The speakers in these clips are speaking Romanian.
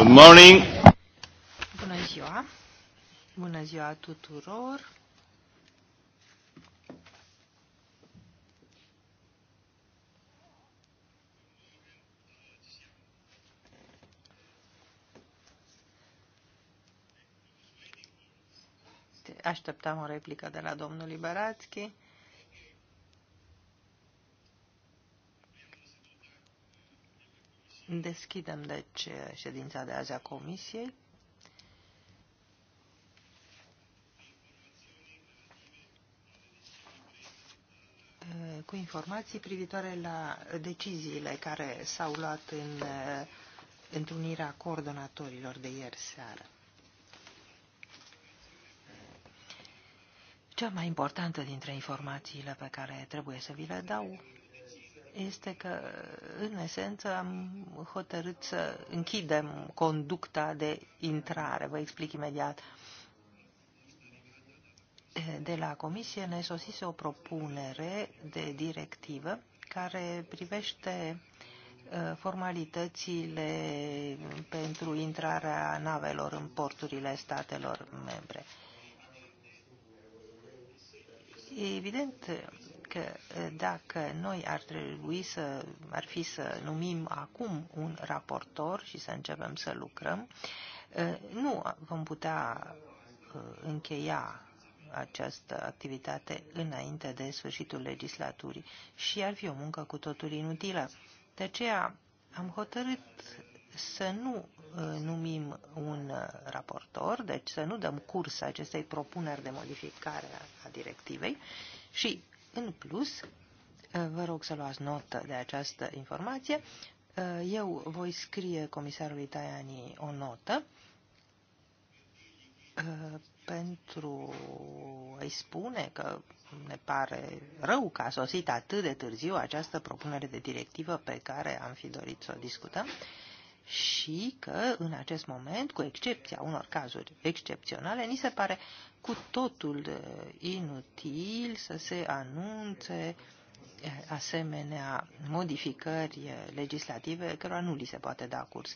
Good morning. Bună ziua. Bună ziua tuturor. Așteptam o replică de la domnul Liberațchi. Deschidem, deci, ședința de azi a Comisiei. cu informații privitoare la deciziile care s-au luat în întrunirea coordonatorilor de ieri seară. Cea mai importantă dintre informațiile pe care trebuie să vi le dau este că, în esență, am hotărât să închidem conducta de intrare. Vă explic imediat. De la Comisie ne sosise o propunere de directivă care privește uh, formalitățile pentru intrarea navelor în porturile statelor membre. Evident, că eh, dacă noi ar trebui să, ar fi să numim acum un raportor și să începem să lucrăm, eh, nu vom putea eh, încheia această activitate înainte de sfârșitul legislaturii și ar fi o muncă cu totul inutilă. De aceea am hotărât să nu numim un raportor, deci să nu dăm curs acestei propuneri de modificare a directivei și în plus, uh, vă rog să luați notă de această informație, uh, eu voi scrie comisarului Tajani o notă uh, pentru a-i spune că ne pare rău că a sosit atât de târziu această propunere de directivă pe care am fi dorit să o discutăm și că în acest moment, cu excepția unor cazuri excepționale, ni se pare cu totul uh, inutil să se anunțe uh, asemenea modificări uh, legislative cărora nu li se poate da curs.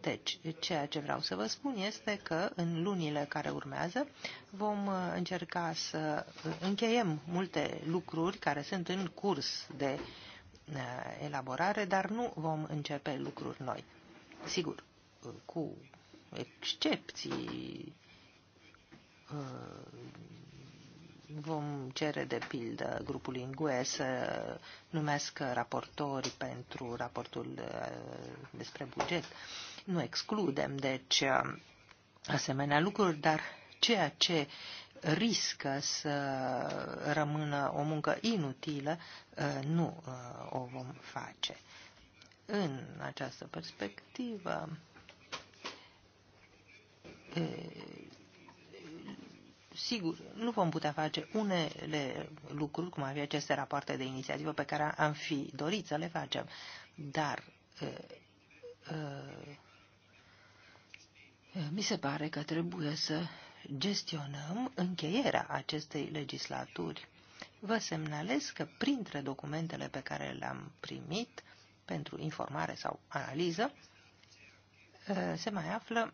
Deci, ceea ce vreau să vă spun este că în lunile care urmează vom încerca să încheiem multe lucruri care sunt în curs de uh, Uh, elaborare, dar nu vom începe lucruri noi. Sigur, uh, cu excepții uh, vom cere de pildă grupul INGUE să numească raportori pentru raportul despre buget. Nu excludem, deci, asemenea lucruri, dar ceea ce riscă să rămână o muncă inutilă, ă, nu ă, o vom face. În această perspectivă, ă, sigur, nu vom putea face unele lucruri, cum ar fi aceste rapoarte de inițiativă pe care am fi dorit să le facem, dar mi se pare că trebuie să gestionăm încheierea acestei legislaturi. Vă semnalez că printre documentele pe care le-am primit pentru informare sau analiză eh, se mai află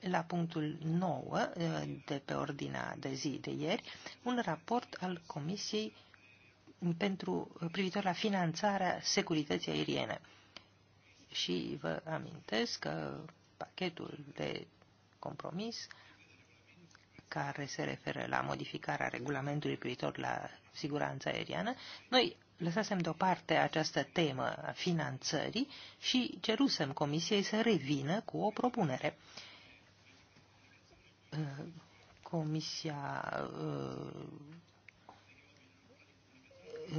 la punctul 9 eh, de pe ordinea de zi de ieri un raport al Comisiei pentru eh, privitor la finanțarea securității aeriene. Și vă amintesc că pachetul de compromis uh, care se referă la modificarea regulamentului privitor la siguranța aeriană, noi lăsasem deoparte această temă a finanțării și cerusem Comisiei să revină cu o propunere. Uh, Comisia uh,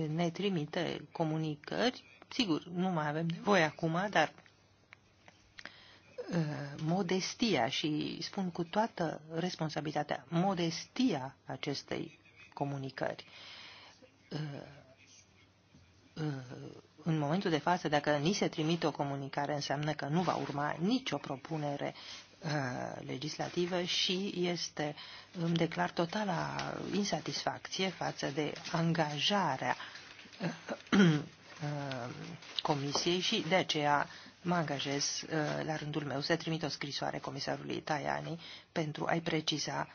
ne trimite comunicări. Sigur, nu mai avem nevoie acum, dar Uh, modestia și spun cu toată responsabilitatea, modestia acestei comunicări. Uh, uh, în momentul de față, dacă ni se trimite o comunicare, înseamnă că nu va urma nicio propunere legislativă și este, îmi declar totala insatisfacție față de angajarea Uh, comisiei și de aceea mă angajez uh, la rândul meu să trimit o scrisoare comisarului Tajani pentru a-i preciza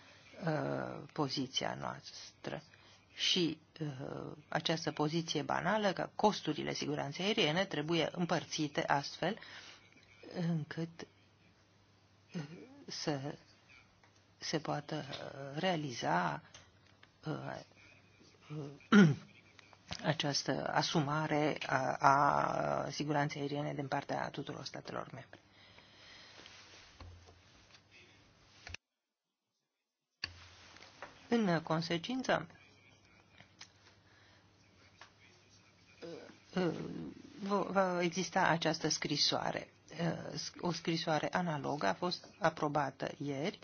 uh, poziția noastră. Și această poziție banală că costurile siguranței aeriene trebuie împărțite astfel încât să se poată realiza această asumare a, a siguranței aeriene din partea tuturor statelor membre. În consecință, va exista această scrisoare. O scrisoare analogă a fost aprobată ieri,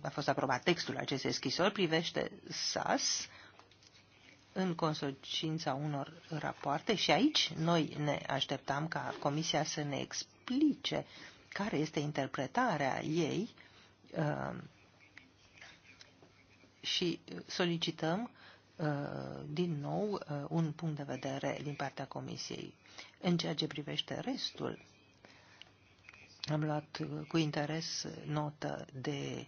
a fost aprobat textul acestei scrisori, privește SAS în consecința unor rapoarte și aici noi ne așteptam ca Comisia să ne explice care este interpretarea ei uh, și solicităm uh, din nou uh, un punct de vedere din partea Comisiei. În ceea ce privește restul, am luat cu interes notă de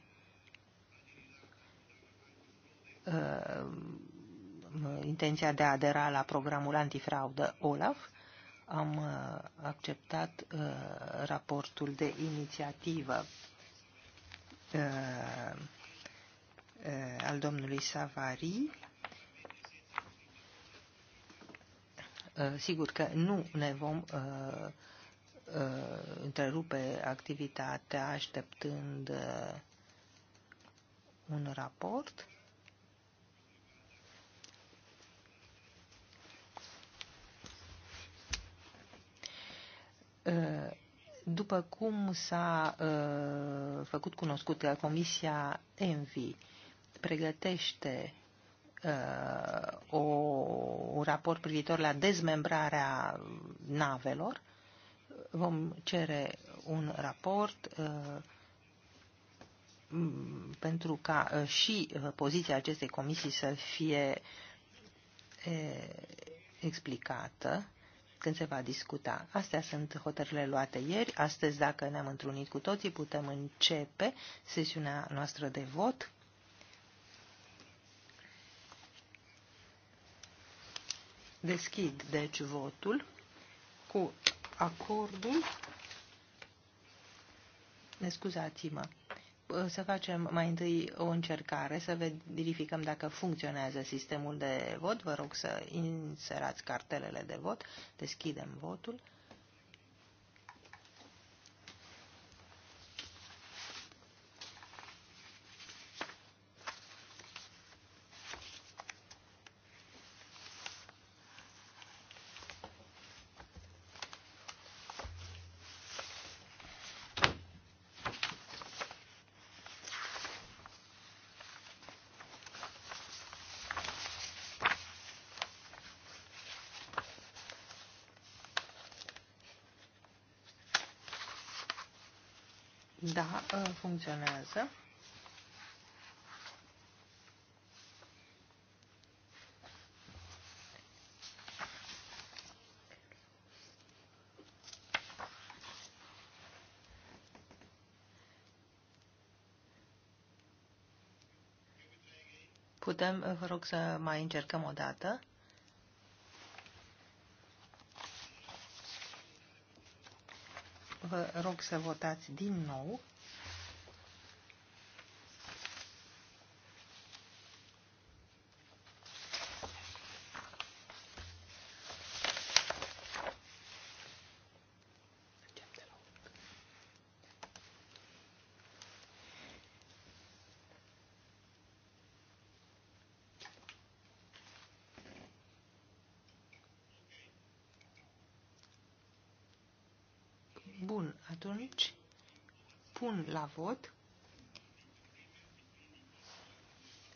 Uh, intenția de a adera la programul antifraudă OLAF, am uh, acceptat uh, raportul de inițiativă al domnului Savari. Sigur că nu ne vom întrerupe activitatea așteptând un raport. Uh, după cum s-a uh, făcut cunoscut că Comisia ENVI, pregătește uh, o, un raport privitor la dezmembrarea navelor. Vom cere un raport pentru ca și poziția acestei comisii să fie explicată când se va discuta. Astea sunt hotărârile luate ieri. Astăzi, dacă ne-am întrunit cu toții, putem începe sesiunea noastră de vot. Deschid, deci, votul cu acordul. Ne scuzați-mă. Ă, să facem mai întâi o încercare, să verificăm dacă funcționează sistemul de vot. Vă rog să inserați cartelele de vot. Deschidem votul. funcționează. Putem, vă rog, să mai încercăm o dată. Vă rog să votați din nou. supun la vot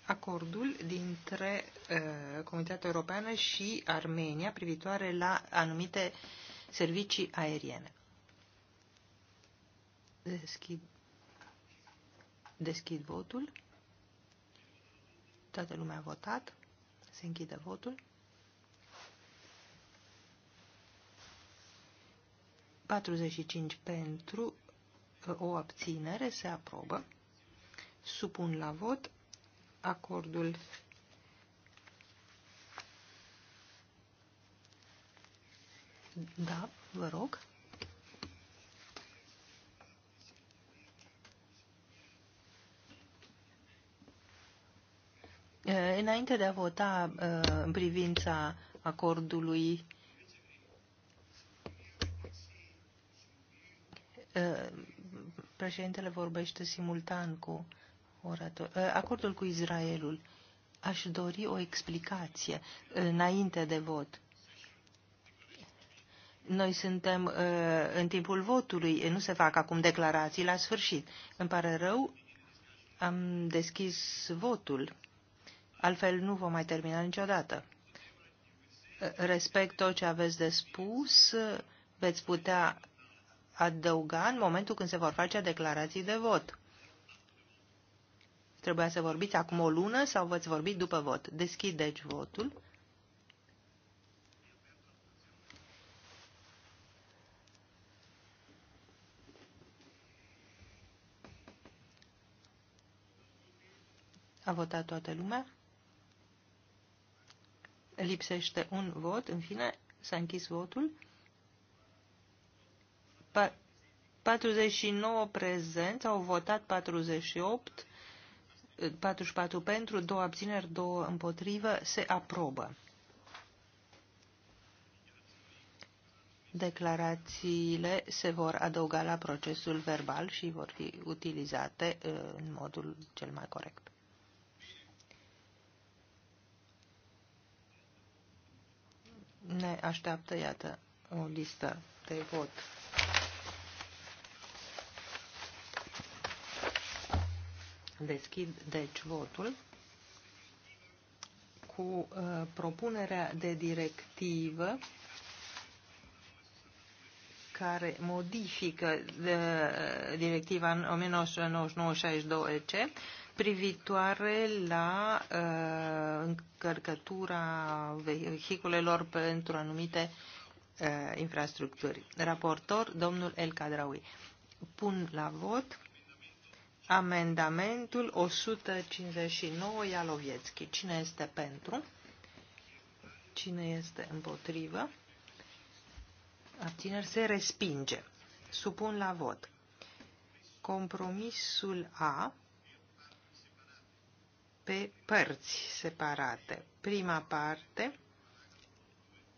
acordul dintre uh, Comunitatea Europeană și Armenia privitoare la anumite servicii aeriene. Deschid, deschid votul. Toată lumea a votat. Se închide votul. 45 pentru, o abținere, se aprobă. Supun la vot acordul Da, vă rog. Înainte de a vota în privința acordului Președintele vorbește simultan cu orator. Ă, acordul cu Israelul. Aș dori o explicație ă, înainte de vot. Noi suntem ă, în timpul votului, nu se fac acum declarații la sfârșit. Îmi pare rău, am deschis votul, altfel nu vom mai termina niciodată. Respect tot ce aveți de spus, veți putea adăuga în momentul când se vor face declarații de vot. Trebuia să vorbiți acum o lună sau v-ați vorbit după vot. Deschid deci votul. A votat toată lumea. Lipsește un vot. În fine, s-a închis votul. 49 prezenți, au votat 48, 44 pentru, 2 abțineri, 2 împotrivă, se aprobă. Declarațiile se vor adăuga la procesul verbal și vor fi utilizate uh, în modul cel mai corect. Ne așteaptă, iată, o listă de vot. Deschid, deci, votul cu uh, propunerea de directivă care modifică de, uh, directiva 1999-62-EC privitoare la uh, încărcătura vehiculelor pentru anumite uh, infrastructuri. Raportor, domnul El Cadraui. Pun la vot Amendamentul 159 Ialoviețchi. Cine este pentru? Cine este împotrivă? Abțineri se respinge. Supun la vot. Compromisul A pe părți separate. Prima parte,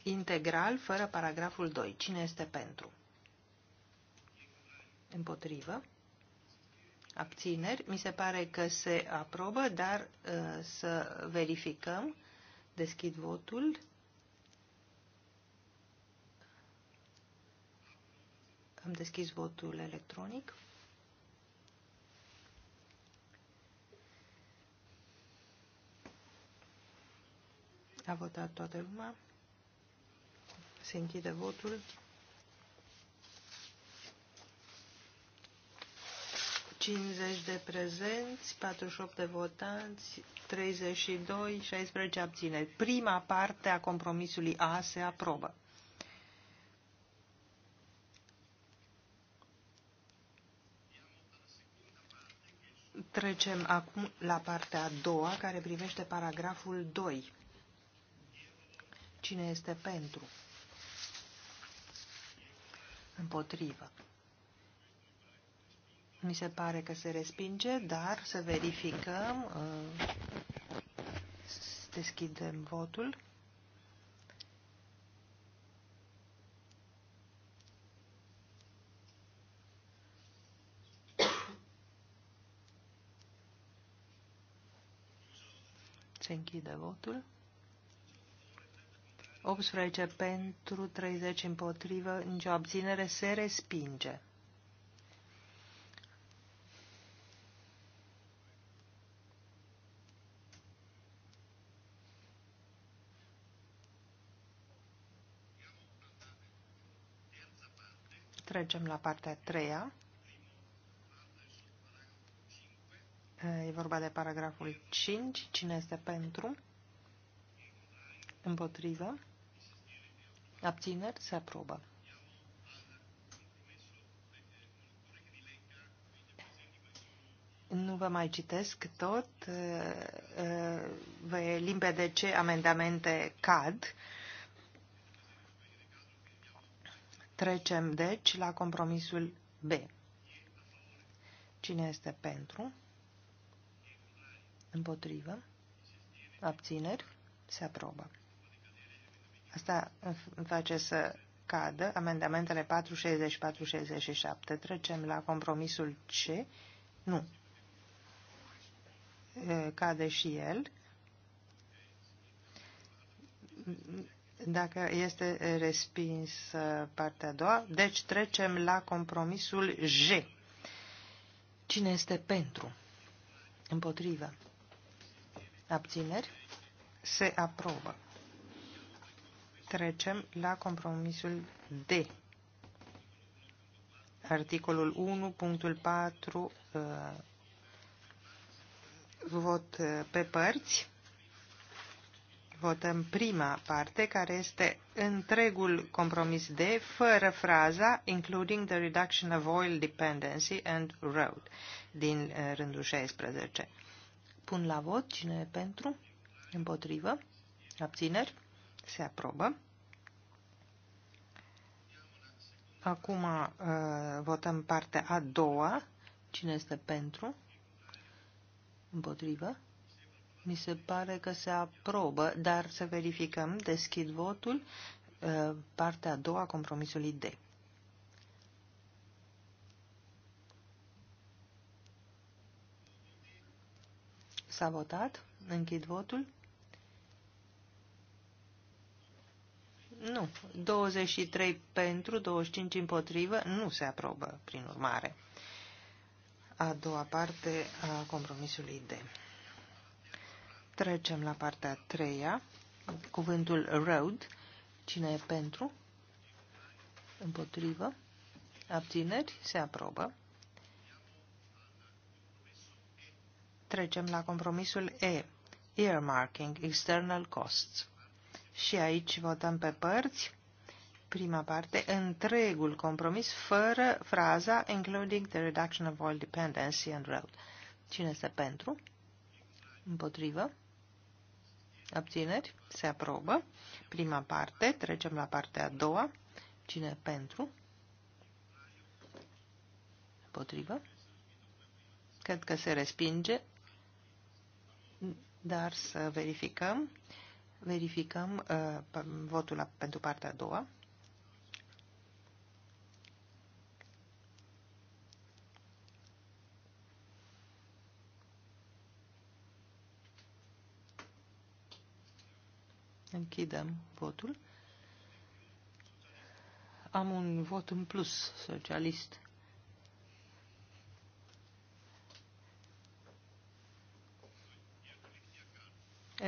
integral, fără paragraful 2. Cine este pentru? Împotrivă abțineri. Mi se pare că se aprobă, dar uh, să verificăm. Deschid votul. Am deschis votul electronic. A votat toată lumea. Se închide votul. 50 de prezenți, 48 de votanți, 32, 16 abțineri. Prima parte a compromisului A se aprobă. Trecem acum la partea a doua, care privește paragraful 2. Cine este pentru? Împotrivă. Mi se pare că se respinge, dar să verificăm. Să uh, deschidem votul. Se închide votul. 18 pentru, 30 împotrivă, nicio abținere, se respinge. Trecem la partea a treia. E vorba de paragraful 5. Cine este pentru? Împotrivă? Abțineri? Se aprobă. Nu vă mai citesc tot. Vă e limpede ce amendamente cad. Trecem, deci, la compromisul B. Cine este pentru? Împotrivă? Abțineri? Se aprobă. Asta îmi face să cadă amendamentele 460 467. Trecem la compromisul C. Nu. Cade și el. Dacă este respins uh, partea a doua, deci trecem la compromisul J. Cine este pentru? Împotrivă. Abțineri? Se aprobă. Trecem la compromisul D. Articolul 1, punctul 4, uh, vot uh, pe părți. Votăm prima parte, care este întregul compromis de fără fraza including the reduction of oil dependency and road, din uh, rândul 16. Pun la vot cine e pentru, împotrivă, abțineri, se aprobă. Acum uh, votăm partea a doua. Cine este pentru? Împotrivă? Mi se pare că se aprobă, dar să verificăm. Deschid votul. Uh, partea a doua a compromisului D. S-a votat. Închid votul. Nu. 23 pentru, 25 împotrivă. Nu se aprobă, prin urmare. A doua parte a compromisului D. Trecem la partea a treia, cuvântul road. Cine e pentru? Împotrivă. Abțineri? Se aprobă. Trecem la compromisul E. Earmarking, external costs. Și aici votăm pe părți. Prima parte, întregul compromis, fără fraza including the reduction of oil dependency and road. Cine este pentru? Împotrivă? Abțineri? Se aprobă. Prima parte. Trecem la partea a doua. Cine pentru? Potrivă. Cred că se respinge, dar să verificăm. Verificăm uh, votul la, pentru partea a doua. Închidem votul. Am un vot în plus, socialist.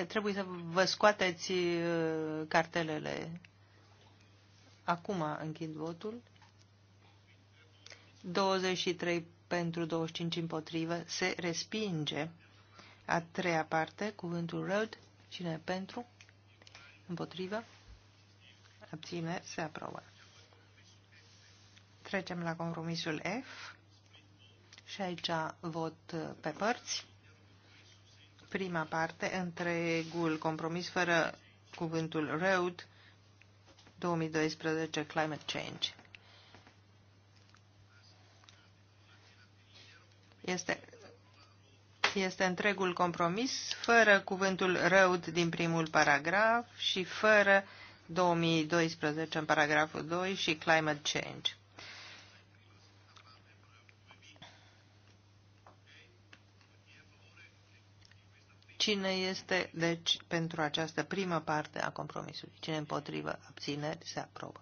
Trebuie să vă scoateți cartelele. Acum închid votul. 23 pentru 25 împotrivă se respinge. A treia parte, cuvântul road, cine pentru? Împotrivă? Abține? Se aprobă. Trecem la compromisul F. Și aici vot pe părți. Prima parte, întregul compromis fără cuvântul road 2012 climate change. Este este întregul compromis, fără cuvântul răud din primul paragraf și fără 2012 în paragraful 2 și climate change. Cine este, deci, pentru această primă parte a compromisului? Cine împotrivă abțineri se aprobă.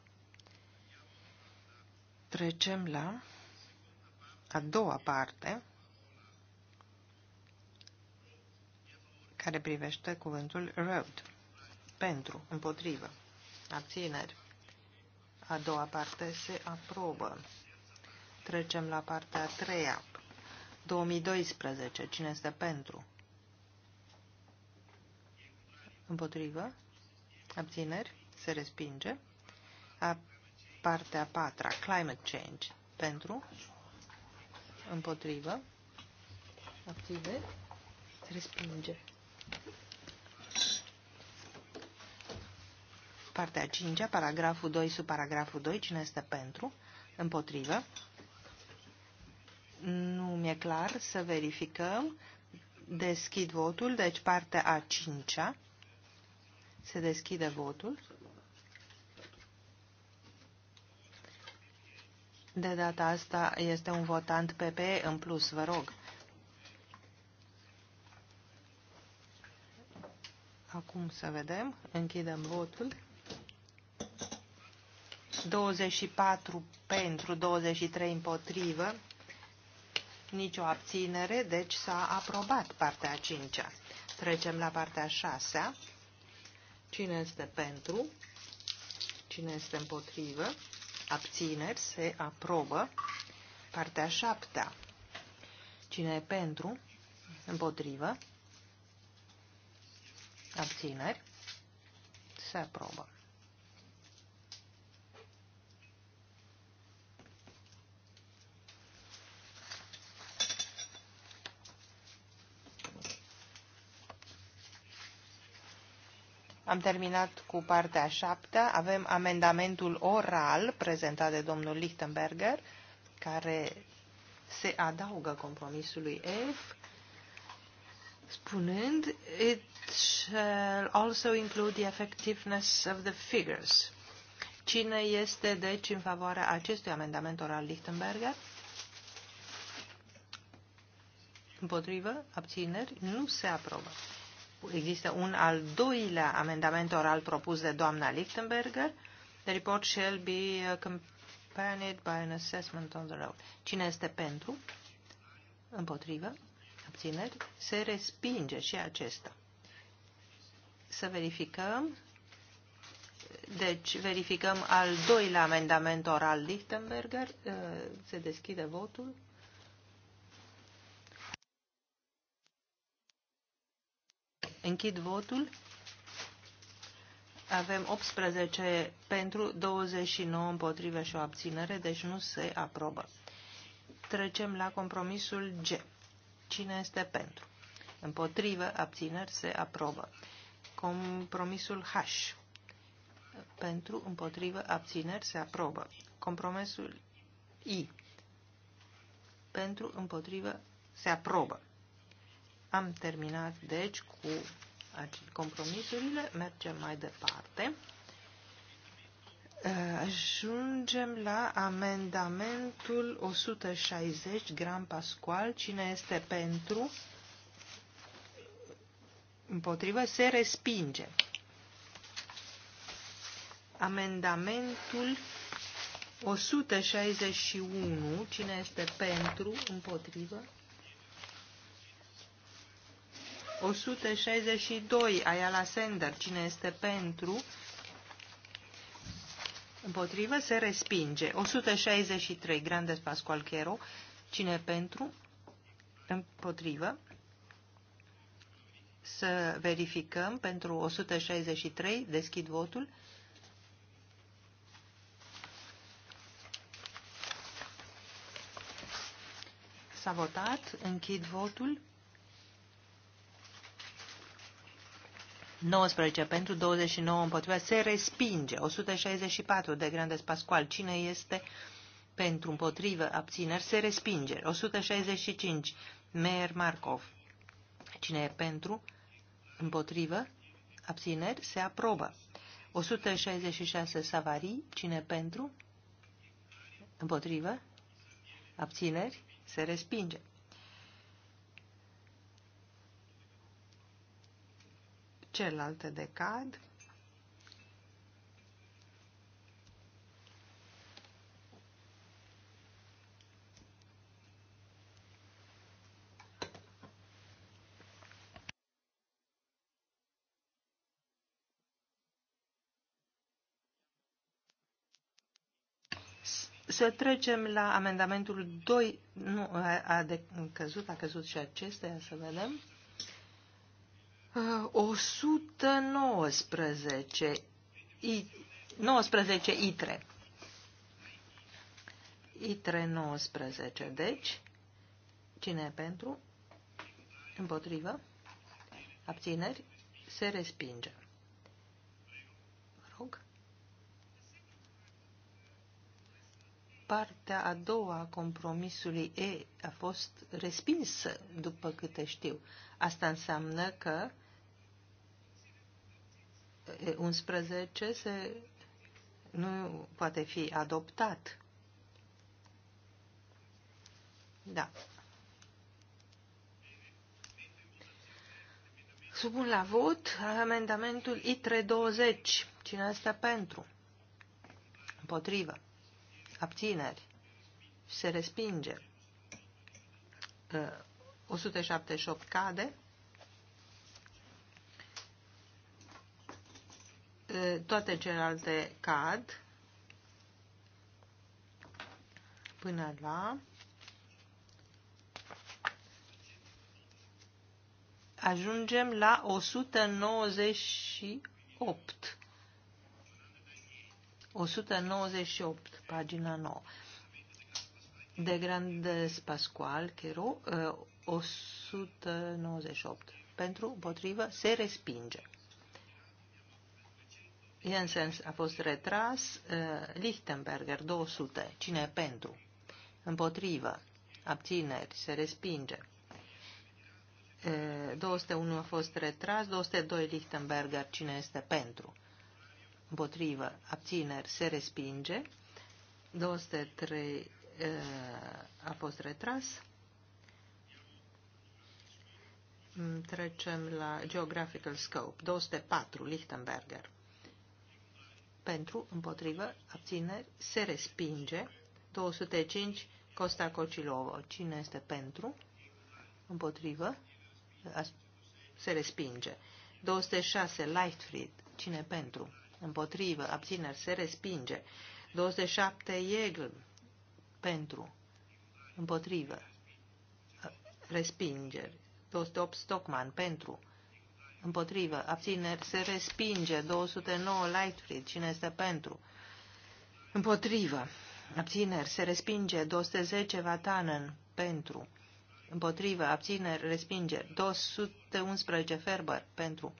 Trecem la a doua parte care privește cuvântul road. Pentru, împotrivă, abțineri. A doua parte se aprobă. Trecem la partea a treia. 2012. Cine este pentru? Împotrivă? Abțineri? Se respinge. A partea a patra. Climate change. Pentru? Împotrivă? Abțineri? Se respinge. Partea 5, paragraful 2, sub paragraful 2, cine este pentru, împotrivă. Nu mi-e clar, să verificăm. Deschid votul, deci partea a 5 -a. Se deschide votul. De data asta este un votant PP în plus, vă rog. Acum să vedem. Închidem votul. 24 pentru, 23 împotrivă, nicio abținere, deci s-a aprobat partea 5 -a. Trecem la partea 6 -a. Cine este pentru? Cine este împotrivă? Abțineri se aprobă. Partea 7 -a. Cine e pentru? Împotrivă? abțineri, se aprobă. Am terminat cu partea șaptea. Avem amendamentul oral prezentat de domnul Lichtenberger, care se adaugă compromisului F spunând it shall also include the effectiveness of the figures. Cine este, deci, în favoarea acestui amendament oral Lichtenberger? Împotrivă? Abțineri? Nu se aprobă. Există un al doilea amendament oral propus de doamna Lichtenberger. The report shall be uh, accompanied by an assessment on the road. Cine este pentru? Împotrivă? abțineri, se respinge și acesta. Să verificăm. Deci, verificăm al doilea amendament oral Lichtenberger. Uh, se deschide votul. Închid votul. Avem 18 pentru, 29 împotrivă și o abținere, deci nu se aprobă. Trecem la compromisul G. Cine este pentru? Împotrivă, abțineri, se aprobă. Compromisul H. Pentru, împotrivă, abțineri, se aprobă. Compromisul I. Pentru, împotrivă, se aprobă. Am terminat, deci, cu compromisurile. Mergem mai departe. Eh, ajungem la amendamentul 160, Gran Pascual. Cine este pentru? Împotrivă se respinge. Amendamentul 161. Cine este pentru? Împotrivă. 162. Ayala Sender. Cine este pentru? Împotrivă se respinge. 163. Grandes Pascual Chero. Cine pentru? Împotrivă. Să verificăm pentru 163. Deschid votul. S-a votat. Închid votul. 19 pentru 29 împotriva se respinge. 164 de grande Pascual. Cine este pentru împotrivă abțineri se respinge. 165 Meyer Markov. Cine e pentru împotrivă abțineri se aprobă. 166 Savari. Cine e pentru împotrivă abțineri se respinge. celelalte decad. Să trecem la amendamentul 2. Nu, a, a de, căzut, a căzut și acesta, să vedem. 119 uh, I, 19 ITRE. ITRE 19, deci cine e pentru? Împotrivă? Abțineri? Se respinge. Rog. Partea a doua a compromisului E a fost respinsă, după câte știu. Asta înseamnă că 11 se, nu poate fi adoptat. Da. Supun la vot amendamentul ITRE 20. Cine este pentru? Împotrivă. Abțineri. Se respinge. 178 uh, cade. toate celelalte cad până la ajungem la 198 198 pagina 9 de Grand spascual Chero 198 pentru potrivă, se respinge Jensens a fost retras. Uh, Lichtenberger 200. Cine e pentru? Împotrivă. Abțineri. Se respinge. 201 uh, a fost retras. 202 Lichtenberger. Cine este pentru? Împotrivă. Abțineri. Se respinge. 203 uh, a fost retras. Mm, trecem la Geographical Scope. 204 Lichtenberger pentru, împotrivă, abțineri, se respinge. 205, Costa Cocilovo. Cine este pentru, împotrivă, se respinge. 206, Lightfried. Cine pentru, împotrivă, abțineri, se respinge. 207, Yegl. Pentru, împotrivă, respingeri. 208, Stockman. Pentru, Împotrivă. Abțineri. Se respinge. 209 Lightfried. Cine este pentru? Împotrivă. Abțineri. Se respinge. 210 Vatanen. Pentru. Împotrivă. Abțineri. Respinge. 211 Ferber. Pentru.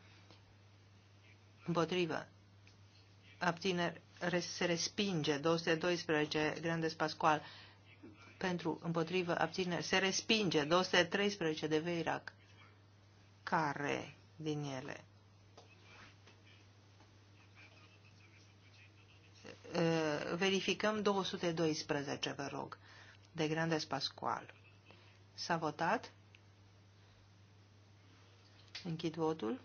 Împotrivă. Abțineri. Se respinge. 212 Grandes Pascual. Pentru. Împotrivă. Abțineri. Se respinge. 213 de Veirac. Care din ele. Verificăm 212, vă rog, de Grande Pascual. S-a votat? Închid votul.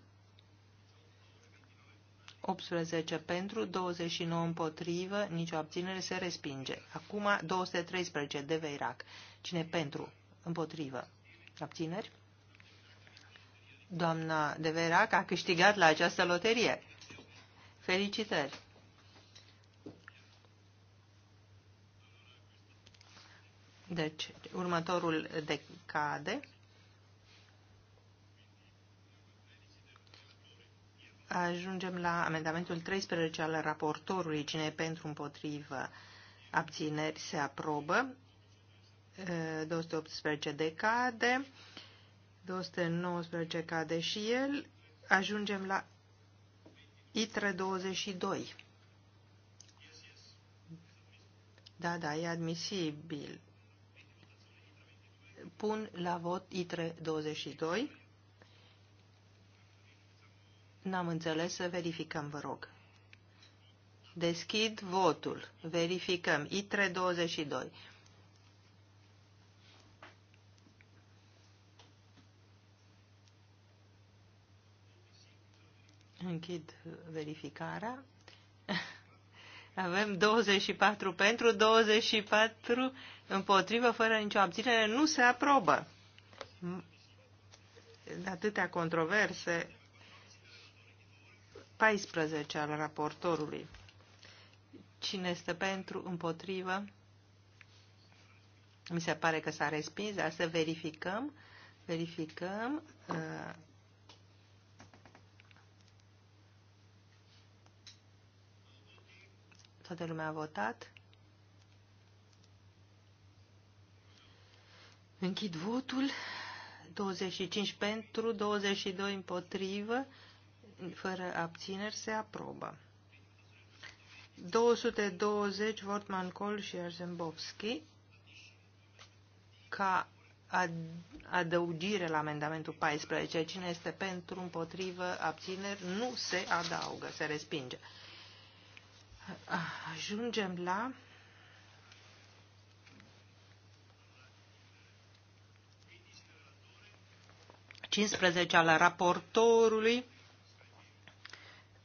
18 pentru, 29 împotrivă, nicio abținere se respinge. Acum 213 de Veirac. Cine pentru? Împotrivă. Abțineri? Doamna de Verac a câștigat la această loterie. Felicitări! Deci, următorul decade. Ajungem la amendamentul 13 al raportorului. Cine pentru împotrivă abțineri se aprobă. 218 decade. 219 cade și el. Ajungem la ITRE 22. Da, da, e admisibil. Pun la vot ITRE 22. N-am înțeles, să verificăm, vă rog. Deschid votul. Verificăm. ITRE 22. Închid verificarea. Avem 24 pentru, 24 împotrivă, fără nicio abținere. Nu se aprobă. De atâtea controverse. 14 al raportorului. Cine este pentru, împotrivă? Mi se pare că s-a respins, dar să verificăm. Verificăm. Uh, Toată lumea a votat. Închid votul. 25 pentru, 22 împotrivă, fără abțineri, se aprobă. 220 Vortman Col și Arzembovski ca adăugire la amendamentul 14. Cine este pentru, împotrivă, abțineri, nu se adaugă, se respinge ajungem la al raportorului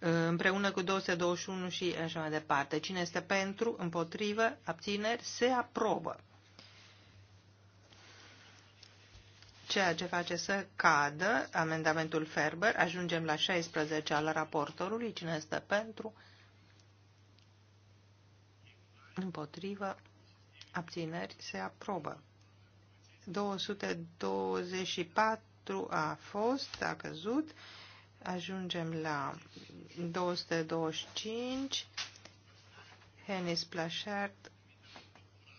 împreună cu 221 și așa mai departe. Cine este pentru, împotrivă, abțineri, se aprobă. Ceea ce face să cadă amendamentul Ferber, ajungem la 16 al raportorului, cine este pentru, împotrivă, abțineri, se aprobă. 224 a fost, a căzut. Ajungem la 225. Henis Plachert,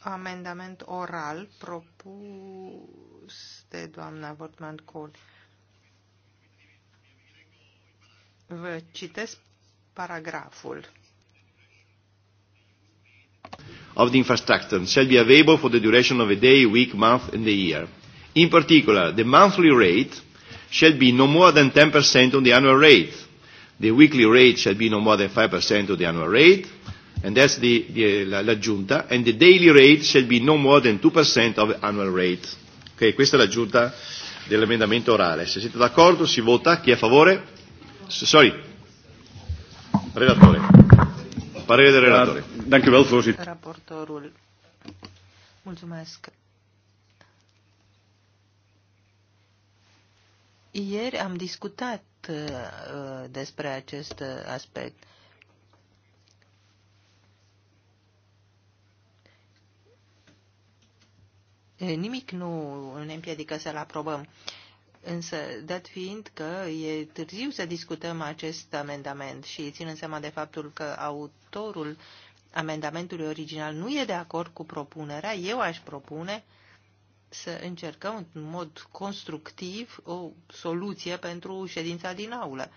amendament oral propus de doamna Votman Cole. Vă citesc paragraful of the infrastructure shall be available for the duration of a day, week, month and a year. In particular, the monthly rate shall be no more than 10% on the annual rate. The weekly rate shall be no more than 5% of the annual rate, and that's the, the, la, giunta, and the daily rate shall be no more than 2% of the annual rate. Ok, questa è l'aggiunta dell'emendamento orale. Se siete d'accordo si vota. Chi è a favore? Sorry. Relatore. Parere de da. relatore. Dank u wel, voorzitter. Raportorul. Mulțumesc. Ieri am discutat uh, despre acest aspect. Nimic nu ne împiedică să-l aprobăm. Uh, Însă, dat fiind că e târziu să discutăm acest amendament și ținând seama de faptul că autorul amendamentului original nu e de acord cu propunerea, eu aș propune să încercăm în mod constructiv o soluție pentru ședința din aulă.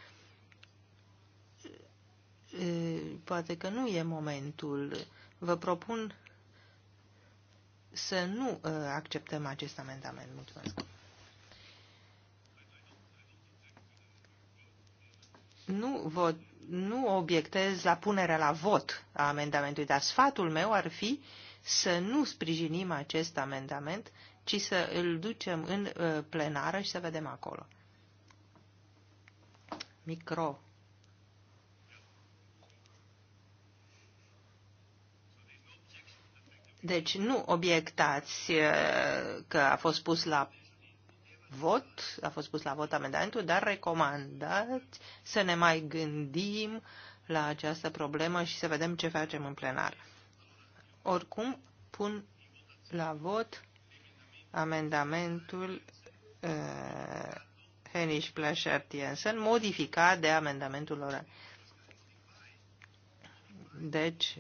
Poate că nu e momentul. Vă propun să nu acceptăm acest amendament. Mulțumesc. nu, vot, nu obiectez la punerea la vot a amendamentului, dar sfatul meu ar fi să nu sprijinim acest amendament, ci să îl ducem în uh, plenară și să vedem acolo. Micro. Deci nu obiectați uh, că a fost pus la vot, a fost pus la vot amendamentul, dar recomandați să ne mai gândim la această problemă și să vedem ce facem în plenar. Oricum, pun la vot amendamentul uh, Henish Plasher-Tiensen, modificat de amendamentul lor. Deci,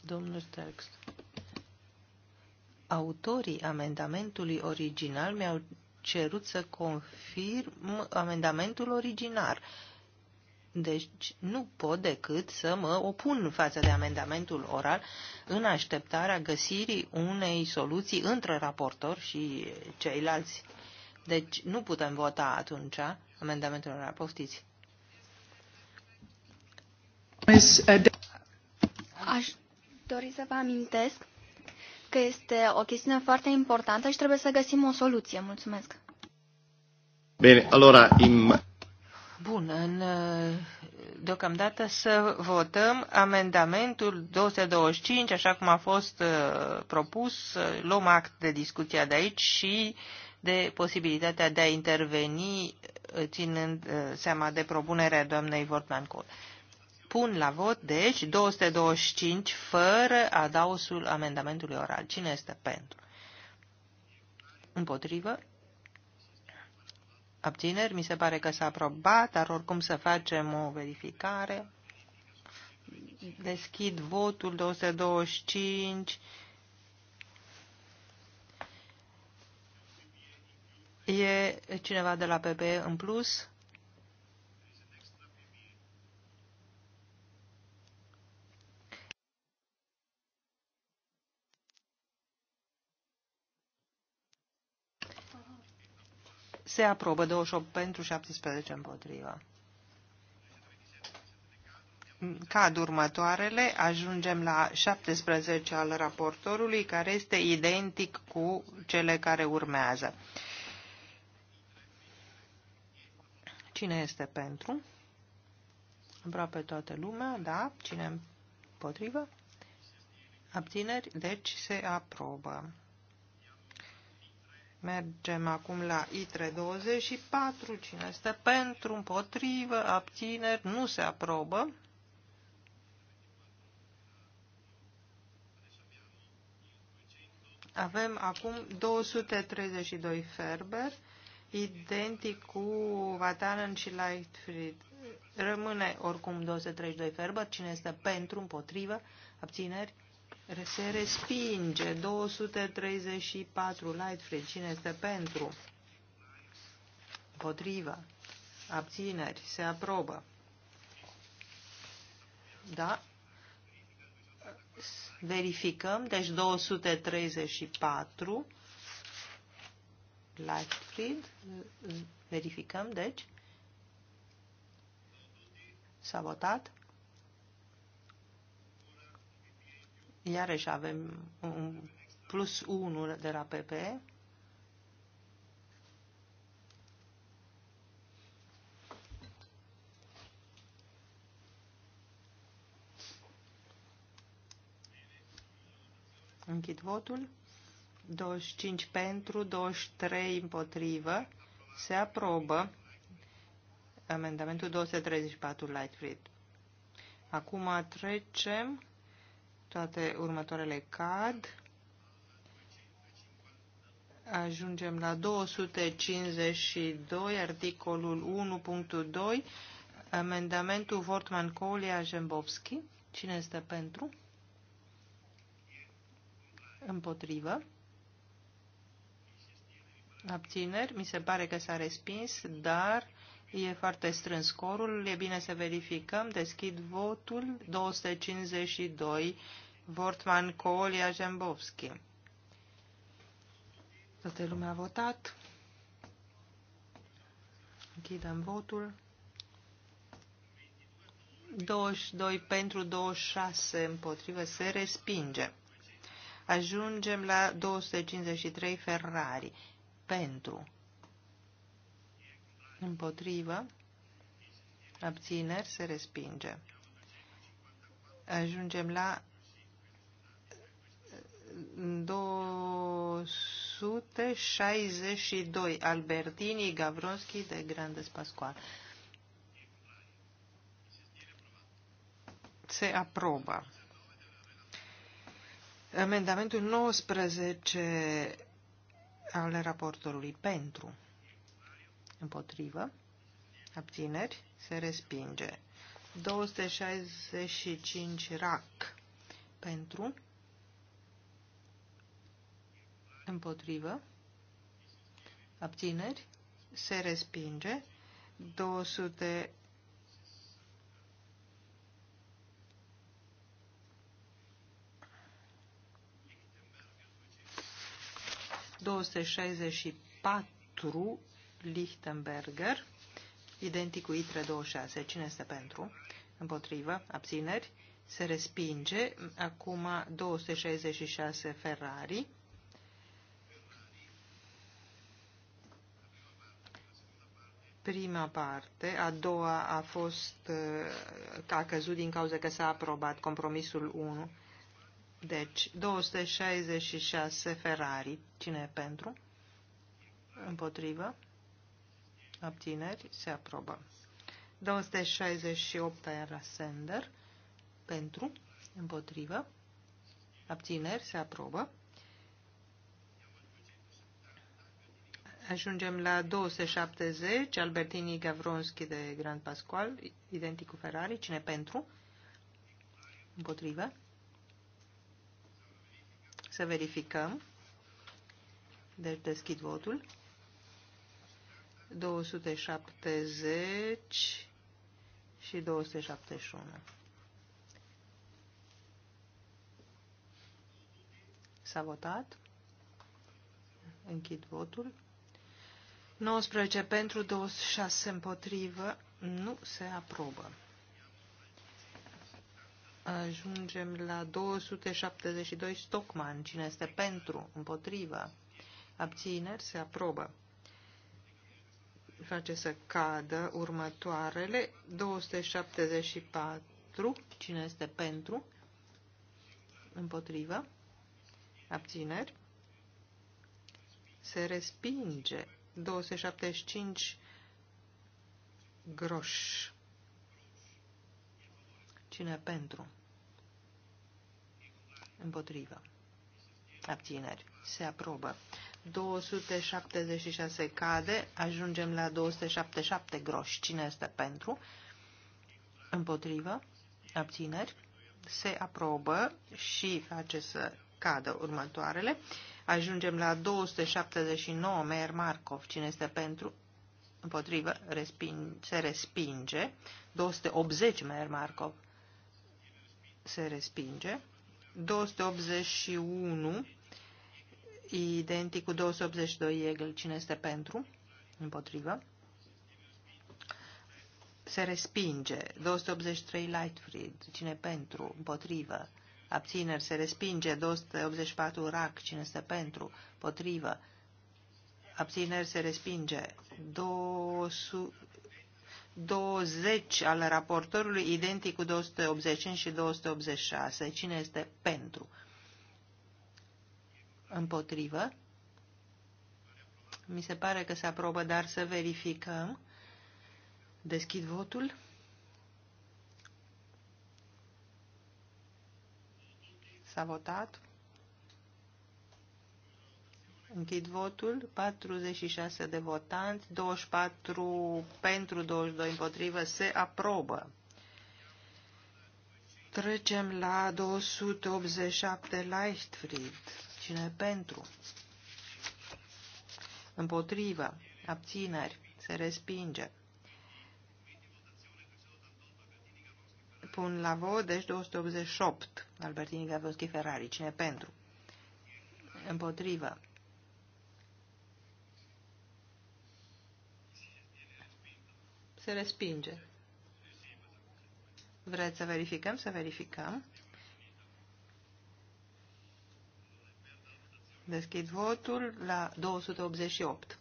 domnul text autorii amendamentului original mi-au cerut să confirm amendamentul original, Deci nu pot decât să mă opun față de amendamentul oral în așteptarea găsirii unei soluții între raportor și ceilalți. Deci nu putem vota atunci amendamentul oral. Poftiți. Uh, Aș dori să vă amintesc că este o chestiune foarte importantă și trebuie să găsim o soluție. Mulțumesc. Bine, alora, im... Bun, în, uh, deocamdată să votăm amendamentul 225, așa cum a fost uh, propus, luăm act de discuția de aici și de posibilitatea de a interveni uh, ținând seama de propunerea doamnei Vortman Cole pun la vot, deci, 225 fără adausul amendamentului oral. Cine este pentru? Împotrivă? Abțineri? Mi se pare că s-a aprobat, dar oricum să facem o verificare. Deschid votul 225. E cineva de la PP în plus? Se aprobă 28 pentru 17 împotriva. Cad următoarele, ajungem la 17 al raportorului, care este identic cu cele care urmează. Cine este pentru? Aproape toată lumea, da? Cine împotrivă? Abțineri, deci se aprobă. Mergem acum la ITRE 24. Cine este pentru, împotrivă, abțineri, nu se aprobă. Avem acum 232 Ferber, identic cu Vatanen și Lightfried. Rămâne oricum 232 Ferber. Cine este pentru, împotrivă, abțineri, se respinge 234 free. Cine este pentru? Potrivă. Abțineri. Se aprobă. Da? Verificăm. Deci 234 free. Verificăm. Deci. S-a votat. Iarăși avem un plus 1 de la PP. Închid votul. 25 pentru, 23 împotrivă. Se aprobă amendamentul 234 Lightfield. Acum trecem toate următoarele cad. Ajungem la 252, articolul 1.2, amendamentul Vortman Colia Jembovski. Cine este pentru? Împotrivă. Abțineri. Mi se pare că s-a respins, dar e foarte strâns scorul. E bine să verificăm. Deschid votul. 252 Vortman, Colia, Jembovski. Toată lumea a votat. Închidem votul. 22 pentru 26 împotrivă se respinge. Ajungem la 253 Ferrari. Pentru. Împotrivă. Abțineri se respinge. Ajungem la 262. Albertini, Gavronski de Grandes Pascual. Se aprobă. Amendamentul 19 al raportorului pentru. Împotrivă. Abțineri. Se respinge. 265 RAC. Pentru. Împotrivă. Abțineri. Se respinge. 200 264 Lichtenberger, identic cu ITRE 26. Cine este pentru? Împotrivă? Abțineri? Se respinge. Acum 266 Ferrari. prima parte, a doua a fost, uh, a căzut din cauza că s-a aprobat compromisul 1. Deci, 266 Ferrari. Cine e pentru? Împotrivă? Abțineri? Se aprobă. 268 era Sender. Pentru? Împotrivă? Abțineri? Se aprobă. Ajungem la 270, Albertini Gavronski de Grand Pascual, identic cu Ferrari. Cine pentru? Împotrivă. Să verificăm. Deci deschid votul. 270 și 271. S-a votat. Închid votul. 19 pentru, 26 împotrivă. Nu se aprobă. Ajungem la 272 Stockman. Cine este pentru, împotrivă, abțineri, se aprobă. Face să cadă următoarele. 274. Cine este pentru, împotrivă, abțineri, se respinge. 275 groș. Cine pentru? Împotrivă. Abțineri. Se aprobă. 276 cade. Ajungem la 277 groș. Cine este pentru? Împotrivă. Abțineri. Se aprobă și face să cadă următoarele. Ajungem la 279 Meier Markov. Cine este pentru? Împotrivă. resping, se respinge. 280 Meier Markov. Se respinge. 281 identic cu 282 Egel. Cine este pentru? Împotrivă. Se respinge. 283 Lightfried. Cine pentru? Împotrivă abțineri se respinge, 284 rac, cine este pentru, potrivă, abțineri se respinge, 20 al raportorului, identic cu 285 și 286, cine este pentru, împotrivă, mi se pare că se aprobă, dar să verificăm, deschid votul, S-a votat. Închid votul. 46 de votanți, 24 pentru, 22 împotrivă. Se aprobă. Trecem la 287 Leichtfried. Cine pentru? Împotrivă. Abțineri. Se respinge. pun la vot, deci 288. Albertini, Gavoschi, Ferrari. Cine pentru? Împotrivă. Se respinge. Vreți să verificăm? Să verificăm. Deschid votul la 288.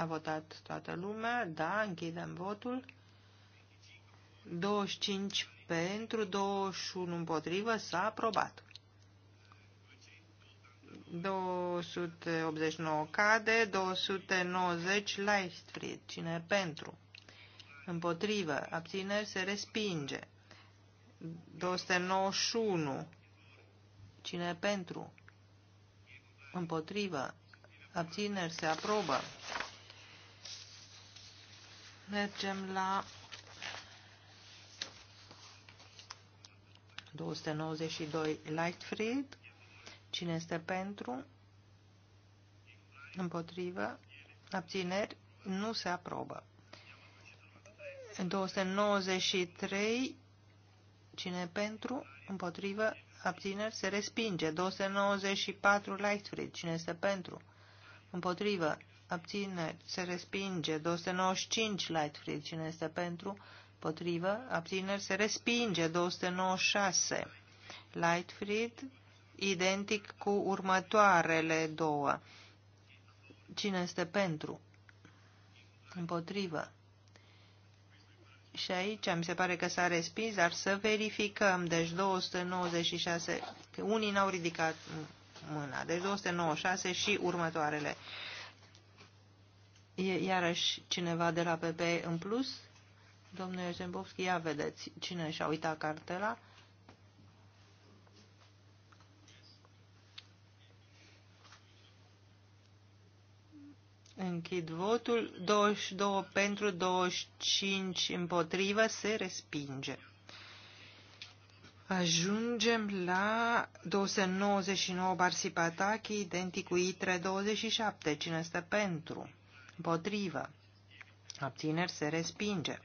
A votat toată lumea? Da, închidem votul. 25 pentru, 21 împotrivă, s-a aprobat. 289 cade, 290 Leichtfried. Cine pentru? Împotrivă. Abțineri se respinge. 291. Cine pentru? Împotrivă. Abțineri se aprobă. Mergem la 292 Lightfried. Cine este pentru? Împotrivă. Abțineri. Nu se aprobă. 293. Cine pentru? Împotrivă. Abțineri. Se respinge. 294 Lightfried. Cine este pentru? Împotrivă abțineri, se respinge. 295 Lightfried, cine este pentru, potrivă, abțineri, se respinge. 296 Lightfried, identic cu următoarele două. Cine este pentru? Împotrivă. Și aici mi se pare că s-a respins, dar să verificăm. Deci 296, unii n-au ridicat mâna. Deci 296 și următoarele. E iarăși cineva de la PP în plus? domnul Zembovski, ia vedeți cine și-a uitat cartela. Închid votul. 22 pentru, 25 împotrivă, se respinge. Ajungem la 299 Barsipataki, identic cu ITRE 27. Cine este pentru? Împotrivă. Abțineri se respinge.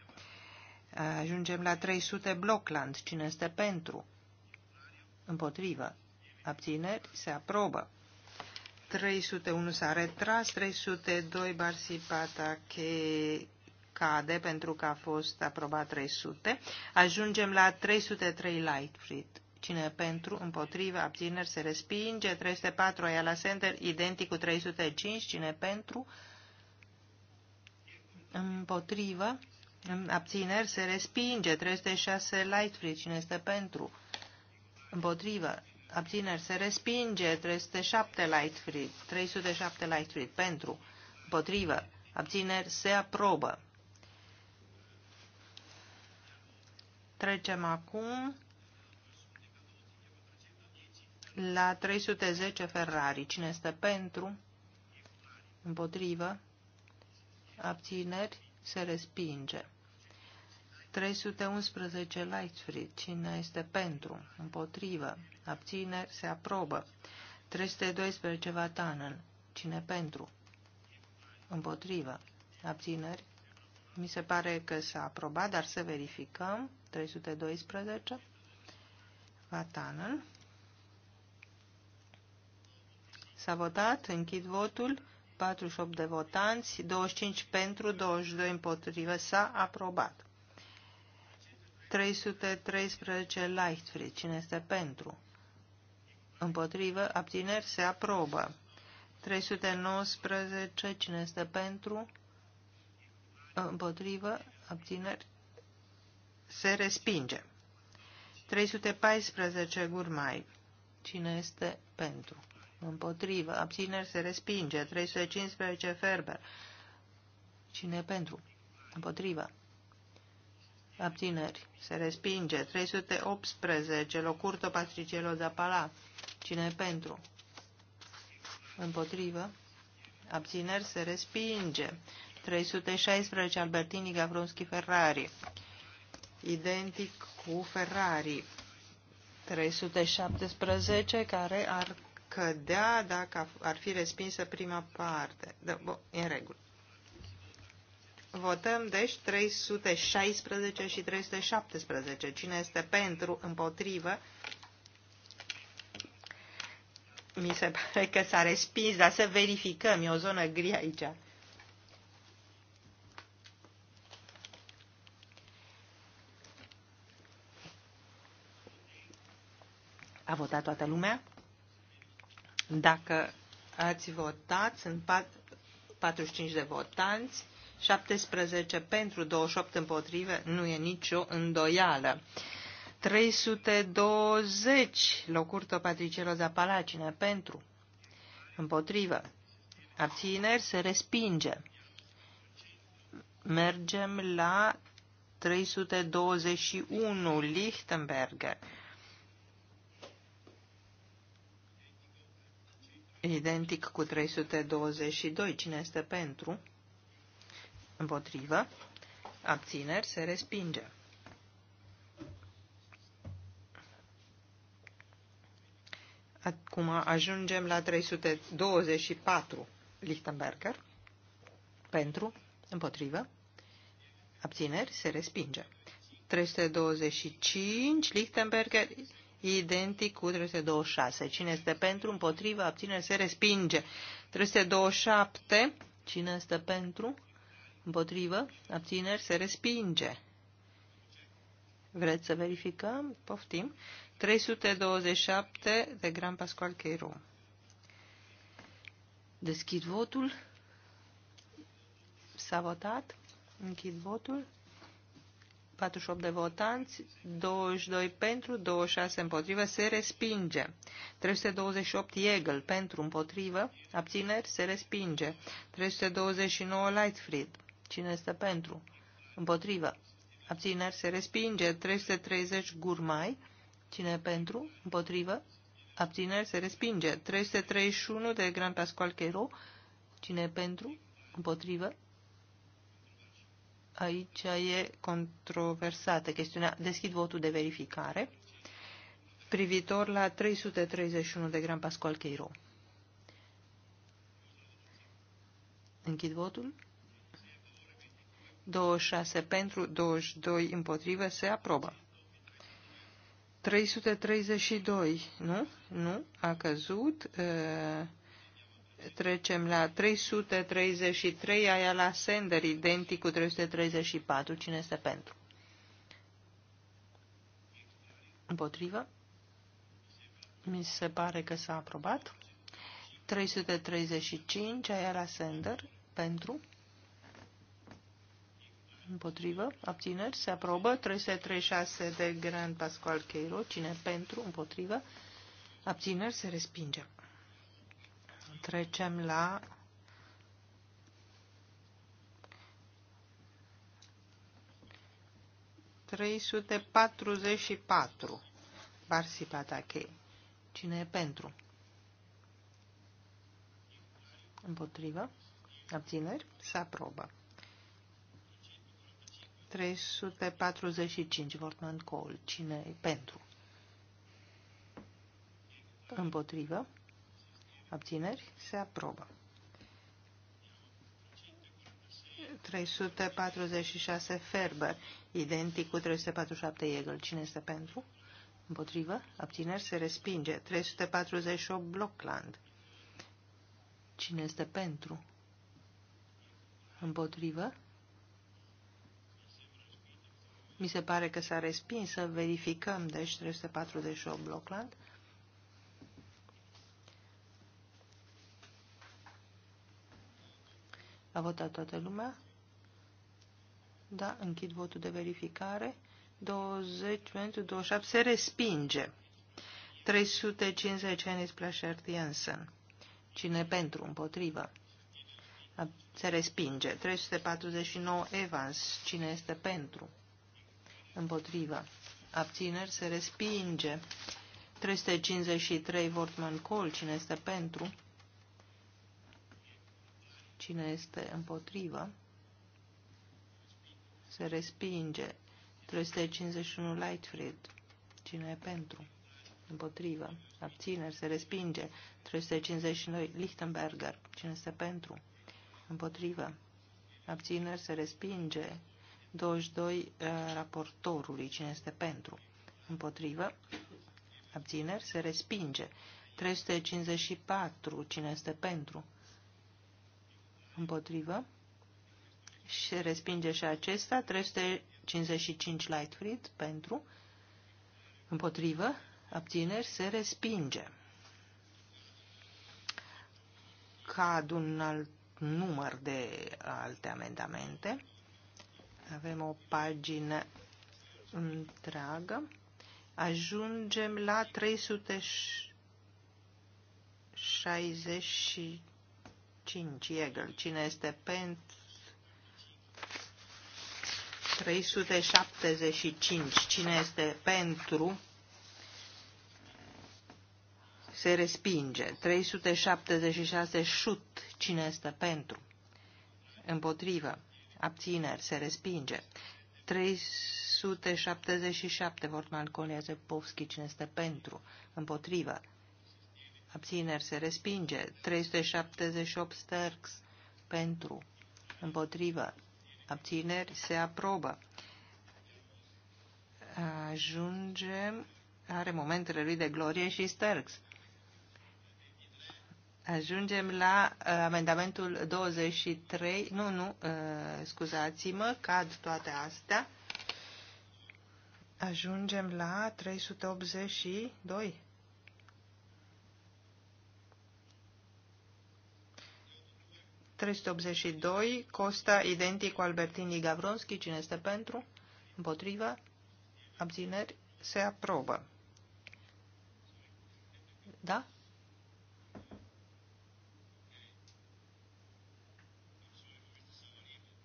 Ajungem la 300 Blockland. Cine este pentru? Împotrivă. Abțineri se aprobă. 301 s-a retras, 302 Barsipata che cade pentru că a fost aprobat 300. Ajungem la 303 Lightfrit. Cine pentru, Împotrivă. abțineri se respinge. 304 Ayala Center, identic cu 305. Cine pentru, împotrivă, abțineri, se respinge. 306 free, cine este pentru, împotrivă, abțineri, se respinge. 307 free, 307 free, pentru, împotrivă, abțineri, se aprobă. Trecem acum la 310 Ferrari. Cine este pentru? Împotrivă? abțineri, se respinge. 311 Lightfried, cine este pentru, împotrivă, abțineri, se aprobă. 312 Vatanen, cine pentru, împotrivă, abțineri, mi se pare că s-a aprobat, dar să verificăm. 312 Vatanen. S-a votat, închid votul 48 de votanți, 25 pentru, 22 împotrivă. S-a aprobat. 313 Leichtfried. Cine este pentru? Împotrivă. Abțineri. Se aprobă. 319. Cine este pentru? Împotrivă. Abțineri. Se respinge. 314 Gurmai. Cine este pentru? Împotrivă. Abțineri se respinge. 315 Ferber. Cine pentru? Împotrivă. Abțineri. Se respinge. 318. Locurto Patricielo Zapala. Cine pentru? Împotrivă. Abțineri se respinge. 316. Albertini Gavronski Ferrari. Identic cu Ferrari. 317 care ar cădea dacă ar fi respinsă prima parte. Da, bo e în regulă. Votăm, deci, 316 și 317. Cine este pentru, împotrivă? Mi se pare că s-a respins, dar să verificăm. E o zonă gri aici. A votat toată lumea? Dacă ați votat, sunt 45 de votanți, 17 pentru, 28 împotrive, nu e nicio îndoială. 320 locuri patricielo da palacine pentru, împotrivă, abțineri se respinge. Mergem la 321 Lichtenberger Identic cu 322. Cine este pentru? Împotrivă. Abțineri se respinge. Acum ajungem la 324 Lichtenberger. Pentru, împotrivă, abțineri, se respinge. 325 Lichtenberger identic cu 326. Cine este pentru, împotrivă, abține, se respinge. 327. Cine este pentru, împotrivă, abțineri, se respinge. Vreți să verificăm? Poftim. 327 de Gran Pascual Cheiro. Deschid votul. S-a votat. Închid votul. 48 de votanți, 22 pentru, 26 împotrivă, se respinge. 328 Eagle pentru, împotrivă, abțineri, se respinge. 329 Lightfried, cine este pentru, împotrivă, abțineri, se respinge. 330 Gurmai, cine pentru, împotrivă, abțineri, se respinge. 331 de Grand Pascual Chero, cine pentru, împotrivă, Aici e controversată chestiunea. Deschid votul de verificare privitor la 331 de gram Pascual Cheiro. Închid votul. 26 pentru, 22 împotrivă, se aprobă. 332, nu? Nu, a căzut. Uh, Trecem la 333, aia la sender, identic cu 334. Cine este pentru? Împotrivă? Mi se pare că s-a aprobat. 335, aia la sender, pentru? Împotrivă? Abțineri? Se aprobă. 336 de Grand Pascual Cheiro. Cine pentru? Împotrivă? Abțineri? Se respinge. Trecem la trei sute patruzeci și patru Barsi Cine e pentru? Împotrivă? Abțineri? Se aprobă. 345, Vortman Call. Cine e pentru? Împotrivă? abțineri, se aprobă. 346 Ferber, identic cu 347 Egel. Cine este pentru? Împotrivă? Abțineri se respinge. 348 Blockland. Cine este pentru? Împotrivă? Mi se pare că s-a respins să verificăm, deci 348 Blockland. A votat toată lumea? Da, închid votul de verificare. 20 pentru 27 se respinge. 350 Ennis Plasher Jensen. Cine pentru, împotrivă? Se respinge. 349 Evans. Cine este pentru? Împotrivă. Abțineri se respinge. 353 Vortman Col. Cine este pentru? Cine este împotrivă? Se respinge. 351 Lightfield. Cine e pentru? Împotrivă. Abțineri. Se respinge. 352 Lichtenberger. Cine este pentru? Împotrivă. Abțineri. Se respinge. 22 uh, raportorului. Cine este pentru? Împotrivă. Abțineri. Se respinge. 354. Cine este pentru? împotrivă și respinge și acesta, 355 frit pentru, împotrivă, abțineri, se respinge. Cad un alt număr de alte amendamente. Avem o pagină întreagă. Ajungem la 365 5, Iegel. Cine este pentru? 375. Cine este pentru? Se respinge. 376. Șut. Cine este pentru? Împotrivă. Abțineri. Se respinge. 377. Vortman Colea Cine este pentru? Împotrivă abțineri se respinge, 378 sterx pentru, împotrivă, abțineri se aprobă. Ajungem, are momentele lui de glorie și sterx. Ajungem la uh, amendamentul 23. Nu, nu, uh, scuzați-mă, cad toate astea. Ajungem la 382. 382, Costa, identic cu Albertini Gavronski, cine este pentru, împotriva, abțineri, se aprobă. Da?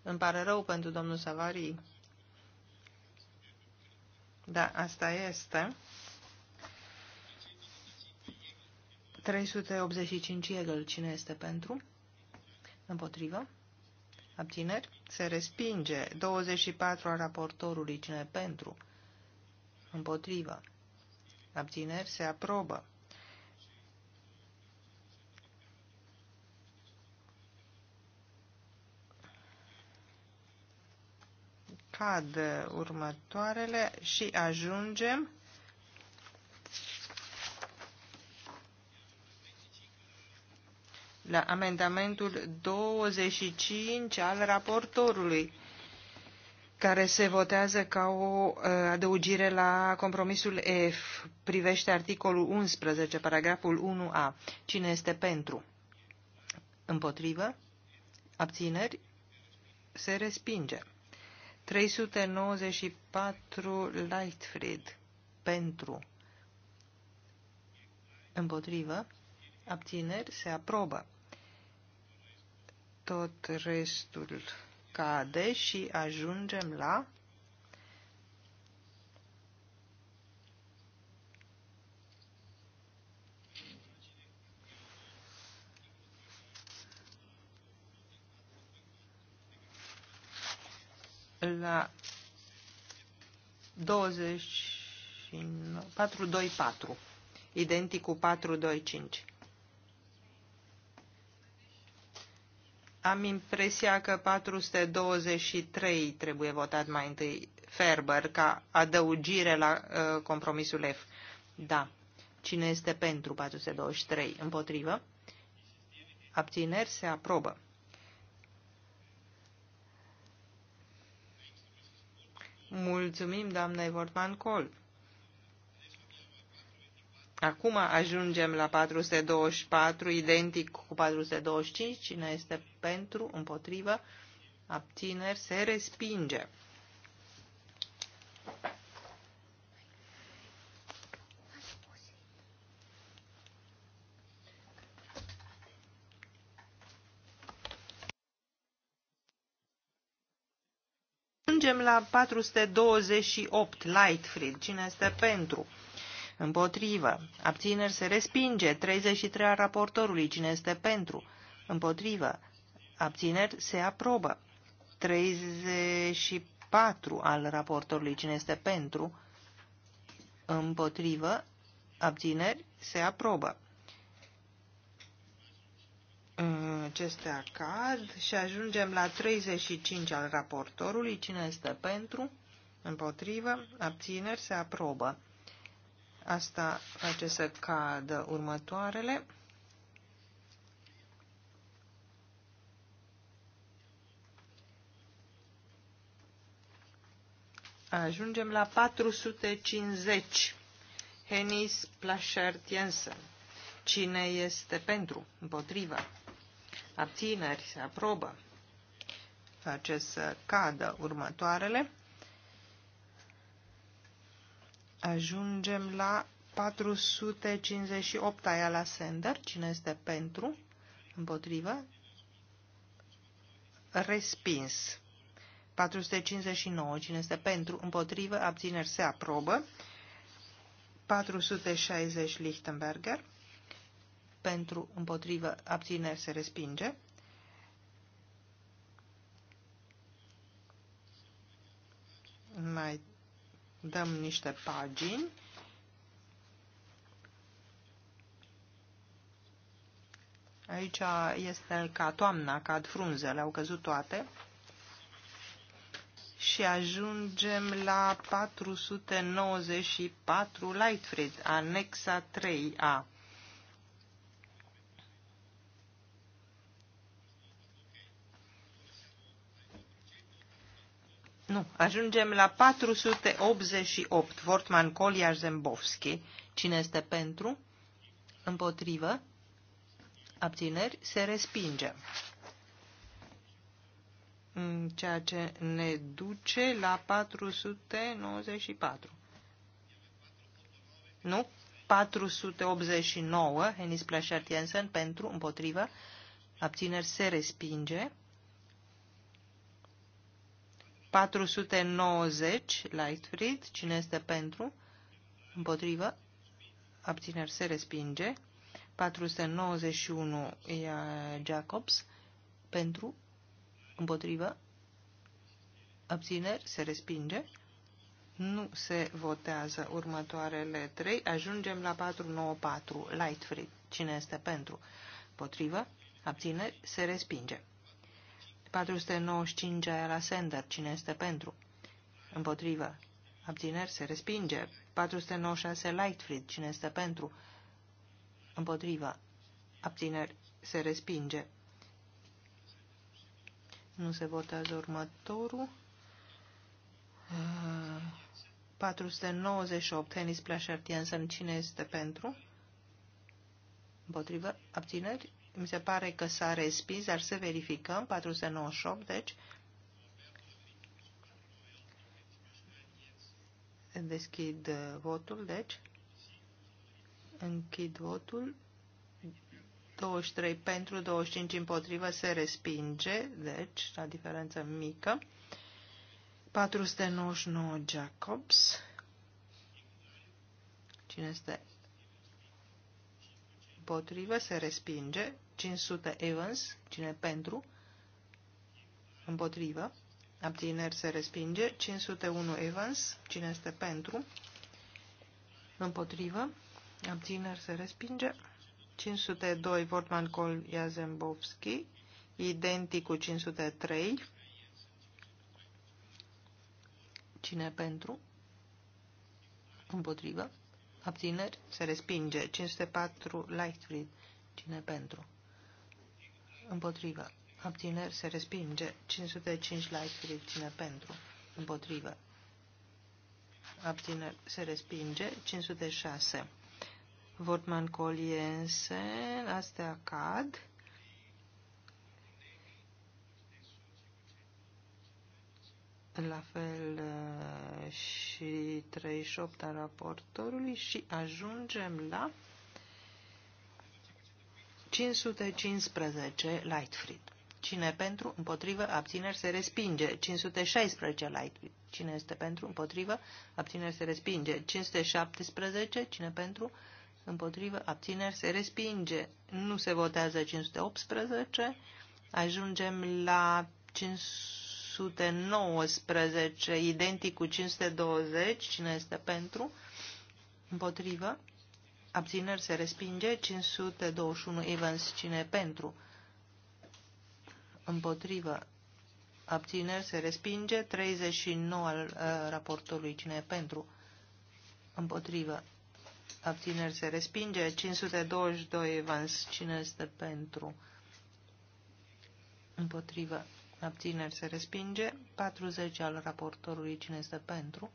Îmi pare rău pentru domnul Savari. Da, asta este. 385 Egel, cine este pentru? Împotrivă. Abțineri. Se respinge. 24 a raportorului. Cine pentru? Împotrivă. Abțineri. Se aprobă. Cad următoarele și ajungem la amendamentul 25 al raportorului, care se votează ca o uh, adăugire la compromisul F, privește articolul 11, paragraful 1a. Cine este pentru? Împotrivă? Abțineri? Se respinge. 394 Lightfried. Pentru. Împotrivă? Abțineri se aprobă tot restul cade și ajungem la la 20 424 identic cu 425 Am impresia că 423 trebuie votat mai întâi Ferber ca adăugire la uh, compromisul F. Da. Cine este pentru 423? Împotrivă? Abțineri se aprobă. Mulțumim, doamna Evortman Col. Acum ajungem la 424, identic cu 425. Cine este pentru, împotrivă, abțineri, se respinge. Ajungem la 428, Lightfield, Cine este pentru? Împotrivă. Abțineri se respinge. 33 a raportorului. Cine este pentru? Împotrivă abțineri, se aprobă. 34 al raportorului, cine este pentru, împotrivă, abțineri, se aprobă. Acestea cad și ajungem la 35 al raportorului, cine este pentru, împotrivă, abțineri, se aprobă. Asta face să cadă următoarele. Ajungem la 450. Henis Plashert Jensen. Cine este pentru? Împotrivă. Abțineri. Se aprobă. Face să cadă următoarele. Ajungem la 458 aia la sender. Cine este pentru? Împotrivă? Respins. 459. Cine este pentru, împotrivă, abțineri, se aprobă. 460 Lichtenberger. Pentru, împotrivă, abțineri, se respinge. Mai dăm niște pagini. Aici este ca toamna, cad frunzele, au căzut toate și ajungem la 494 Lightfred, anexa 3A. Nu, ajungem la 488, Vortman Kolia Zembovski. Cine este pentru? Împotrivă? Abțineri? Se respinge ceea ce ne duce la 494. Nu? 489, Henis Plașart Jensen, pentru, împotrivă, abțineri se respinge. 490, Lightfried, cine este pentru, împotrivă, abțineri se respinge. 491, Jacobs, pentru, Împotrivă. Abțineri. Se respinge. Nu se votează următoarele trei. Ajungem la 494. Light free. Cine este pentru? Împotrivă. Abțineri. Se respinge. 495 aia la sender. Cine este pentru? Împotrivă. Abțineri se respinge. 496 Lightfried. Cine este pentru? Împotrivă. Abțineri se respinge. Nu se votează următorul. 498. Uh, Henis Plașart Jensen. Cine este pentru? Împotrivă? Abțineri? Mi se pare că s-a respins, dar să verificăm. 498, deci. Deschid uh, votul, deci. Închid votul. 23 pentru, 25 împotrivă, se respinge, deci la diferență mică. 499 Jacobs. Cine este împotrivă, se respinge. 500 Evans, cine pentru, împotrivă. Abțineri se respinge. 501 Evans, cine este pentru, împotrivă. Abțineri se respinge. 502 Vortman Kol Jazembowski, identic cu 503. Cine pentru? Împotrivă. Abțineri? Se respinge. 504 Lightfried. Cine pentru? Împotrivă. Abțineri? Se respinge. 505 Lightfried. Cine pentru? Împotrivă. Abțineri? Se respinge. 506. Vortman Col astea cad. La fel uh, și 38 a raportorului și ajungem la 515 Lightfried. Cine pentru, împotrivă, abțineri, se respinge. 516 Lightfried. Cine este pentru, împotrivă, abțineri, se respinge. 517, cine pentru, împotrivă, abțineri, se respinge. Nu se votează 518. Ajungem la 519, identic cu 520. Cine este pentru? Împotrivă. Abțineri se respinge. 521 Evans. Cine pentru? Împotrivă. Abțineri se respinge. 39 al uh, raportului. Cine pentru? Împotrivă abțineri se respinge, 522 Evans, cine este pentru, împotrivă, abțineri se respinge, 40 al raportorului, cine este pentru,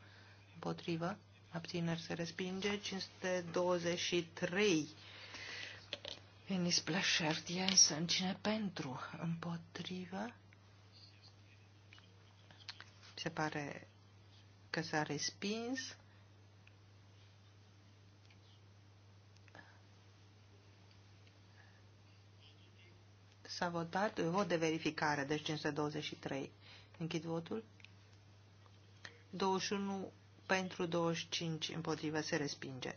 împotrivă, abțineri se respinge, 523 Enis Plășert, Jensen, cine pentru, împotrivă, se pare că s-a respins, S-a votat vot de verificare, deci 523. Închid votul. 21 pentru 25 împotrivă se respinge.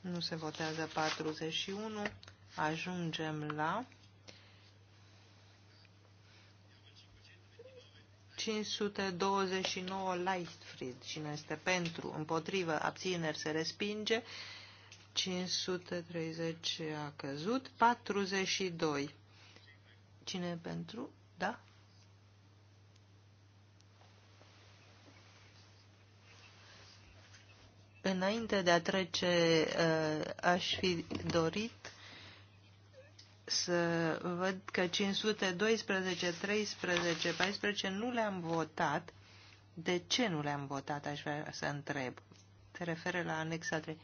Nu se votează 41. Ajungem la 529 Lightfried. Cine este pentru, împotrivă, abțineri, se respinge. 530 a căzut. 42. Cine pentru? Da? Înainte de a trece, uh, aș fi dorit să văd că 512, 13, 14 nu le-am votat. De ce nu le-am votat, aș vrea să întreb. Se referă la anexa 3.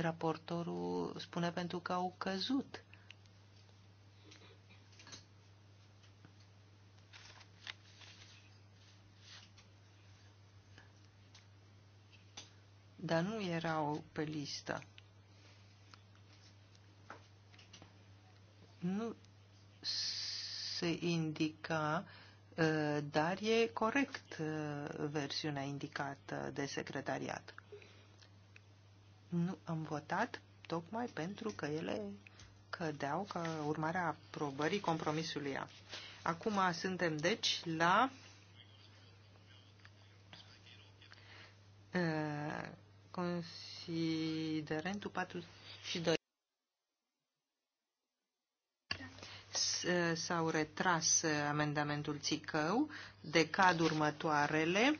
Raportorul spune pentru că au căzut. Dar nu erau pe listă. Nu se indica eh, dar e corect eh, versiunea indicată de secretariat. Nu am votat tocmai pentru că ele cădeau ca urmarea aprobării compromisului ea. Acum suntem, deci, la uh, considerentul 42. S-au retras amendamentul Țicău, decad următoarele,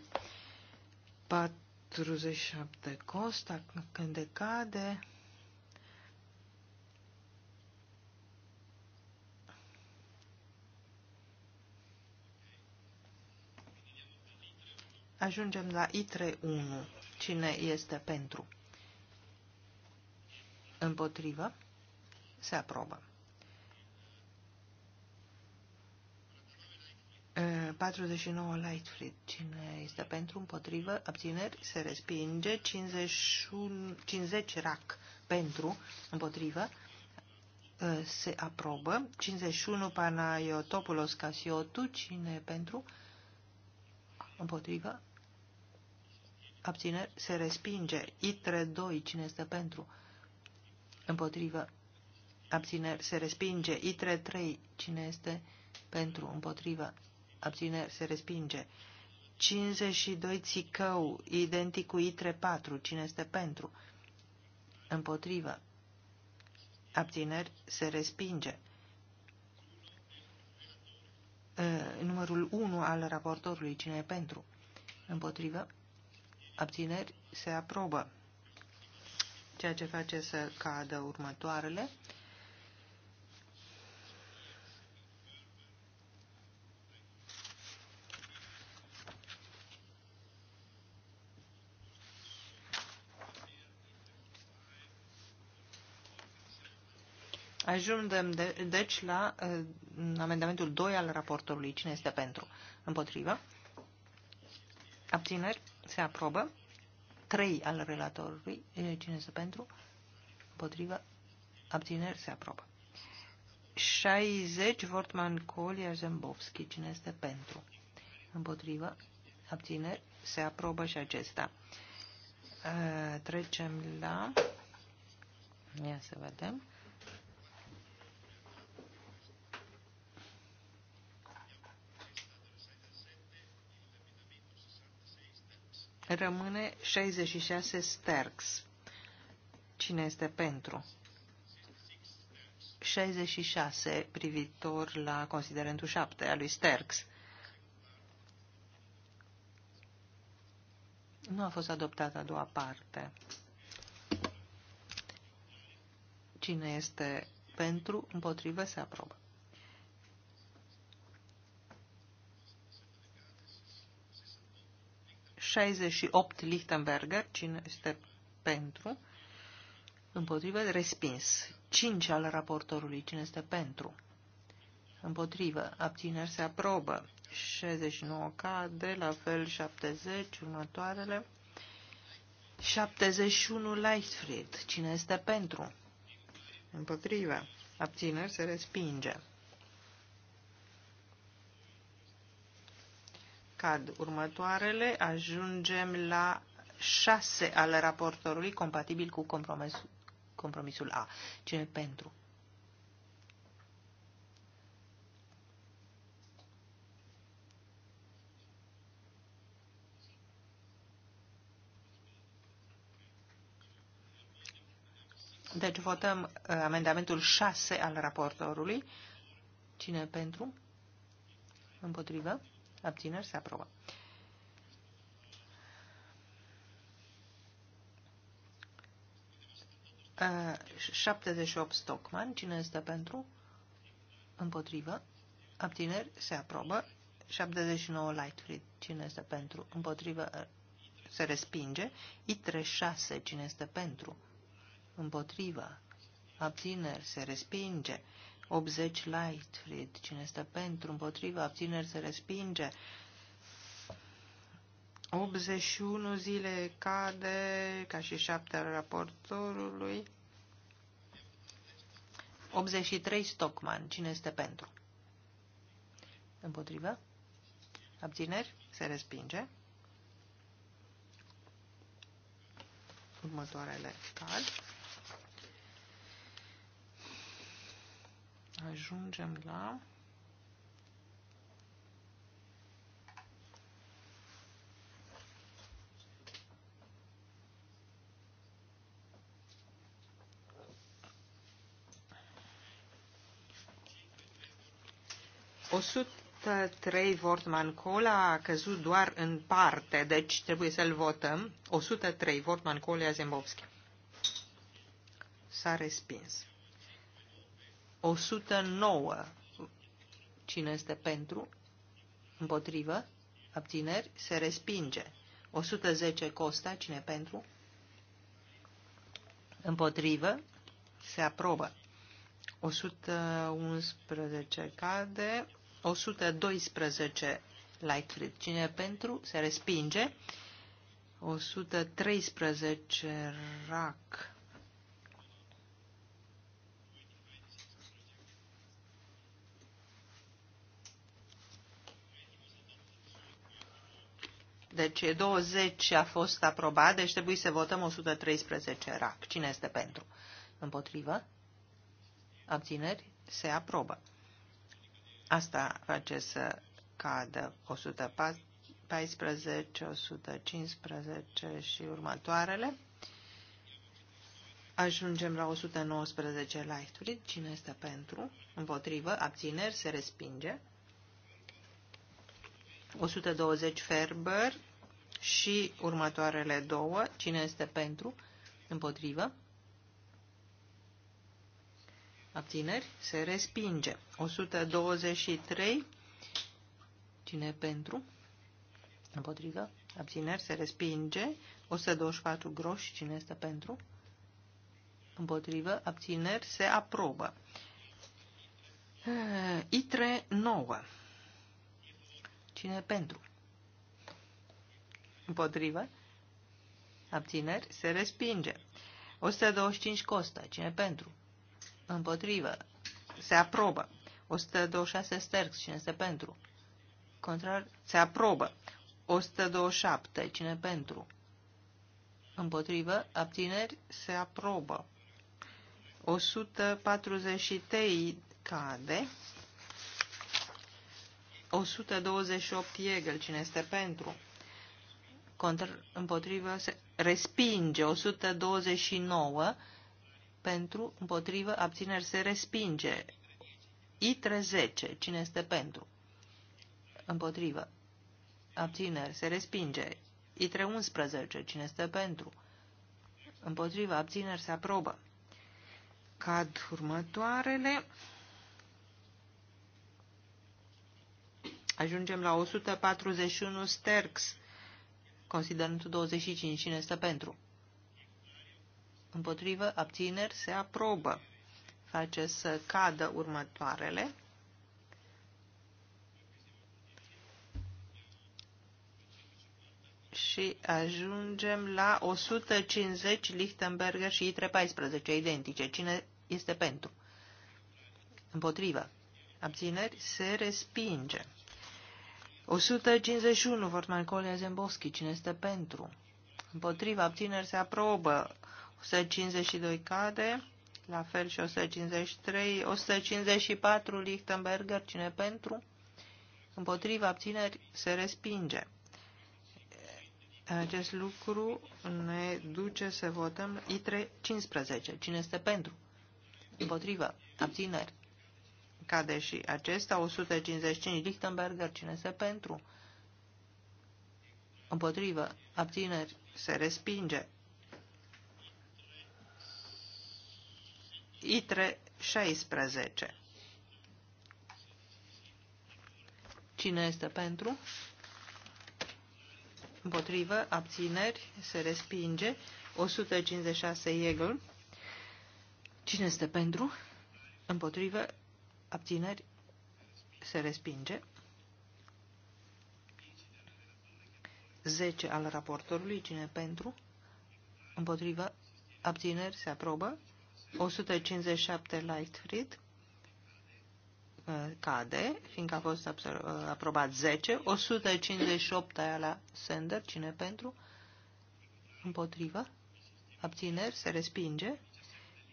4 47 Costa când decade Ajungem la I3.1. Cine este pentru? Împotrivă? Se aprobă. 49 Lightfried. Cine este pentru, împotrivă, abțineri, se respinge. 51, 50 RAC pentru, împotrivă, se aprobă. 51 Panayotopoulos Casiotu. Cine pentru, împotrivă, abțineri, se respinge. ITRE 2. Cine este pentru, împotrivă, abțineri, se respinge. ITRE 3. Cine este pentru, împotrivă, abține, se respinge. 52 țicău, identic cu ITRE 4, cine este pentru? Împotrivă. Abțineri se respinge. Numărul 1 al raportorului, cine e pentru? Împotrivă. Abțineri se aprobă. Ceea ce face să cadă următoarele. Ajungem de, deci la uh, amendamentul 2 al raportorului. Cine este pentru? Împotrivă. Abțineri. Se aprobă. 3 al relatorului. Cine este pentru? Împotrivă. Abțineri. Se aprobă. 60. Vortman Colia Zembovski. Cine este pentru? Împotrivă. Abțineri. Se aprobă și acesta. Uh, trecem la... Ia să vedem. Rămâne 66 Sterks. Cine este pentru? 66 privitor la considerentul 7 al lui sterks. Nu a fost adoptată a doua parte. Cine este pentru, împotrivă, se aprobă. 68 Lichtenberger, cine este pentru, împotrivă, respins. 5 al raportorului, cine este pentru, împotrivă, abțineri se aprobă. 69 cade, la fel 70, următoarele. 71 Lightfried, cine este pentru, împotrivă, abțineri se respinge. cad următoarele, ajungem la 6 al raportorului compatibil cu compromisul, compromisul A. Cine pentru? Deci votăm uh, amendamentul 6 al raportorului. Cine pentru? Împotrivă? Abțineri se aprobă. Uh, 78 Stockman. Cine este pentru? Împotrivă. Abțineri se aprobă. 79 Lightfried. Cine este pentru? Împotrivă. Se respinge. I36. Cine este pentru? Împotrivă. Abțineri se respinge. 80 Lightfried. Cine este pentru, împotriva, abțineri, se respinge. 81 zile cade, ca și șaptea raportorului. 83 Stockman. Cine este pentru? Împotriva? Abțineri? Se respinge. Următoarele cad. ajungem la o trei Vortman Cola a căzut doar în parte, deci trebuie să-l votăm. 103 Vortman Cola Zembovski. S-a respins. 109. Cine este pentru? Împotrivă? Abțineri? Se respinge. 110 Costa. Cine pentru? Împotrivă? Se aprobă. 111 cade. 112 Lightfried. Cine pentru? Se respinge. 113 rac. Deci 20 a fost aprobat, deci trebuie să votăm 113 RAC. Cine este pentru? Împotrivă? Abțineri? Se aprobă. Asta face să cadă 114, 115 și următoarele. Ajungem la 119 Lightfried. Cine este pentru? Împotrivă? Abțineri? Se respinge. 120 Ferber și următoarele două. Cine este pentru? Împotrivă. Abțineri? Se respinge. 123. Cine pentru? Împotrivă. Abțineri? Se respinge. 124 groși. Cine este pentru? Împotrivă. Abțineri? Se aprobă. Eh, I3 9. Cine pentru? Împotrivă. Abțineri. Se respinge. 125 costă. Cine pentru? Împotrivă. Se aprobă. 126 sterx. Cine este pentru? Contrar. Se aprobă. 127. Cine pentru? Împotrivă. Abțineri. Se aprobă. 143 cade. 128 iegăl, Cine este pentru? contra, împotrivă, se respinge. 129 pentru, împotrivă, abțineri, se respinge. I30, cine este pentru? Împotrivă. Abțineri, se respinge. I311, cine este pentru? Împotrivă, abțineri, se aprobă. Cad următoarele. Ajungem la 141 sterks considerând 25. Cine stă pentru? Împotrivă, abțineri, se aprobă. Face să cadă următoarele. Și ajungem la 150 Lichtenberger și ITRE 14, identice. Cine este pentru? Împotrivă. Abțineri se respinge. 151, Vortman Colia Zembovski, cine este pentru? Împotriva, abțineri se aprobă. 152 cade, la fel și 153. 154, Lichtenberger, cine pentru? Împotriva, abțineri se respinge. Acest lucru ne duce să votăm I315. Cine este pentru? Împotriva, abțineri Cade și acesta. 155 Lichtenberger. Cine este pentru? Împotrivă. Abțineri. Se respinge. ITRE 16. Cine este pentru? Împotrivă, abțineri, se respinge. 156 Egel. Cine este pentru? Împotrivă, abțineri, se respinge. 10 al raportorului, cine pentru, împotriva, abțineri, se aprobă. 157 light read uh, cade, fiindcă a fost uh, aprobat 10, 158 aia la sender, cine pentru, împotrivă, abțineri, se respinge,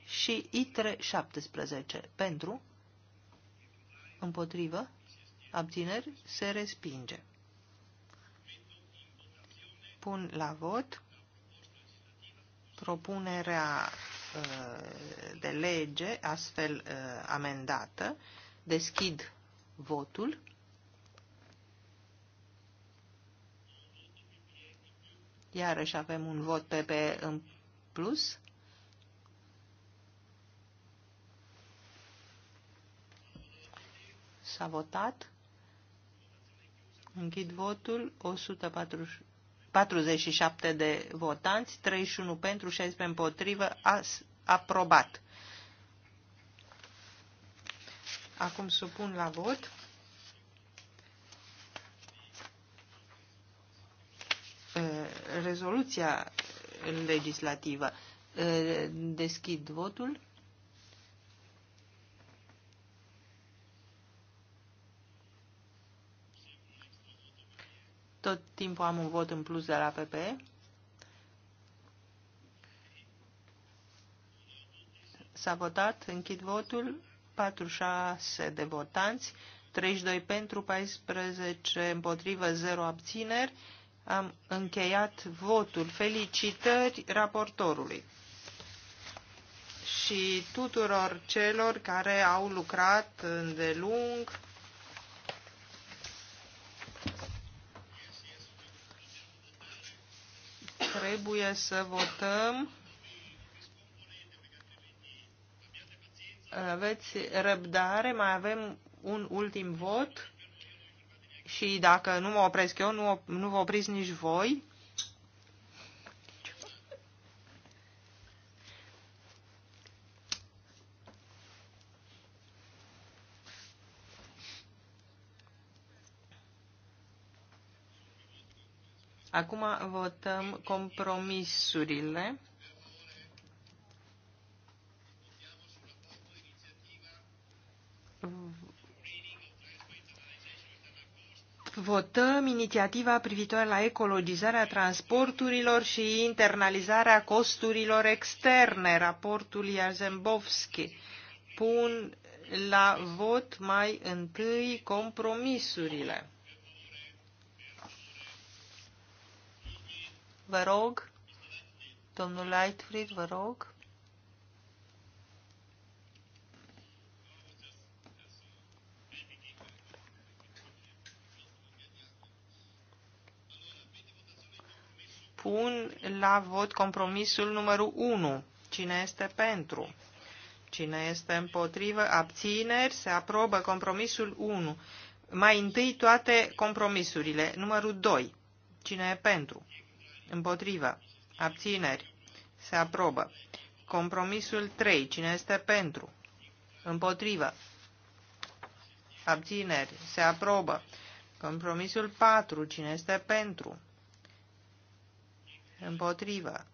și ITRE 17, pentru, împotrivă, abțineri, se respinge. Pun la vot propunerea uh, de lege astfel uh, amendată. Deschid votul. Iarăși avem un vot PP în plus. S-a votat. Închid votul. 147 de votanți, 31 pentru, 16 împotrivă. a aprobat. Acum supun la vot. Uh, rezoluția legislativă. Uh, deschid votul. Tot timpul am un vot în plus de la PPE. S-a votat, închid votul, 46 de votanți, 32 pentru, 14 împotrivă, 0 abțineri. Am încheiat votul. Felicitări raportorului și tuturor celor care au lucrat îndelung trebuie să votăm. Aveți răbdare, mai avem un ultim vot și dacă nu mă opresc eu, nu, nu vă opriți nici voi. Acum votăm compromisurile. Votăm inițiativa privitoare la ecologizarea transporturilor și internalizarea costurilor externe, raportul Iazembovski. Pun la vot mai întâi compromisurile. Vă rog. Domnul Lightfried, vă rog. Pun la vot compromisul numărul 1. Cine este pentru? Cine este împotrivă? Abțineri? Se aprobă compromisul 1. Mai întâi toate compromisurile. Numărul 2. Cine e pentru? Împotrivă. Abțineri. Se aprobă. Compromisul 3. Cine este pentru? Împotrivă. Abțineri. Se aprobă. Compromisul 4. Cine este pentru? Împotrivă.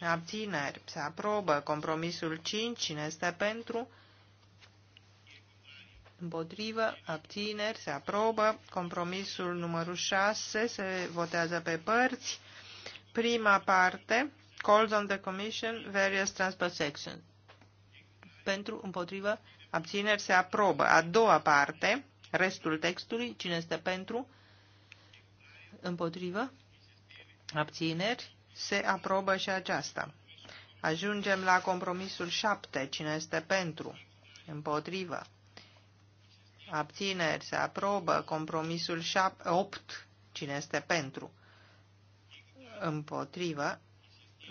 Abțineri. Se aprobă. Compromisul 5. Cine este pentru? Împotrivă. Abțineri. Se aprobă. Compromisul numărul 6. Se votează pe părți. Prima parte, calls on the commission, various transport sections. Pentru, împotrivă, abțineri se aprobă. A doua parte, restul textului, cine este pentru, împotrivă, abțineri, se aprobă și aceasta. Ajungem la compromisul 7. Cine este pentru? Împotrivă. Abțineri. Se aprobă compromisul 8. Cine este pentru? împotrivă,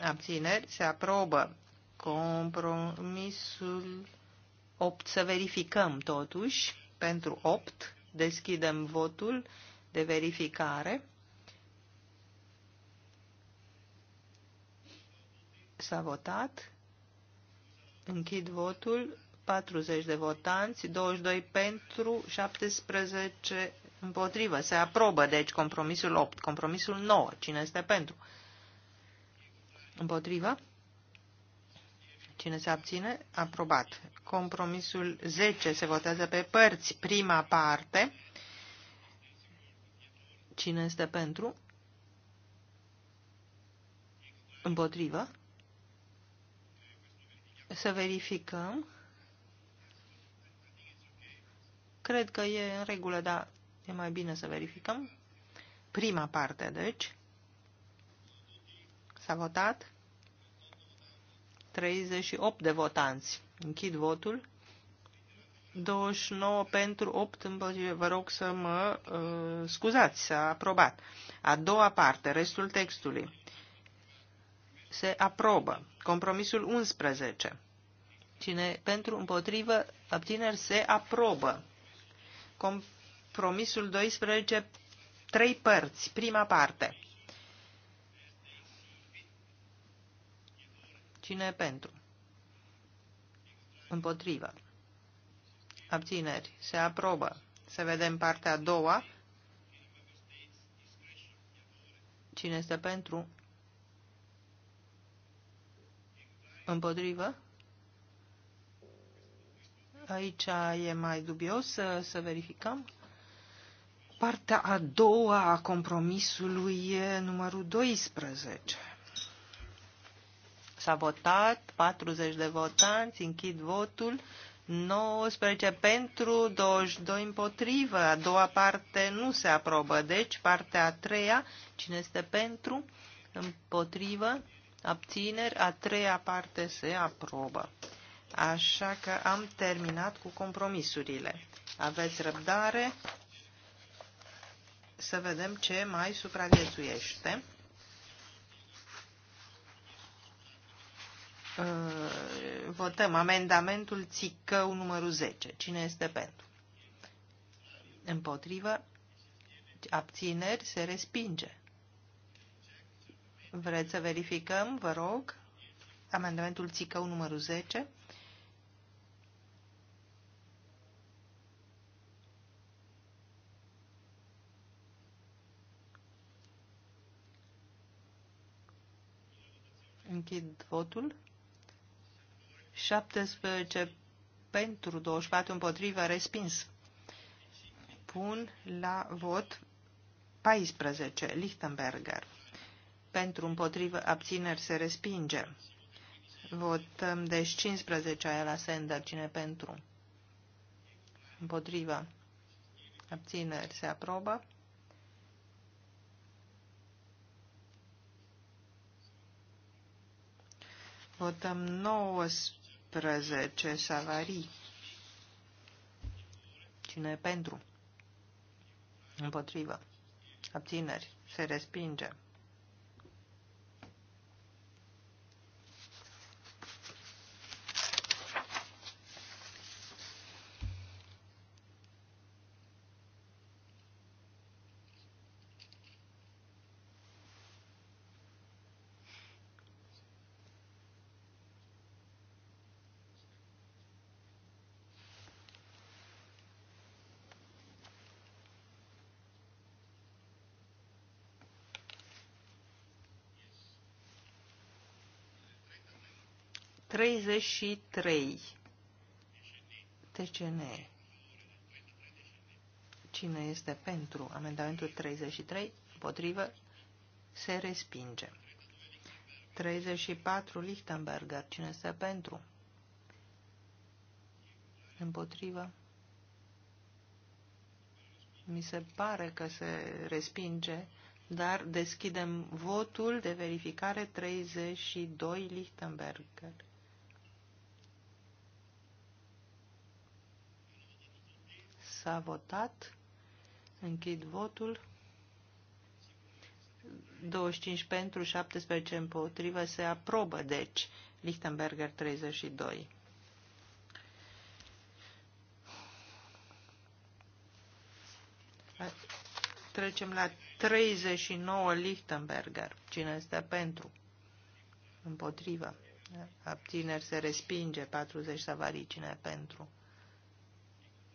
abțineri, se aprobă. Compromisul 8, să verificăm totuși, pentru 8, deschidem votul de verificare. S-a votat. Închid votul. 40 de votanți, 22 pentru, 17 Împotrivă. Se aprobă, deci, compromisul 8. Compromisul 9. Cine este pentru? Împotrivă. Cine se abține? Aprobat. Compromisul 10 se votează pe părți. Prima parte. Cine este pentru? Împotrivă. Să verificăm. Cred că e în regulă, dar E mai bine să verificăm. Prima parte, deci. S-a votat. 38 de votanți. Închid votul. 29 pentru 8 Vă rog să mă uh, scuzați, s-a aprobat. A doua parte, restul textului. Se aprobă. Compromisul 11. Cine pentru împotrivă abțineri se aprobă. Com promisul 12, trei părți, prima parte. Cine e pentru? Împotrivă. Abțineri. Se aprobă. Să vedem partea a doua. Cine este pentru? Împotrivă? Aici e mai dubios să, să verificăm partea a doua a compromisului e numărul 12. S-a votat, 40 de votanți, închid votul, 19 pentru, 22 împotrivă. A doua parte nu se aprobă, deci partea a treia, cine este pentru, împotrivă, abțineri, a treia parte se aprobă. Așa că am terminat cu compromisurile. Aveți răbdare, să vedem ce mai supraviețuiește. Uh, votăm amendamentul țicău numărul 10. Cine este pentru? Împotrivă? Abțineri? Se respinge. Vreți să verificăm, vă rog, amendamentul țicău numărul 10? Închid votul. 17 pentru, 24 împotrivă, respins. Pun la vot 14, Lichtenberger. Pentru, împotrivă, abțineri se respinge. Votăm, deci, 15 aia la sender, cine pentru? Împotrivă. Abțineri se aprobă. Votăm 19 salarii. Cine pentru? Împotrivă. Abțineri. Se respinge. 33. TCN. Cine este pentru amendamentul 33? Împotrivă? Se respinge. 34. Lichtenberger. Cine este pentru? Împotrivă? Mi se pare că se respinge, dar deschidem votul de verificare 32 Lichtenberger. S-a votat. Închid votul. 25 pentru, 17 împotrivă. Se aprobă, deci, Lichtenberger 32. Trecem la 39 Lichtenberger. Cine este pentru? Împotrivă. Abțineri se respinge. 40 Savarii. Cine pentru?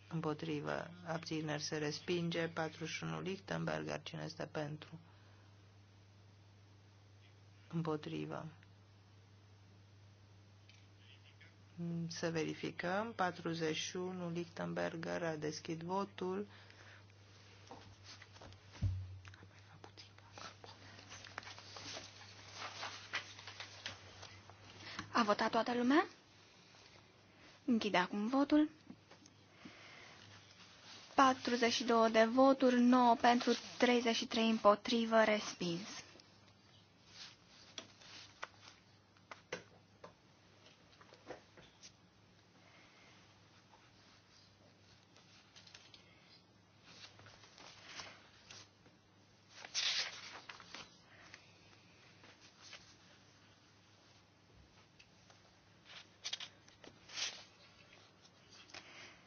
împotrivă, abțineri se respinge, 41 Lichtenberger, cine este pentru, împotrivă. Să verificăm, 41 Lichtenberger a deschid votul, A votat toată lumea? Închide acum votul. 42 de voturi, 9 pentru, 33 împotrivă, respins.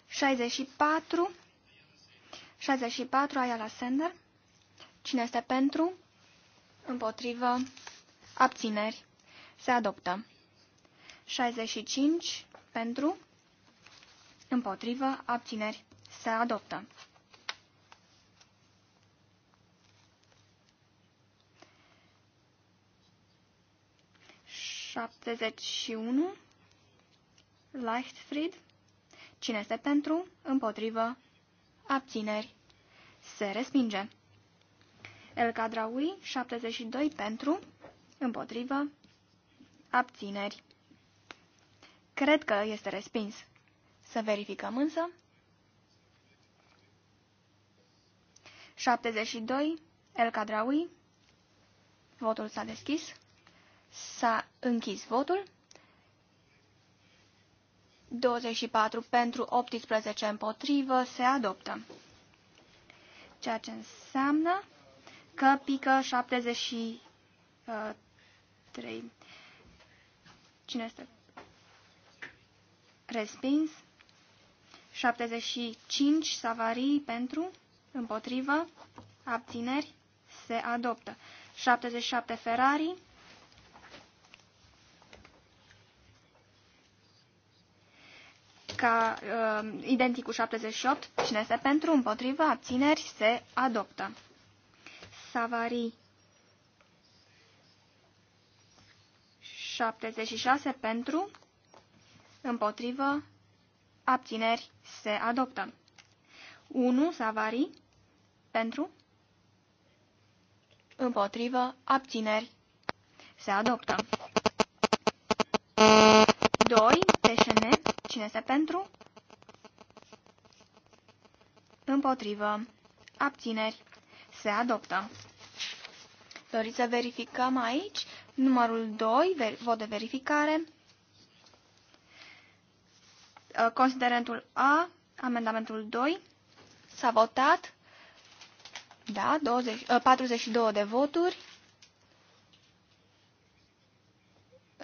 Șaizeci și patru 64, Ayala Sender. Cine este pentru? Împotrivă. Abțineri. Se adoptă. 65, pentru. Împotrivă. Abțineri. Se adoptă. 71. Leichtfried. Cine este pentru? Împotrivă abțineri, se respinge. El Cadraui, 72 pentru, împotrivă, abțineri. Cred că este respins. Să verificăm însă. 72, El Cadraui, votul s-a deschis, s-a închis votul. 24 pentru 18 împotrivă se adoptă. Ceea ce înseamnă că pică 73. Cine este? Respins. 75 savarii pentru, împotrivă, abțineri, se adoptă. 77 Ferrari ca uh, identic cu 78. Cine este pentru, împotrivă, abțineri, se adoptă. Savari 76 pentru, împotrivă, abțineri, se adoptă. 1. Savari pentru, împotrivă, abțineri, se adoptă. 2, PSN, cine este pentru? Împotrivă. Abțineri. Se adoptă. Doriți să verificăm aici numărul 2, ver vot de verificare. Ă, considerentul A, amendamentul 2, s-a votat. Da, 20, 42 ă, de voturi.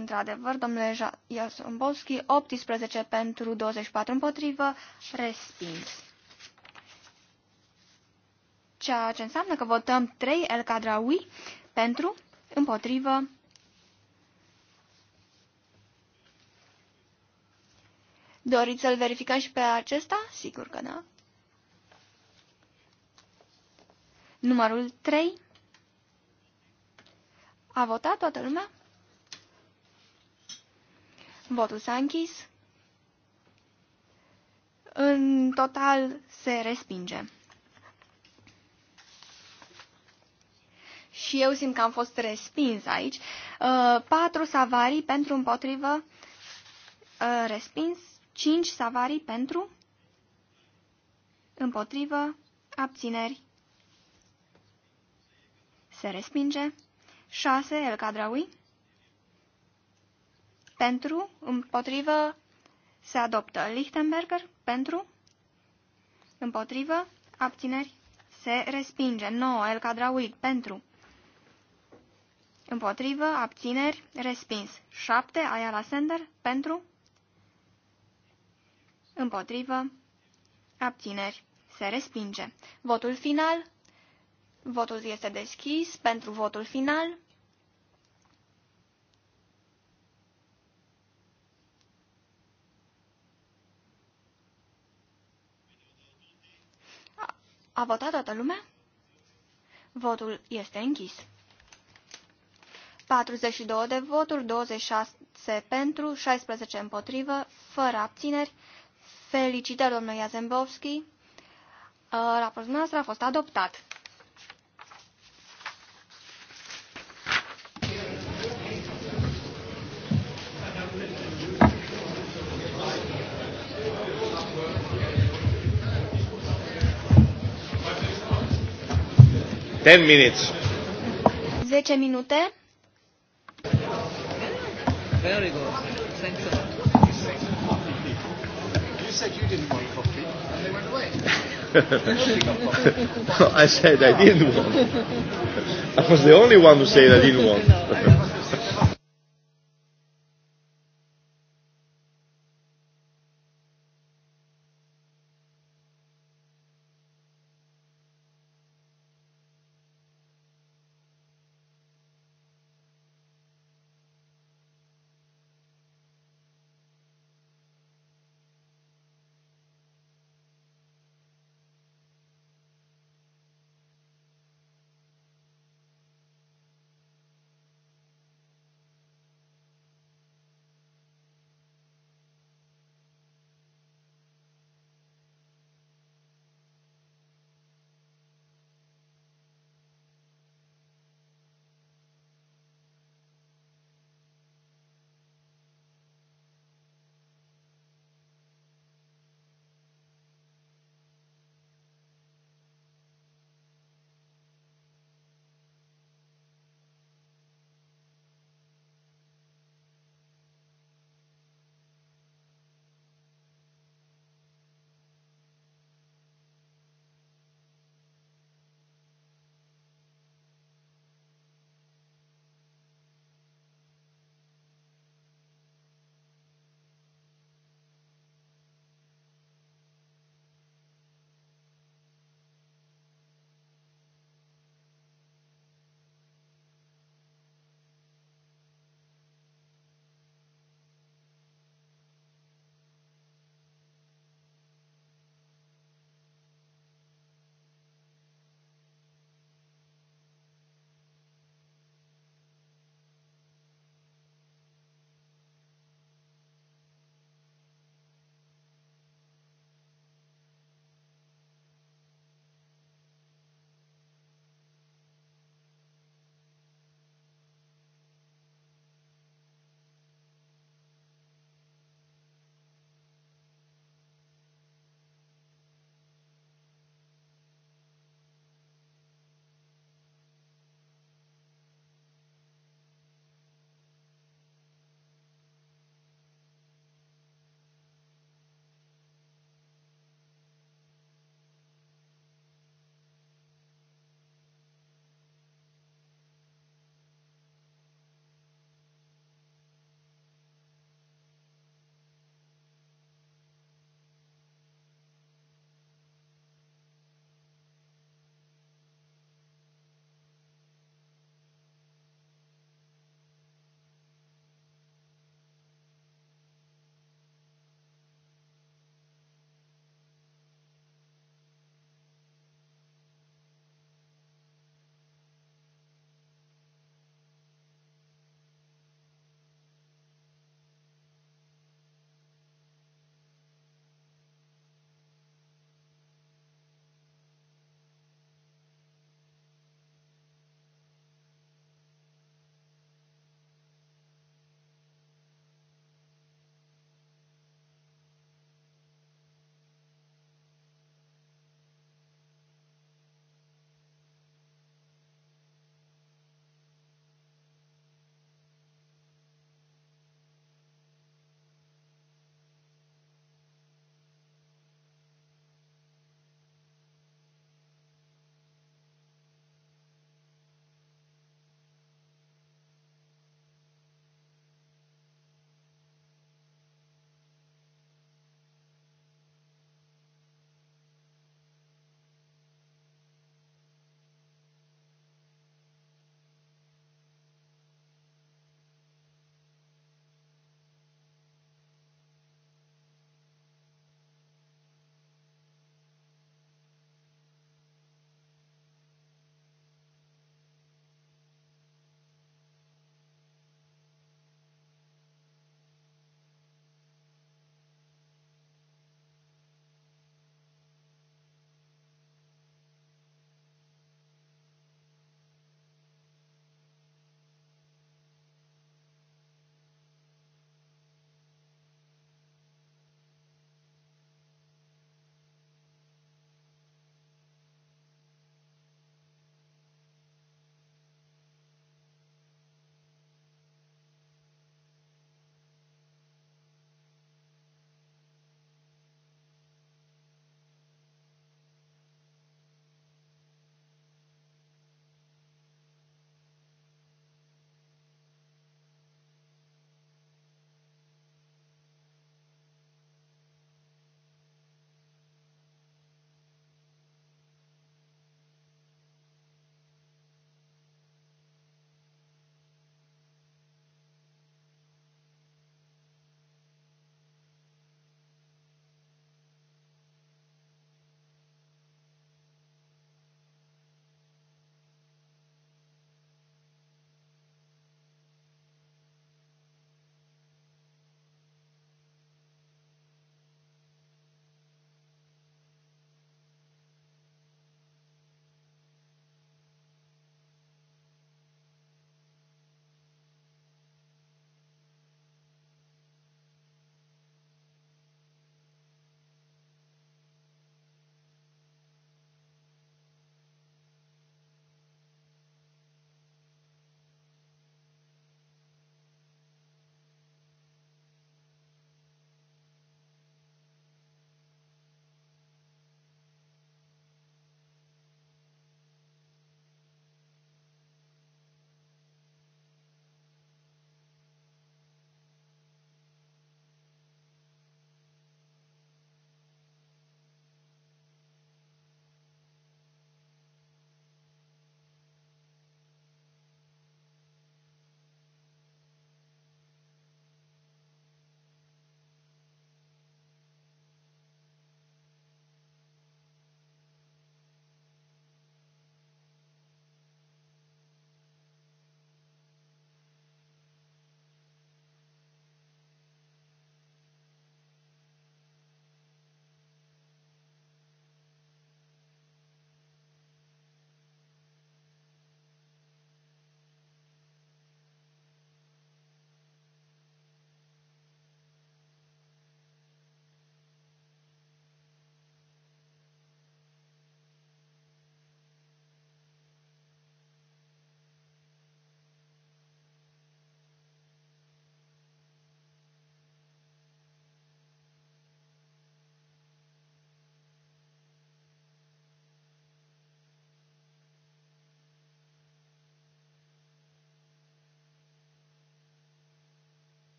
într-adevăr, domnule Iasombovski, 18 pentru 24 împotrivă, respins. Ceea ce înseamnă că votăm 3 El Cadraui pentru, împotrivă, Doriți să-l verificați și pe acesta? Sigur că da. Numărul 3. A votat toată lumea? Votul s-a închis. În total se respinge. Și eu simt că am fost respins aici. Uh, 4 savarii pentru împotrivă uh, respins. 5 savarii pentru împotrivă abțineri se respinge. 6 el cadraui pentru, împotrivă, se adoptă. Lichtenberger, pentru, împotrivă, abțineri, se respinge. 9. El Cadrauit, pentru, împotrivă, abțineri, respins. 7. Ayala Sender, pentru, împotrivă, abțineri, se respinge. Votul final. Votul este deschis pentru votul final. A votat toată lumea? Votul este închis. 42 de voturi, 26 pentru, 16 împotrivă, fără abțineri. Felicitări, domnul Iazembovski. Raportul nostru a fost adoptat. 10 minutes. 10 minute. Very good. Thanks a lot. You said you didn't want coffee and they went away. I said I didn't want. I was the only one who said I didn't want.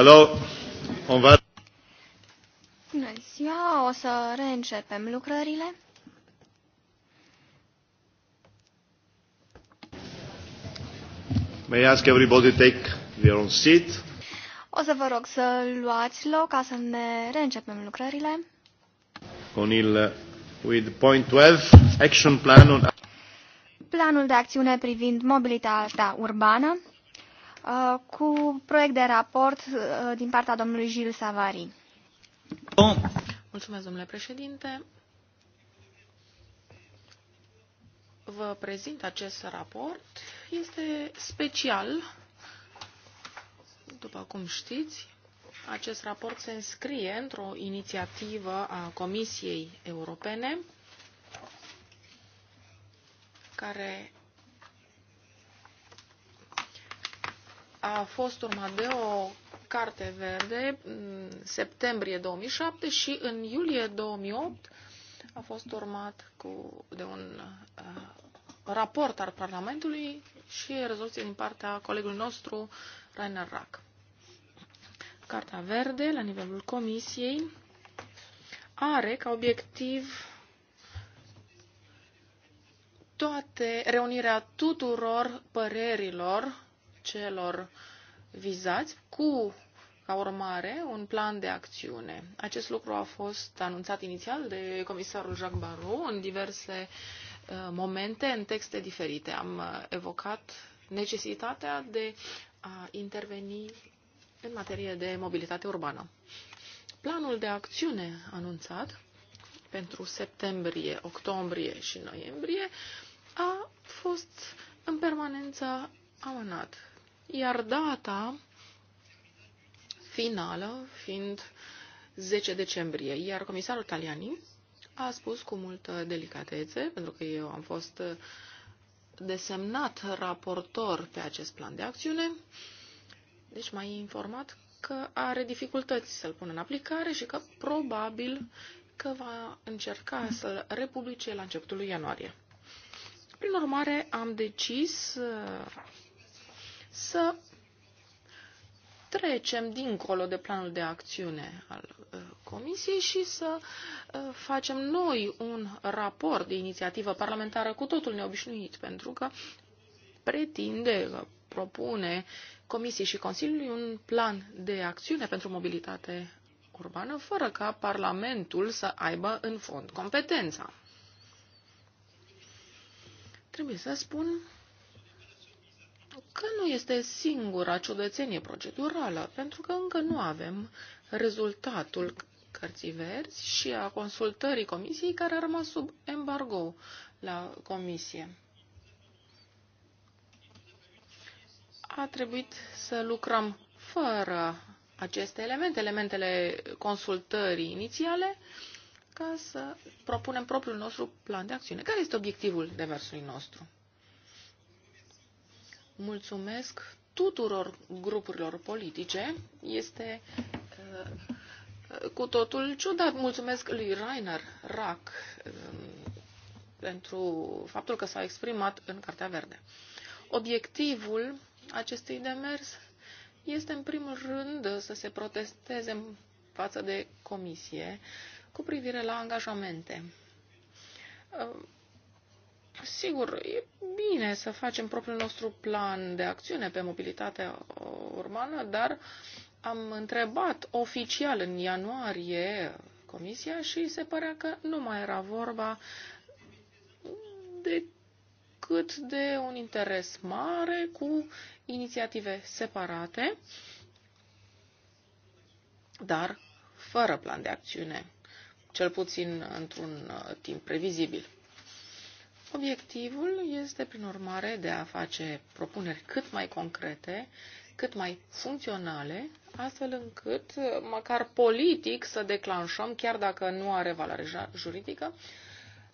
Hello, on va... Bună ziua, o să reîncepem lucrările. May I ask everybody to take their own seat? O să vă rog să luați loc ca să ne reîncepem lucrările. Con il, with point 12, action plan on... Planul de acțiune privind mobilitatea urbană. Uh, cu proiect de raport uh, din partea domnului Gilles Savari. Bun. Mulțumesc, domnule președinte. Vă prezint acest raport. Este special, după cum știți, acest raport se înscrie într-o inițiativă a Comisiei Europene care a fost urmat de o carte verde în septembrie 2007 și în iulie 2008 a fost urmat cu, de un uh, raport al Parlamentului și rezoluție din partea colegului nostru, Rainer Rack. Carta verde, la nivelul Comisiei, are ca obiectiv toate reunirea tuturor părerilor celor vizați cu, ca urmare, un plan de acțiune. Acest lucru a fost anunțat inițial de comisarul Jacques Barrot în diverse uh, momente, în texte diferite. Am uh, evocat necesitatea de a interveni în materie de mobilitate urbană. Planul de acțiune anunțat pentru septembrie, octombrie și noiembrie a fost în permanență amânat iar data finală fiind 10 decembrie, iar comisarul Taliani a spus cu multă delicatețe, pentru că eu am fost desemnat raportor pe acest plan de acțiune, deci m-a informat că are dificultăți să-l pună în aplicare și că probabil că va încerca să-l republice la începutul lui ianuarie. Prin urmare, am decis să trecem dincolo de planul de acțiune al uh, Comisiei și să uh, facem noi un raport de inițiativă parlamentară cu totul neobișnuit, pentru că pretinde, propune Comisiei și Consiliului un plan de acțiune pentru mobilitate urbană, fără ca Parlamentul să aibă în fond competența. Trebuie să spun că nu este singura ciudățenie procedurală, pentru că încă nu avem rezultatul cărții verzi și a consultării comisiei care a rămas sub embargo la comisie. A trebuit să lucrăm fără aceste elemente, elementele consultării inițiale, ca să propunem propriul nostru plan de acțiune. Care este obiectivul demersului nostru? mulțumesc tuturor grupurilor politice. Este uh, cu totul ciudat. Mulțumesc lui Rainer Rack um, pentru faptul că s-a exprimat în Cartea Verde. Obiectivul acestui demers este în primul rând să se protesteze în față de comisie cu privire la angajamente. Uh, Sigur, e bine să facem propriul nostru plan de acțiune pe mobilitatea urbană, dar am întrebat oficial în ianuarie comisia și se părea că nu mai era vorba decât de un interes mare cu inițiative separate, dar fără plan de acțiune, cel puțin într-un timp previzibil. Obiectivul este, prin urmare, de a face propuneri cât mai concrete, cât mai funcționale, astfel încât, uh, măcar politic, să declanșăm, chiar dacă nu are valoare juridică,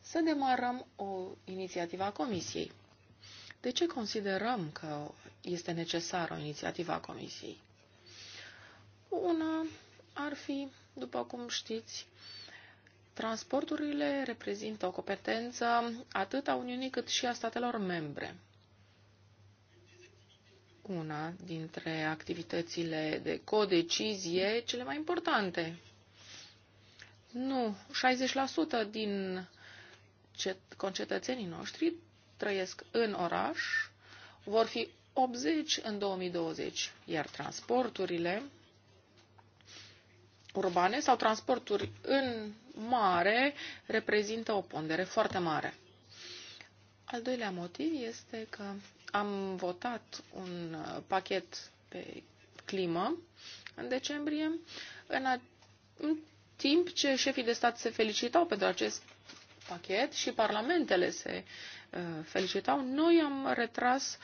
să demarăm o inițiativă a Comisiei. De ce considerăm că este necesară o inițiativă a Comisiei? Una ar fi, după cum știți, Transporturile reprezintă o competență atât a Uniunii cât și a statelor membre. Una dintre activitățile de codecizie cele mai importante. Nu, 60% din concetățenii noștri trăiesc în oraș, vor fi 80 în 2020, iar transporturile urbane sau transporturi în mare reprezintă o pondere foarte mare. Al doilea motiv este că am votat un uh, pachet pe climă în decembrie, în, a, în timp ce șefii de stat se felicitau pentru acest pachet și parlamentele se uh, felicitau, noi am retras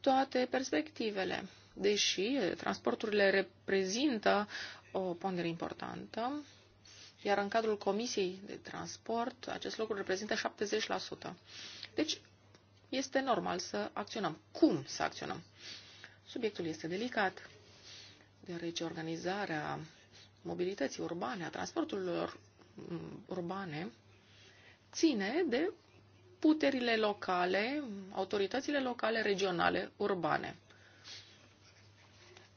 toate perspectivele. Deși uh, transporturile reprezintă o pondere importantă, iar în cadrul Comisiei de Transport acest lucru reprezintă 70%. Deci este normal să acționăm. Cum să acționăm? Subiectul este delicat, deoarece organizarea mobilității urbane, a transporturilor mm, urbane, ține de puterile locale, autoritățile locale, regionale, urbane.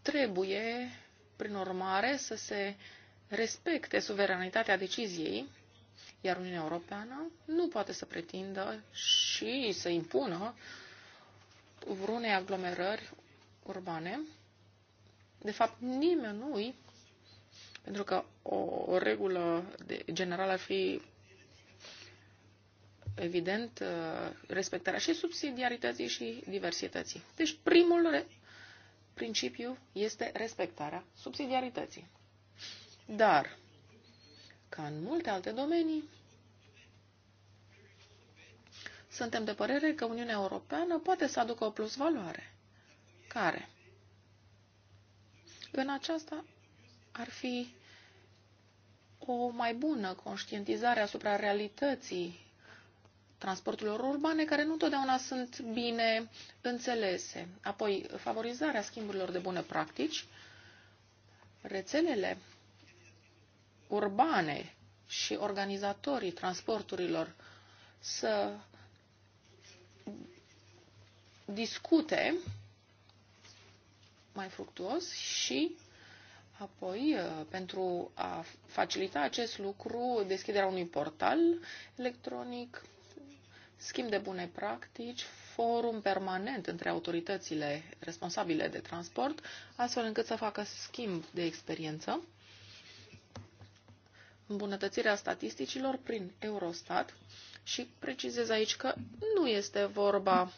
Trebuie, prin urmare, să se uh, respecte suveranitatea deciziei, iar Uniunea Europeană nu poate să pretindă și să impună vreunei aglomerări urbane. De fapt, nimănui, pentru că o, o regulă de, generală ar fi evident, uh, respectarea și subsidiarității și diversității. Deci primul principiu este respectarea subsidiarității. Dar, ca în multe alte domenii, suntem de părere că Uniunea Europeană poate să aducă o plus valoare, care, în aceasta, ar fi o mai bună conștientizare asupra realității transporturilor urbane, care nu totdeauna sunt bine înțelese. Apoi, favorizarea schimburilor de bune practici, rețelele urbane și organizatorii transporturilor să discute mai fructuos și apoi, uh, pentru a facilita acest lucru, deschiderea unui portal electronic, schimb de bune practici, forum permanent între autoritățile responsabile de transport, astfel încât să facă schimb de experiență îmbunătățirea statisticilor prin Eurostat și precizez aici că nu este vorba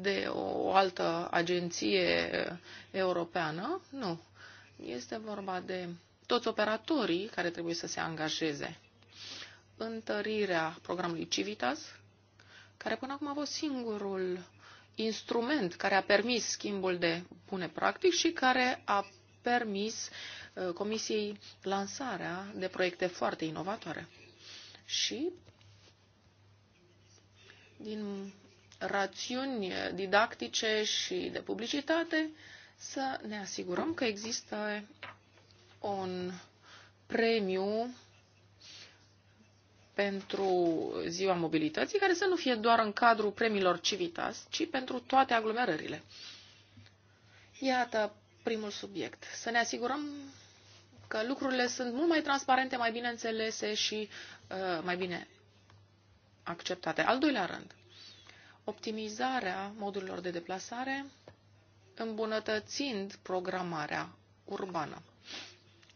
de o altă agenție europeană, nu. Este vorba de toți operatorii care trebuie să se angajeze. Întărirea programului Civitas, care până acum a fost singurul instrument care a permis schimbul de bune practici și care a permis Uh, Comisiei lansarea de proiecte foarte inovatoare. Și din rațiuni didactice și de publicitate să ne asigurăm că există un premiu pentru ziua mobilității, care să nu fie doar în cadrul premiilor Civitas, ci pentru toate aglomerările. Iată primul subiect. Să ne asigurăm că lucrurile sunt mult mai transparente, mai bine înțelese și uh, mai bine acceptate. Al doilea rând, optimizarea modurilor de deplasare, îmbunătățind programarea urbană.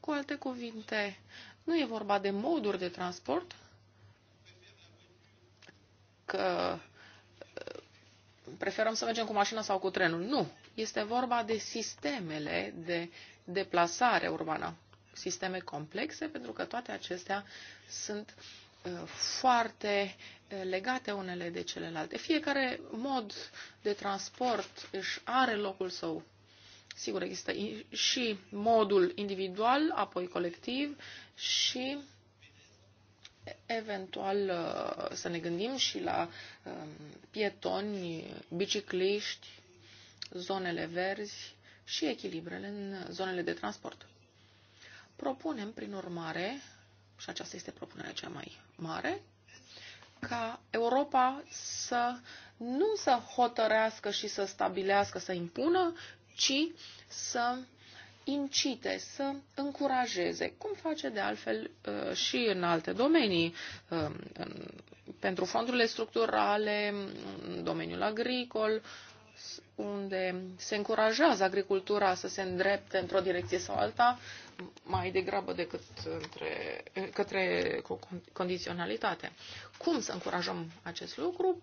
Cu alte cuvinte, nu e vorba de moduri de transport, că uh, preferăm să mergem cu mașina sau cu trenul. Nu. Este vorba de sistemele de deplasare urbană sisteme complexe, pentru că toate acestea sunt uh, foarte uh, legate unele de celelalte. Fiecare mod de transport își are locul său. Sigur, există și modul individual, apoi colectiv și eventual uh, să ne gândim și la um, pietoni, bicicliști, zonele verzi și echilibrele în zonele de transport. Propunem, prin urmare, și aceasta este propunerea cea mai mare, ca Europa să nu să hotărească și să stabilească, să impună, ci să incite, să încurajeze, cum face de altfel uh, și în alte domenii, um, pentru fondurile structurale, în domeniul agricol, unde se încurajează agricultura să se îndrepte într-o direcție sau alta, mai degrabă decât între, către condiționalitate. Cum să încurajăm acest lucru?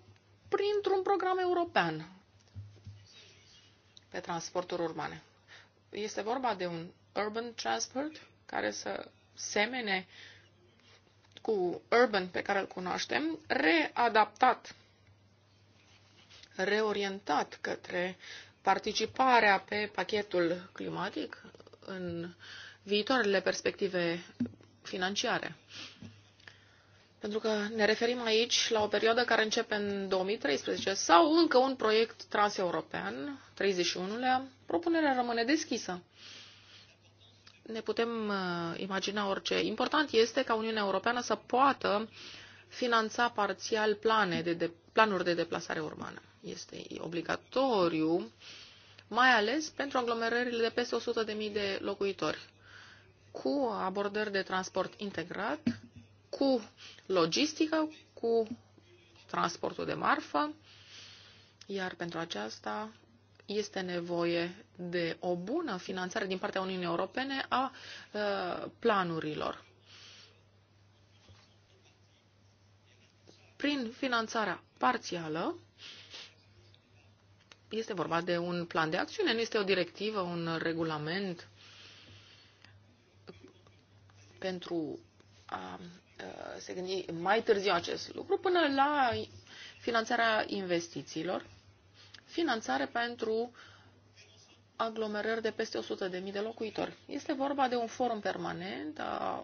Printr-un program european pe transporturi urbane. Este vorba de un urban transport care să semene cu urban pe care îl cunoaștem, readaptat, reorientat către participarea pe pachetul climatic în uh, viitoarele perspective financiare. Pentru că ne referim aici la o perioadă care începe în 2013 sau încă un proiect transeuropean, 31-lea, propunerea rămâne deschisă. Ne putem uh, imagina orice. Important este ca Uniunea Europeană să poată finanța parțial plane de, de, planuri de deplasare urbană. Este obligatoriu, mai ales pentru aglomerările de peste 100.000 de locuitori cu abordări de transport integrat, cu logistică, cu transportul de marfă, iar pentru aceasta este nevoie de o bună finanțare din partea Uniunii Europene a uh, planurilor. Prin finanțarea parțială, este vorba de un plan de acțiune, nu este o directivă, un regulament pentru a se gândi mai târziu acest lucru, până la finanțarea investițiilor, finanțare pentru aglomerări de peste 100.000 de locuitori. Este vorba de un forum permanent a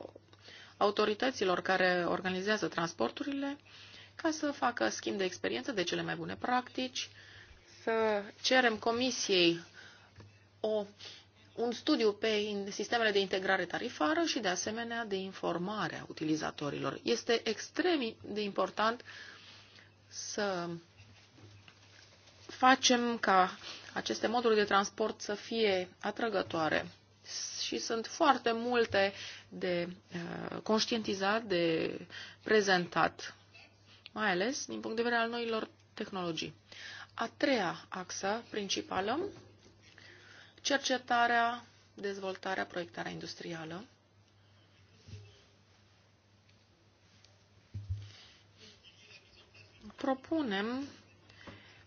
autorităților care organizează transporturile ca să facă schimb de experiență de cele mai bune practici, să cerem comisiei o un studiu pe sistemele de integrare tarifară și, de asemenea, de informare a utilizatorilor. Este extrem de important să facem ca aceste moduri de transport să fie atrăgătoare. Și sunt foarte multe de uh, conștientizat, de prezentat, mai ales din punct de vedere al noilor tehnologii. A treia axă principală cercetarea, dezvoltarea, proiectarea industrială. Propunem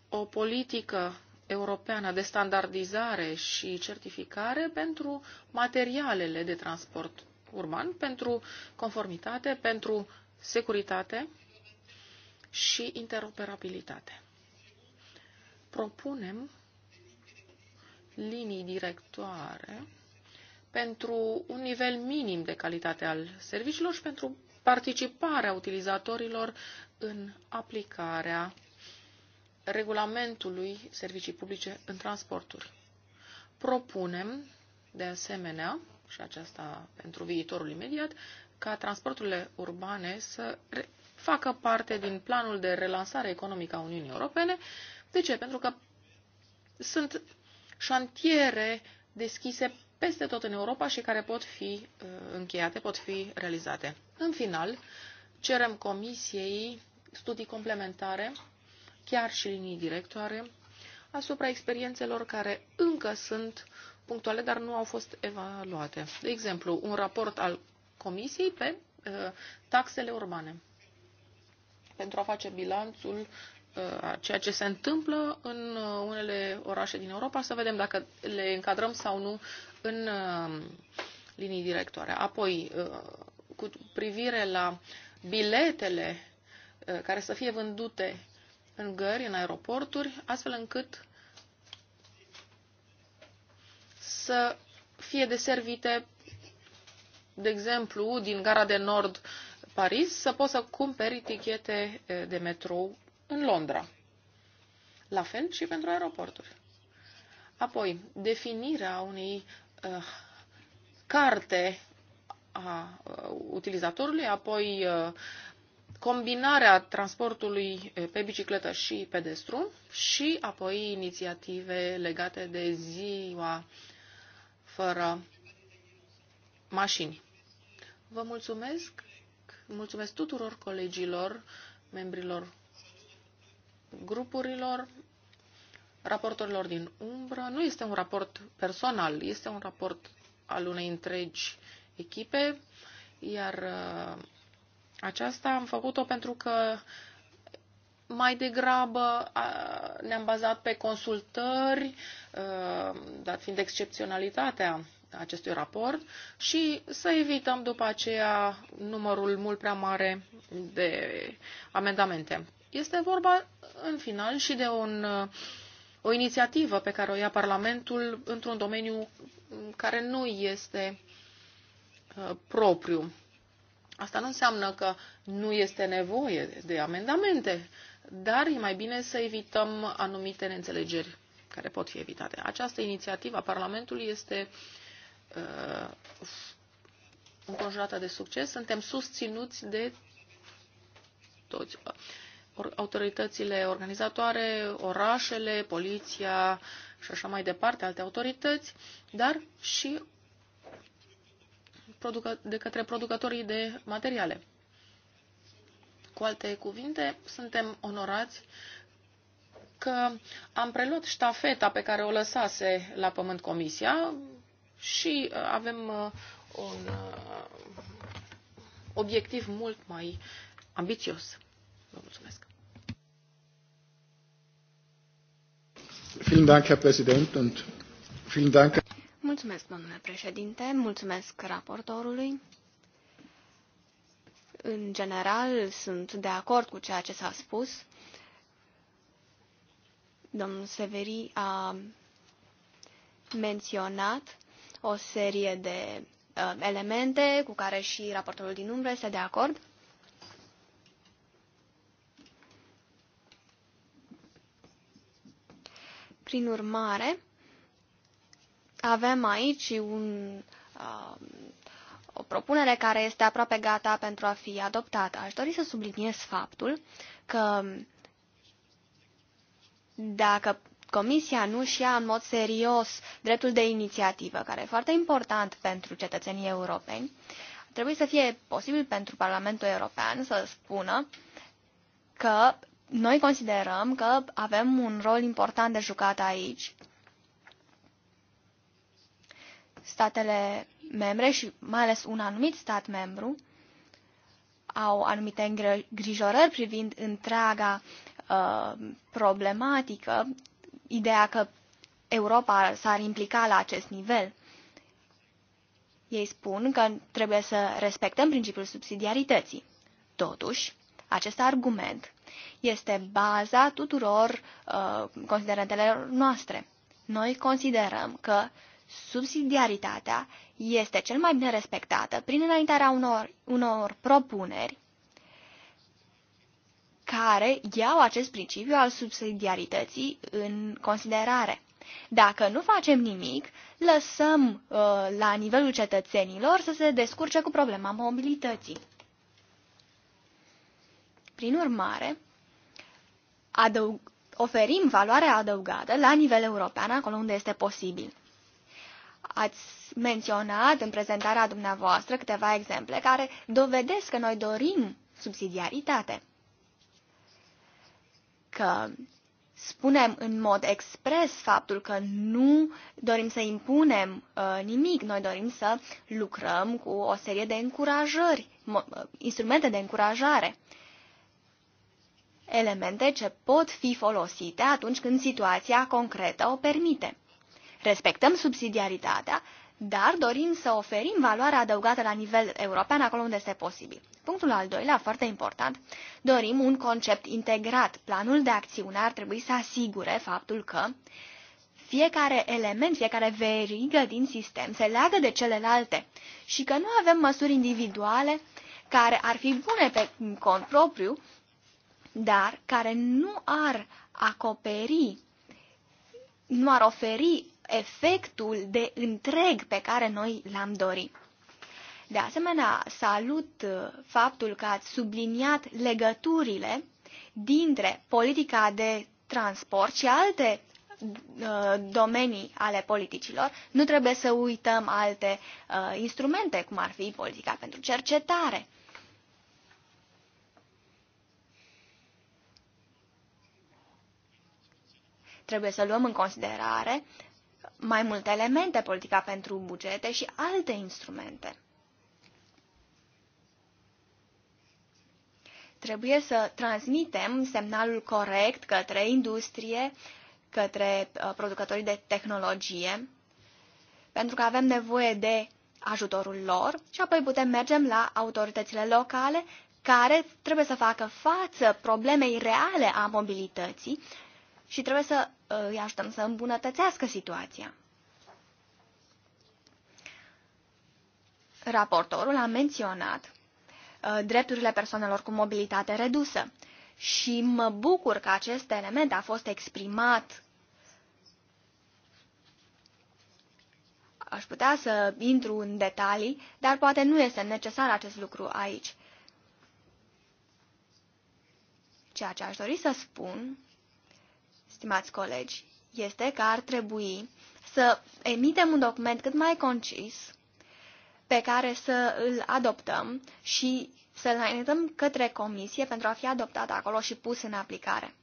o politică europeană de standardizare și certificare pentru materialele de transport urban, pentru conformitate, pentru securitate și interoperabilitate. Propunem linii directoare pentru un nivel minim de calitate al serviciilor și pentru participarea utilizatorilor în aplicarea regulamentului servicii publice în transporturi. Propunem, de asemenea, și aceasta pentru viitorul imediat, ca transporturile urbane să facă parte din planul de relansare economică a Uniunii Europene. De ce? Pentru că sunt șantiere deschise peste tot în Europa și care pot fi uh, încheiate, pot fi realizate. În final, cerem Comisiei studii complementare, chiar și linii directoare, asupra experiențelor care încă sunt punctuale, dar nu au fost evaluate. De exemplu, un raport al Comisiei pe uh, taxele urbane pentru a face bilanțul ceea ce se întâmplă în uh, unele orașe din Europa, să vedem dacă le încadrăm sau nu în uh, linii directoare. Apoi, uh, cu privire la biletele care să fie vândute în gări, în aeroporturi, astfel încât să fie deservite, de exemplu, din gara de nord Paris, să poți să cumperi tichete de metrou în Londra. La fel și pentru aeroporturi. Apoi, definirea unei uh, carte a uh, utilizatorului, apoi uh, combinarea transportului uh, pe bicicletă și pedestru și apoi inițiative legate de ziua fără mașini. Vă mulțumesc, mulțumesc tuturor colegilor, membrilor grupurilor, raportorilor din umbră. Nu este un raport personal, este un raport al unei întregi echipe, iar uh, aceasta am făcut-o pentru că mai degrabă ne-am bazat pe consultări, uh, dat fiind excepționalitatea acestui raport și să evităm după aceea numărul mult prea mare de amendamente. Este vorba, în final, și de un, o inițiativă pe care o ia Parlamentul într-un domeniu mm, care nu este uh, propriu. Asta nu înseamnă că nu este nevoie de amendamente, dar e mai bine să evităm anumite neînțelegeri care pot fi evitate. Această inițiativă a Parlamentului este uh, înconjurată de succes. Suntem susținuți de toți autoritățile organizatoare, orașele, poliția și așa mai departe, alte autorități, dar și de către producătorii de materiale. Cu alte cuvinte, suntem onorați că am preluat ștafeta pe care o lăsase la Pământ Comisia și uh, avem uh, un uh, obiectiv mult mai ambițios. Vă mulțumesc! Mulțumesc, domnule președinte, mulțumesc raportorului. În general, sunt de acord cu ceea ce s-a spus. Domnul Severi a menționat o serie de uh, elemente cu care și raportorul din umbră este de acord. Prin urmare, avem aici un, uh, o propunere care este aproape gata pentru a fi adoptată. Aș dori să subliniez faptul că dacă Comisia nu și ia în mod serios dreptul de inițiativă, care e foarte important pentru cetățenii europeni, trebuie să fie posibil pentru Parlamentul European să spună că noi considerăm că avem un rol important de jucat aici. Statele membre și mai ales un anumit stat membru au anumite îngrijorări privind întreaga uh, problematică, ideea că Europa s-ar implica la acest nivel. Ei spun că trebuie să respectăm principiul subsidiarității. Totuși, acest argument este baza tuturor uh, considerentelor noastre. Noi considerăm că subsidiaritatea este cel mai bine respectată prin înaintarea unor, unor propuneri care iau acest principiu al subsidiarității în considerare. Dacă nu facem nimic, lăsăm uh, la nivelul cetățenilor să se descurce cu problema mobilității. Prin urmare, adăug, oferim valoare adăugată la nivel european, acolo unde este posibil. Ați menționat în prezentarea dumneavoastră câteva exemple care dovedesc că noi dorim subsidiaritate. Că spunem în mod expres faptul că nu dorim să impunem uh, nimic, noi dorim să lucrăm cu o serie de încurajări, uh, instrumente de încurajare. Uh, elemente ce pot fi folosite atunci când situația concretă o permite. Respectăm subsidiaritatea, dar dorim să oferim valoare adăugată la nivel european acolo unde este posibil. Punctul al doilea, foarte important, dorim un concept integrat. Planul de acțiune ar trebui să asigure faptul că fiecare element, fiecare verigă din sistem se leagă de celelalte și că nu avem măsuri individuale care ar fi bune pe cont propriu, dar care nu ar acoperi, nu ar oferi efectul de întreg pe care noi l-am dorit. De asemenea, salut uh, faptul că ați subliniat legăturile dintre politica de transport și alte uh, domenii ale politicilor. Nu trebuie să uităm alte uh, instrumente, cum ar fi politica pentru cercetare. Trebuie să luăm în considerare mai multe elemente, politica pentru bugete și alte instrumente. Trebuie să transmitem semnalul corect către industrie, către uh, producătorii de tehnologie, pentru că avem nevoie de ajutorul lor și apoi putem merge la autoritățile locale care trebuie să facă față problemei reale a mobilității și trebuie să îi așteptăm să îmbunătățească situația. Raportorul a menționat uh, drepturile persoanelor cu mobilitate redusă și mă bucur că acest element a fost exprimat. Aș putea să intru în detalii, dar poate nu este necesar acest lucru aici. Ceea ce aș dori să spun stimați colegi, este că ar trebui să emitem un document cât mai concis pe care să îl adoptăm și să-l înaintăm către comisie pentru a fi adoptat acolo și pus în aplicare.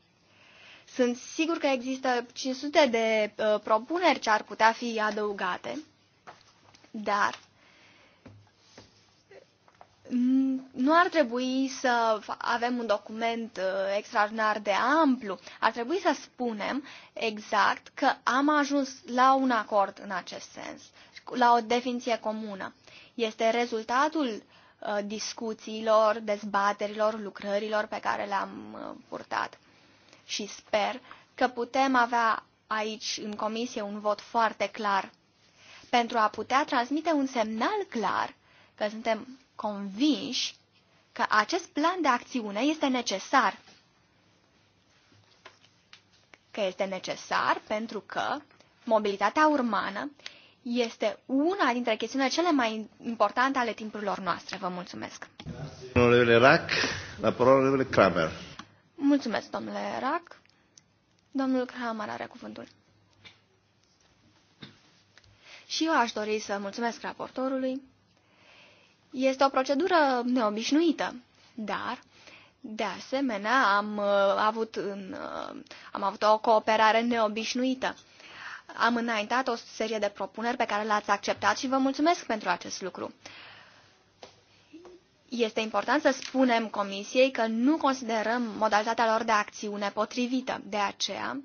Sunt sigur că există 500 de uh, propuneri ce ar putea fi adăugate, dar nu ar trebui să avem un document uh, extraordinar de amplu. Ar trebui să spunem exact că am ajuns la un acord în acest sens, la o definiție comună. Este rezultatul uh, discuțiilor, dezbaterilor, lucrărilor pe care le-am uh, purtat. Și sper că putem avea aici, în comisie, un vot foarte clar pentru a putea transmite un semnal clar că suntem convinși că acest plan de acțiune este necesar. Că este necesar pentru că mobilitatea urmană este una dintre chestiunile cele mai importante ale timpurilor noastre. Vă mulțumesc. Domnule Rac, la parola domnule Kramer. Mulțumesc, domnule Rac. Domnul Kramer are cuvântul. Și eu aș dori să mulțumesc raportorului este o procedură neobișnuită, dar de asemenea am uh, avut, în, uh, am avut o cooperare neobișnuită. Am înaintat o serie de propuneri pe care le-ați acceptat și vă mulțumesc pentru acest lucru. Este important să spunem Comisiei că nu considerăm modalitatea lor de acțiune potrivită. De aceea,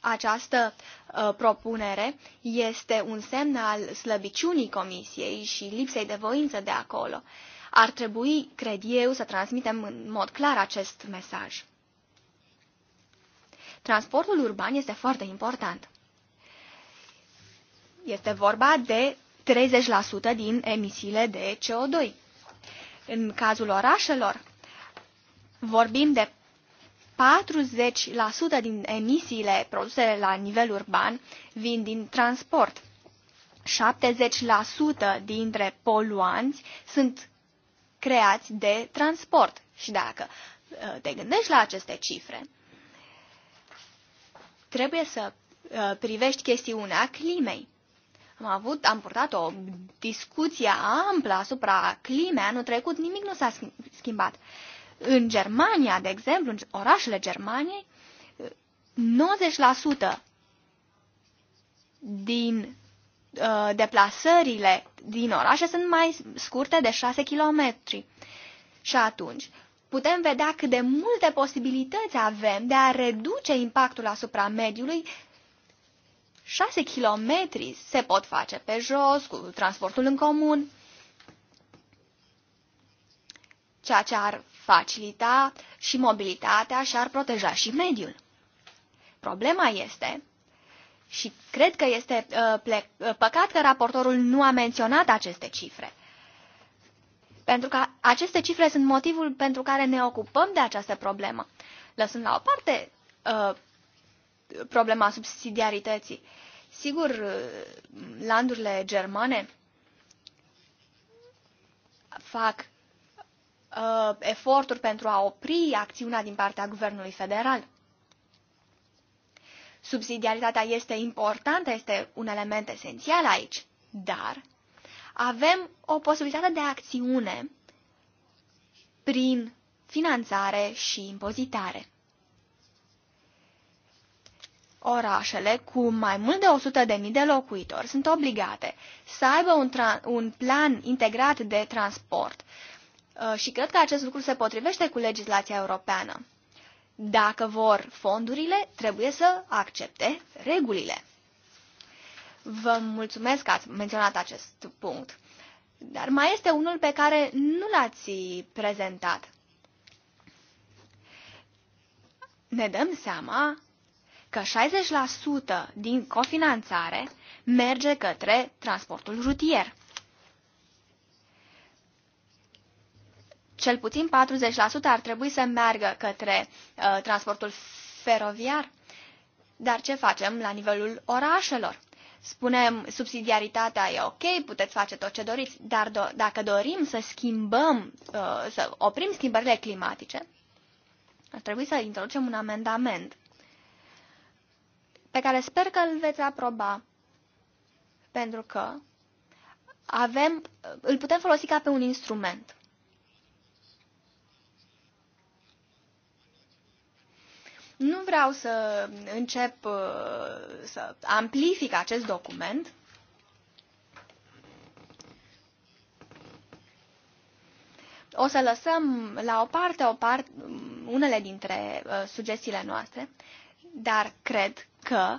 această uh, propunere este un semn al slăbiciunii Comisiei și lipsei de voință de acolo. Ar trebui, cred eu, să transmitem în mod clar acest mesaj. Transportul urban este foarte important. Este vorba de 30% din emisiile de CO2. În cazul orașelor, vorbim de 40% din emisiile produse la nivel urban vin din transport. 70% dintre poluanți sunt creați de transport. Și dacă uh, te gândești la aceste cifre, trebuie să uh, privești chestiunea climei. Am avut, am purtat o discuție amplă asupra climei anul trecut, nimic nu s-a schimbat. Uh, în Germania, de exemplu, în orașele Germaniei, 90% din uh, deplasările din orașe sunt mai scurte de 6 km. Și atunci putem vedea cât de multe posibilități avem de a reduce impactul asupra mediului 6 km se pot face pe jos, cu transportul în comun. ceea ce ar facilita și mobilitatea și ar proteja și mediul. Problema este, și cred că este uh, uh, păcat că raportorul nu a menționat aceste cifre, pentru că aceste cifre sunt motivul pentru care ne ocupăm de această problemă, lăsând la o parte uh, problema subsidiarității. Sigur, landurile germane fac uh, eforturi pentru a opri acțiunea din partea guvernului federal. Subsidiaritatea este importantă, este un element esențial aici, dar avem o posibilitate de acțiune prin finanțare și impozitare. Orașele cu mai mult de 100.000 de locuitori sunt obligate să aibă un, un plan integrat de transport Uh, și cred că acest lucru se potrivește cu legislația europeană. Dacă vor fondurile, trebuie să accepte regulile. Vă mulțumesc că ați menționat acest punct. Dar mai este unul pe care nu l-ați prezentat. Ne dăm seama că 60% din cofinanțare merge către transportul rutier. cel puțin 40% ar trebui să meargă către uh, transportul feroviar. Dar ce facem la nivelul orașelor? Spunem, subsidiaritatea e ok, puteți face tot ce doriți, dar do- dacă dorim să schimbăm, uh, să oprim schimbările climatice, ar trebui să introducem un amendament pe care sper că îl veți aproba, pentru că avem, îl putem folosi ca pe un instrument. Nu vreau să încep uh, să amplific acest document. O să lăsăm la o parte, o parte unele dintre uh, sugestiile noastre, dar cred că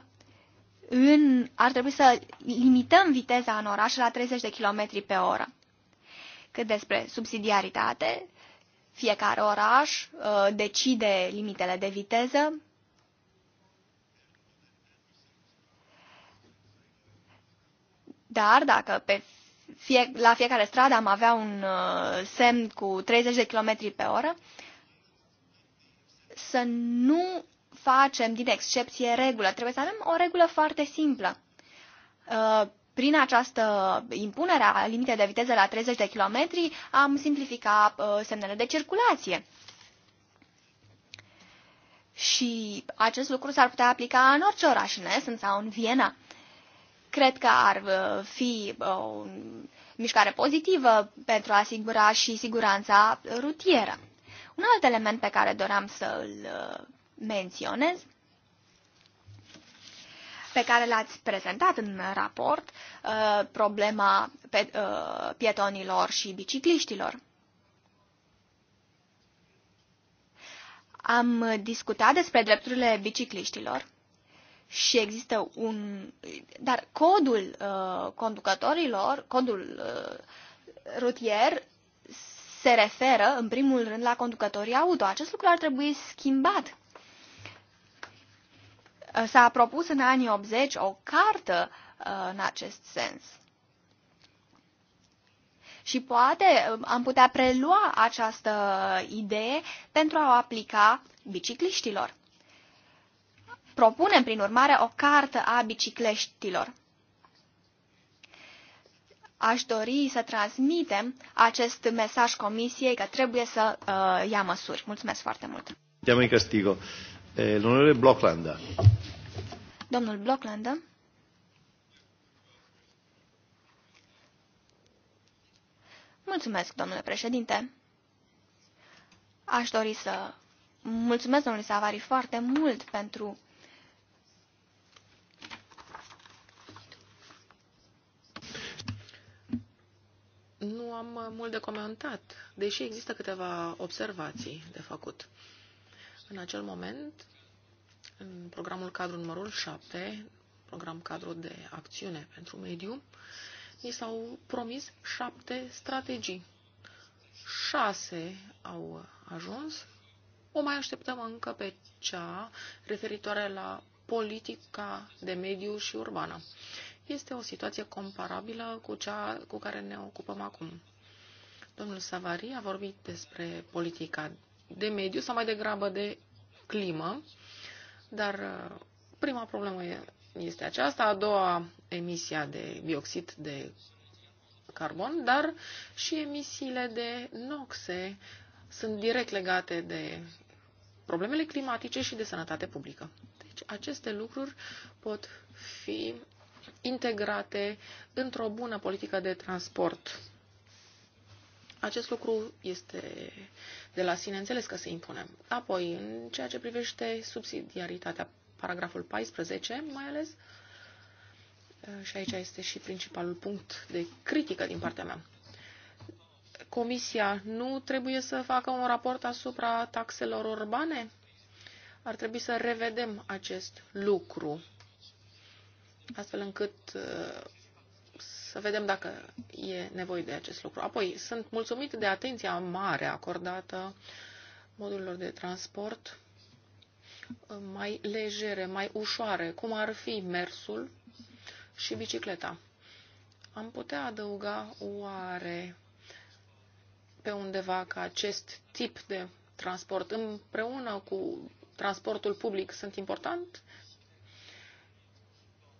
în, ar trebui să limităm viteza în oraș la 30 de km pe oră. Cât despre subsidiaritate, fiecare oraș uh, decide limitele de viteză. Dar dacă pe fie, la fiecare stradă am avea un uh, semn cu 30 de km pe oră, să nu facem din excepție regulă. Trebuie să avem o regulă foarte simplă. Uh, prin această impunere a limitei de viteză la 30 de km am simplificat uh, semnele de circulație. Și acest lucru s-ar putea aplica în orice oraș în Essen sau în Viena. Cred că ar uh, fi uh, o mișcare pozitivă pentru a asigura și siguranța rutieră. Un alt element pe care doream să l menționez pe care l ați prezentat în raport, uh, problema uh, pietonilor și bicicliștilor. Am discutat despre drepturile bicicliștilor și există un... Dar codul uh, conducătorilor, codul uh, rutier se referă în primul rând la conducătorii auto. Acest lucru ar trebui schimbat s-a propus în anii 80 o cartă uh, în acest sens. Și poate uh, am putea prelua această idee pentru a o aplica bicicliștilor. Propunem, prin urmare, o cartă a bicicleștilor. Aș dori să transmitem acest mesaj comisiei că trebuie să uh, ia măsuri. Mulțumesc foarte mult! Doamne Castigo, Domnule Blocklanda. Domnul Blocklanda. Mulțumesc, domnule președinte. Aș dori să mulțumesc domnului Savari foarte mult pentru Nu am mult de comentat, deși există câteva observații de făcut. În acel moment, în programul cadru numărul 7, program cadru de acțiune pentru mediu, ni s-au promis șapte strategii. Șase au ajuns. O mai așteptăm încă pe cea referitoare la politica de mediu și urbană. Este o situație comparabilă cu cea cu care ne ocupăm acum. Domnul Savari a vorbit despre politica de mediu sau mai degrabă de climă. Dar uh, prima problemă este aceasta, a doua emisia de dioxid de carbon, dar și emisiile de noxe sunt direct legate de problemele climatice și de sănătate publică. Deci aceste lucruri pot fi integrate într-o bună politică de transport acest lucru este de la sine înțeles că se impune. Apoi, în ceea ce privește subsidiaritatea, paragraful 14, mai ales, și aici este și principalul punct de critică din partea mea. Comisia nu trebuie să facă un raport asupra taxelor urbane? Ar trebui să revedem acest lucru, astfel încât să vedem dacă e nevoie de acest lucru. Apoi, sunt mulțumit de atenția mare acordată modurilor de transport mai legere, mai ușoare, cum ar fi mersul și bicicleta. Am putea adăuga oare pe undeva că acest tip de transport împreună cu transportul public sunt important?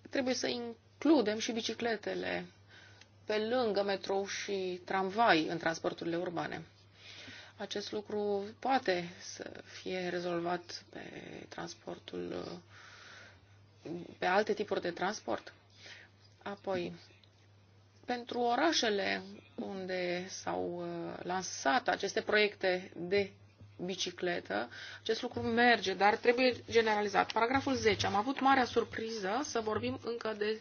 Trebuie să includem și bicicletele pe lângă metrou și tramvai în transporturile urbane. Acest lucru poate să fie rezolvat pe transportul, pe alte tipuri de transport. Apoi, pentru orașele unde s-au uh, lansat aceste proiecte de bicicletă. Acest lucru merge, dar trebuie generalizat. Paragraful 10. Am avut marea surpriză să vorbim încă de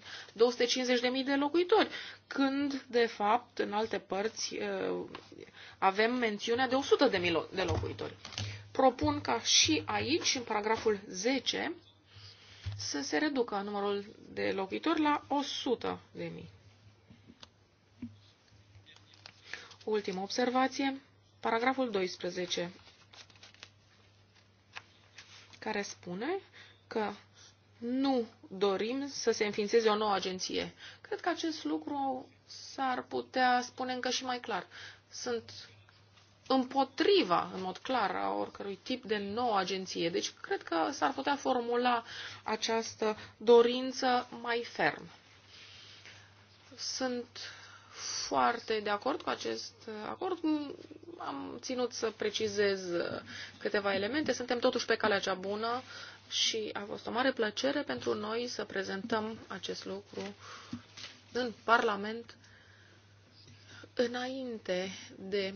250.000 de locuitori, când, de fapt, în alte părți eh, avem mențiunea de 100.000 de locuitori. Propun ca și aici, în paragraful 10, să se reducă numărul de locuitori la 100.000. Ultima observație. Paragraful 12 care spune că nu dorim să se înființeze o nouă agenție. Cred că acest lucru s-ar putea spune încă și mai clar. Sunt împotriva, în mod clar, a oricărui tip de nouă agenție. Deci, cred că s-ar putea formula această dorință mai ferm. Sunt foarte de acord cu acest acord. Am ținut să precizez câteva elemente. Suntem totuși pe calea cea bună și a fost o mare plăcere pentru noi să prezentăm acest lucru în Parlament înainte de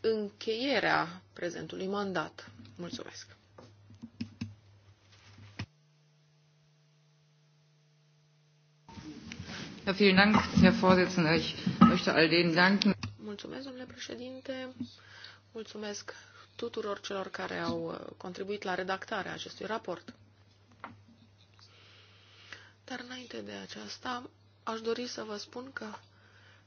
încheierea prezentului mandat. Mulțumesc! Vielen Dank, Herr Vorsitzender. Ich Mulțumesc, domnule președinte. Mulțumesc tuturor celor care au uh, contribuit la redactarea acestui raport. Dar înainte de aceasta, aș dori să vă spun că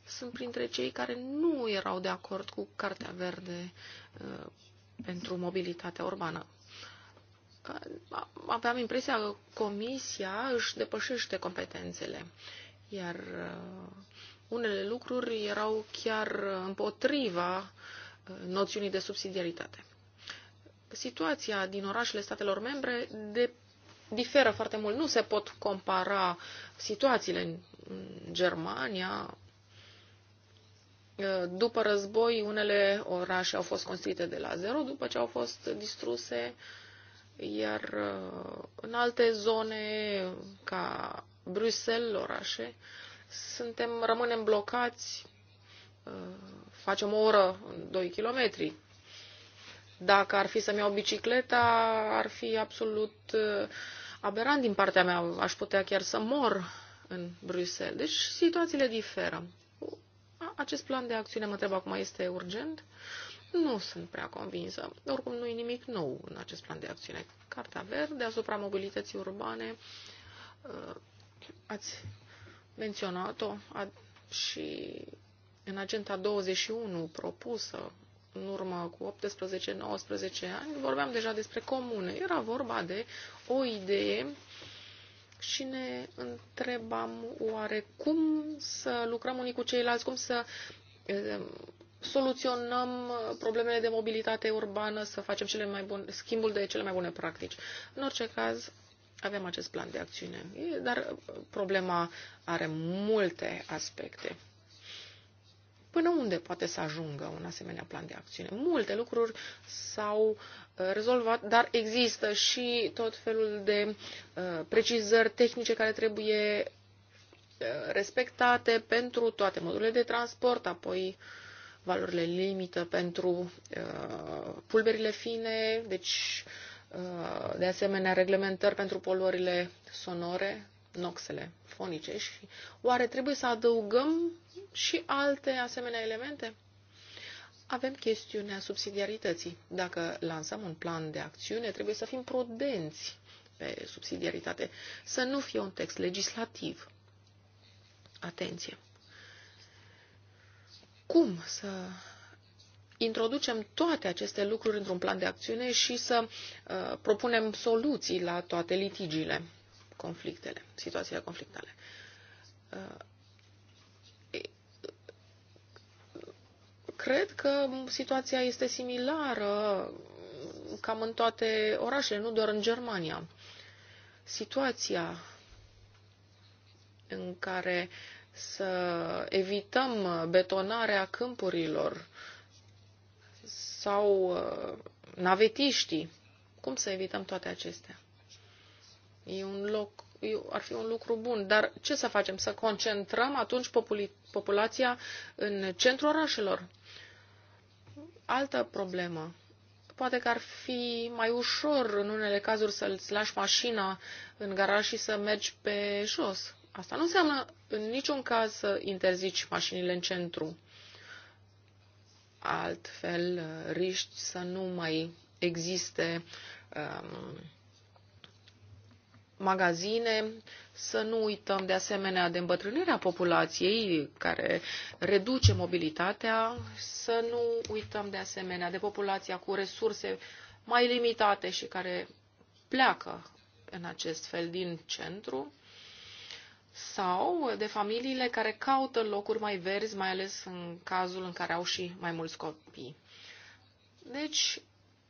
sunt printre cei care nu erau de acord cu Cartea Verde uh, pentru mobilitatea urbană. aveam impresia că Comisia își depășește competențele, iar uh, unele lucruri erau chiar împotriva uh, noțiunii de subsidiaritate. Situația din orașele statelor membre de diferă foarte mult. Nu se pot compara situațiile în Germania. Uh, după război, unele orașe au fost construite de la zero după ce au fost distruse, iar uh, în alte zone, ca Bruxelles, orașe, suntem, rămânem blocați, uh, facem o oră, 2 kilometri. Dacă ar fi să-mi iau bicicleta, ar fi absolut uh, aberant din partea mea. Aș putea chiar să mor în Bruxelles. Deci situațiile diferă. Acest plan de acțiune, mă întreb acum, este urgent? Nu sunt prea convinsă. Oricum, nu e nimic nou în acest plan de acțiune. Cartea verde asupra mobilității urbane. Uh, ați menționat-o și în agenda 21 propusă în urmă cu 18-19 ani, vorbeam deja despre comune. Era vorba de o idee și ne întrebam oare cum să lucrăm unii cu ceilalți, cum să eh, soluționăm problemele de mobilitate urbană, să facem cele mai bune, schimbul de cele mai bune practici. În orice caz, avem acest plan de acțiune, dar uh, problema are multe aspecte. Până unde poate să ajungă un asemenea plan de acțiune? Multe lucruri s-au uh, rezolvat, dar există și tot felul de uh, precizări tehnice care trebuie respectate pentru toate modurile de transport, apoi valorile limită pentru pulberile fine, deci Uh, de asemenea reglementări pentru poluările sonore, noxele fonice și oare trebuie să adăugăm și alte asemenea elemente? Avem chestiunea subsidiarității. Dacă lansăm un plan de acțiune, trebuie să fim prudenți pe subsidiaritate, să nu fie un text legislativ. Atenție! Cum să introducem toate aceste lucruri într-un plan de acțiune și să uh, propunem soluții la toate litigiile, conflictele, situațiile conflictale. Uh, cred că situația este similară cam în toate orașele, nu doar în Germania. Situația în care să evităm betonarea câmpurilor uh, sau uh, navetiștii. Cum să evităm toate acestea? E un loc, ar fi un lucru bun, dar ce să facem? Să concentrăm atunci populația în centrul orașelor? Altă problemă. Poate că ar fi mai ușor în unele cazuri să-ți lași mașina în garaj și să mergi pe jos. Asta nu înseamnă în niciun caz să interzici mașinile în centru altfel uh, riști să nu mai existe um, magazine, să nu uităm de asemenea de îmbătrânirea populației care reduce mobilitatea, să nu uităm de asemenea de populația cu resurse mai limitate și care pleacă în acest fel din centru sau de familiile care caută locuri mai verzi, mai ales în cazul în care au și mai mulți copii. Deci,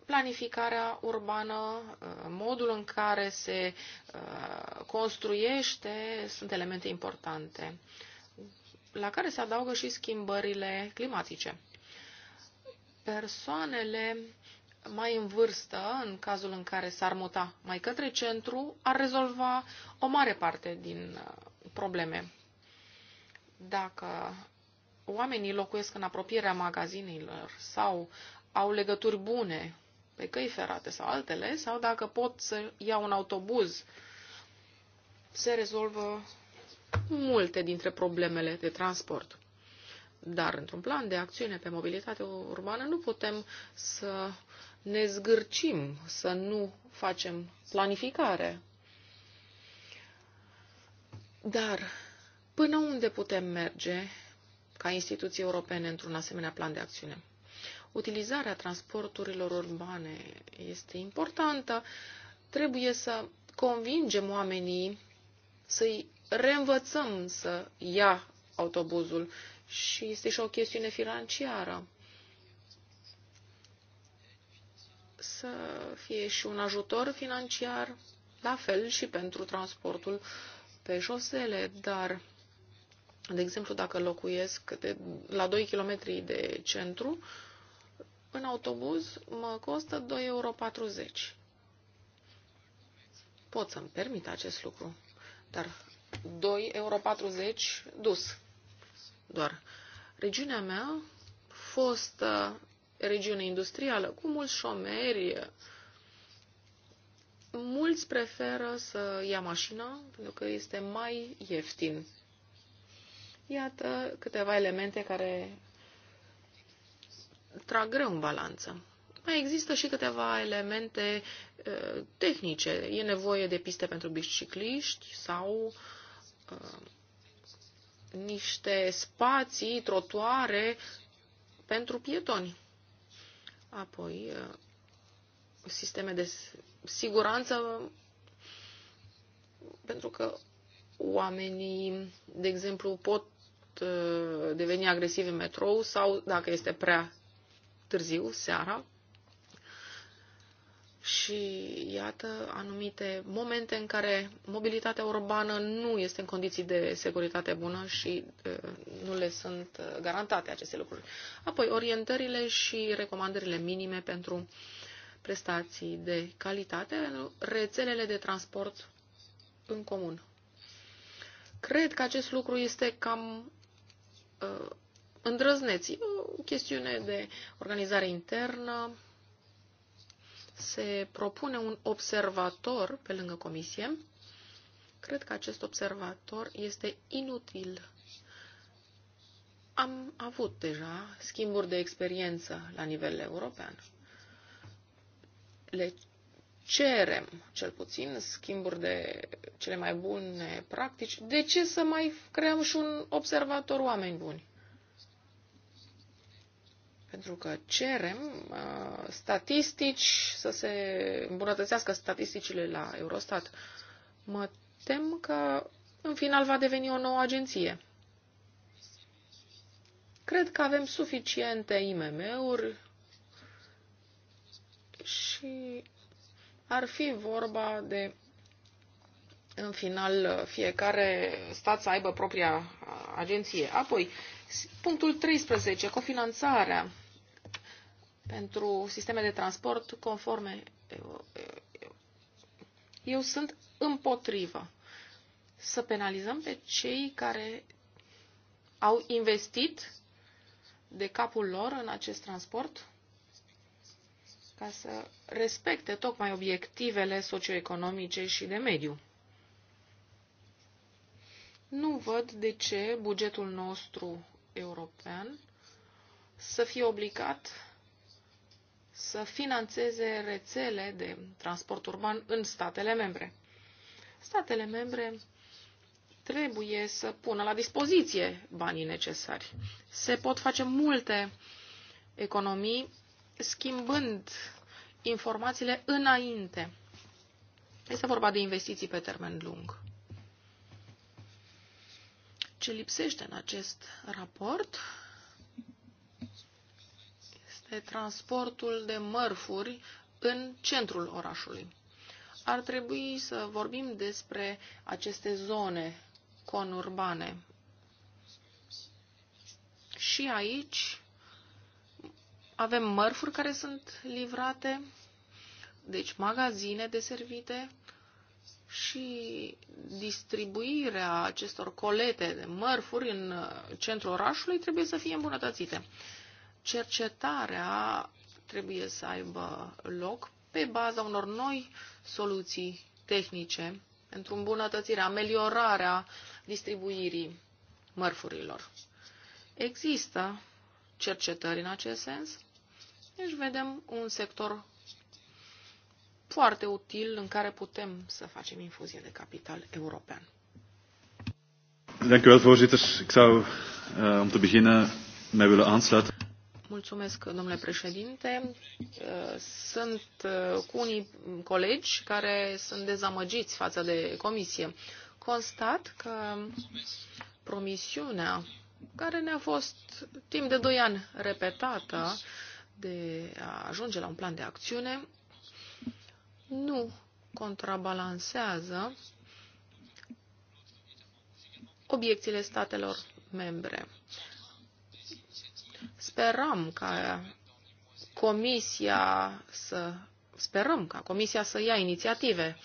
planificarea urbană, modul în care se uh, construiește sunt elemente importante, la care se adaugă și schimbările climatice. Persoanele mai în vârstă, în cazul în care s-ar muta mai către centru, ar rezolva o mare parte din uh, probleme. Dacă oamenii locuiesc în apropierea magazinelor sau au legături bune pe căi ferate sau altele, sau dacă pot să ia un autobuz, se rezolvă multe dintre problemele de transport. Dar într-un plan de acțiune pe mobilitate urbană nu putem să ne zgârcim, să nu facem planificare. Dar până unde putem merge ca instituții europene într-un asemenea plan de acțiune? Utilizarea transporturilor urbane este importantă. Trebuie să convingem oamenii să-i reînvățăm să ia autobuzul și este și o chestiune financiară. Să fie și un ajutor financiar, la fel și pentru transportul uh, pe șosele, dar, de exemplu, dacă locuiesc de, la 2 km de centru, în autobuz mă costă 2,40 euro. Pot să-mi permit acest lucru, dar 2,40 euro dus. Doar regiunea mea, fostă regiune industrială, cu mulți șomeri, Mulți preferă să ia mașina pentru că este mai ieftin. Iată câteva elemente care trag greu în balanță. Mai există și câteva elemente uh, tehnice. E nevoie de piste pentru bicicliști sau uh, niște spații, trotuare pentru pietoni. Apoi, uh, sisteme de siguranță pentru că oamenii, de exemplu, pot uh, deveni agresivi în metrou sau, dacă este prea târziu, seara. Și iată anumite momente în care mobilitatea urbană nu este în condiții de securitate bună și uh, nu le sunt uh, garantate aceste lucruri. Apoi, orientările și recomandările minime pentru uh, prestații de calitate în rețelele de transport în comun. Cred că acest lucru este cam uh, îndrăzneț. E o chestiune de organizare internă. Se propune un observator pe lângă comisie. Cred că acest observator este inutil. Am avut deja schimburi de experiență la nivel european le cerem, cel puțin, schimburi de cele mai bune practici, de ce să mai creăm și un observator oameni buni? Pentru că cerem uh, statistici, să se îmbunătățească statisticile la Eurostat. Mă tem că în final va deveni o nouă agenție. Cred că avem suficiente IMM-uri, și ar fi vorba de în final fiecare stat să aibă propria agenție. Apoi, punctul 13, cofinanțarea pentru sisteme de transport conforme. Eu sunt împotrivă să penalizăm pe cei care au investit de capul lor în acest transport ca să respecte tocmai obiectivele socioeconomice și de mediu. Nu văd de ce bugetul nostru european să fie obligat să financeze rețele de transport urban în statele membre. Statele membre trebuie să pună la dispoziție banii necesari. Se pot face multe economii schimbând informațiile înainte. Este vorba de investiții pe termen lung. Ce lipsește în acest raport este transportul de mărfuri în centrul orașului. Ar trebui să vorbim despre aceste zone conurbane. Și aici avem mărfuri care sunt livrate, deci magazine deservite și distribuirea acestor colete de mărfuri în centrul orașului trebuie să fie îmbunătățite. Cercetarea trebuie să aibă loc pe baza unor noi soluții tehnice pentru îmbunătățirea, ameliorarea distribuirii mărfurilor. Există cercetări în acest sens deci vedem un sector foarte util în care putem să facem infuzie de capital european. Ik zou uh, om te beginnen mij willen aansluiten. Mulțumesc, domnule președinte. Eh, sunt eh, cu unii colegi care sunt dezamăgiți față de comisie. Constat că promisiunea care ne-a fost timp de doi ani repetată de a ajunge la un plan de acțiune nu contrabalansează obiecțiile statelor membre. Sperăm ca Comisia să sperăm ca Comisia să ia inițiative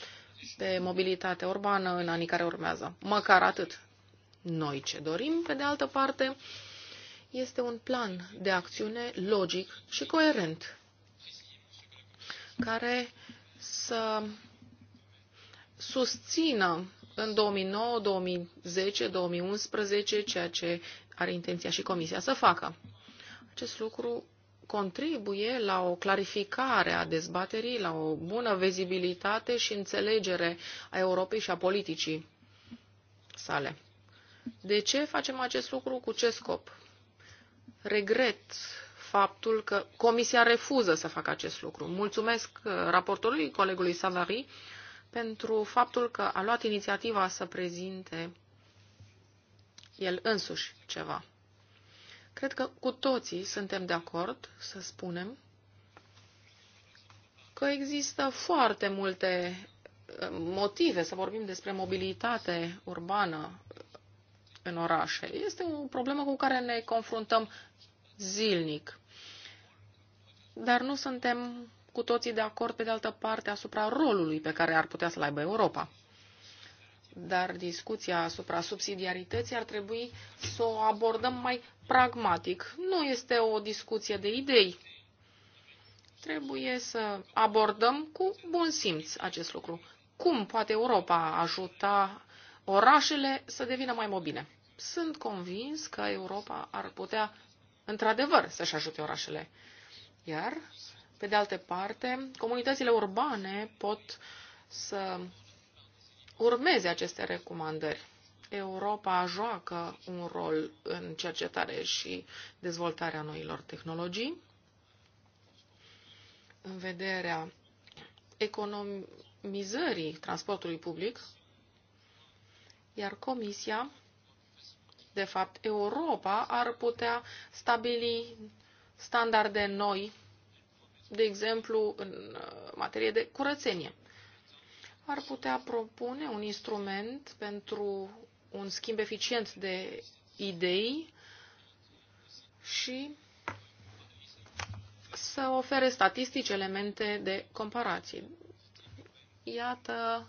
pe mobilitate urbană în anii care urmează. Măcar atât. Noi ce dorim, pe de altă parte, este un plan de acțiune logic și coerent, care să susțină în 2009, 2010, 2011 ceea ce are intenția și Comisia să facă. Acest lucru contribuie la o clarificare a dezbaterii, la o bună vizibilitate și înțelegere a Europei și a politicii sale. De ce facem acest lucru? Cu ce scop? regret faptul că Comisia refuză să facă acest lucru. Mulțumesc uh, raportorului, colegului Savary, pentru faptul că a luat inițiativa să prezinte el însuși ceva. Cred că cu toții suntem de acord să spunem că există foarte multe uh, motive să vorbim despre mobilitate urbană în orașe. Este o problemă cu care ne confruntăm zilnic. Dar nu suntem cu toții de acord, pe de altă parte, asupra rolului pe care ar putea să-l aibă Europa. Dar discuția asupra subsidiarității ar trebui să o abordăm mai pragmatic. Nu este o discuție de idei. Trebuie să abordăm cu bun simț acest lucru. Cum poate Europa ajuta orașele să devină mai mobile? sunt convins că Europa ar putea, într-adevăr, să-și ajute orașele. Iar, pe de altă parte, comunitățile urbane pot să urmeze aceste recomandări. Europa joacă un rol în cercetare și dezvoltarea noilor tehnologii, în vederea economizării transportului public, iar Comisia de fapt, Europa ar putea stabili standarde noi, de exemplu, în uh, materie de curățenie. Ar putea propune un instrument pentru un schimb eficient de idei și să ofere statistici, elemente de comparație. Iată,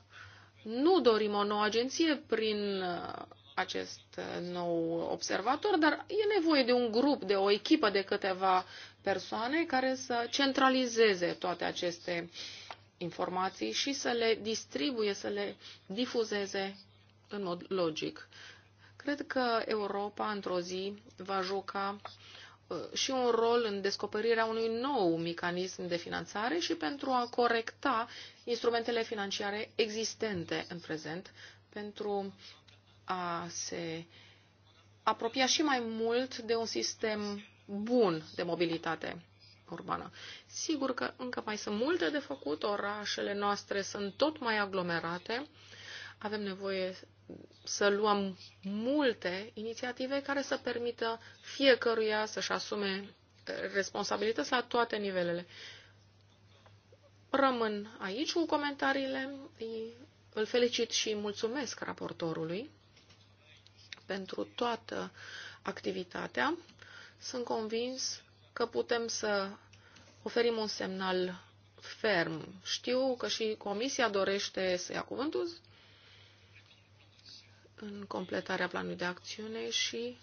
nu dorim o nouă agenție prin uh, acest uh, nou observator, dar e nevoie de un grup, de o echipă de câteva persoane care să centralizeze toate aceste informații și să le distribuie, să le difuzeze în mod logic. Cred că Europa într-o zi va juca uh, și un rol în descoperirea unui nou mecanism de finanțare și pentru a corecta instrumentele financiare existente în prezent pentru a se apropia și mai mult de un sistem bun de mobilitate urbană. Sigur că încă mai sunt multe de făcut, orașele noastre sunt tot mai aglomerate, avem nevoie să luăm multe inițiative care să permită fiecăruia să-și asume eh, responsabilități la toate nivelele. Rămân aici cu comentariile, îl felicit și mulțumesc raportorului pentru toată activitatea. Sunt convins că putem să oferim un semnal ferm. Știu că și Comisia dorește să ia cuvântul în completarea planului de acțiune și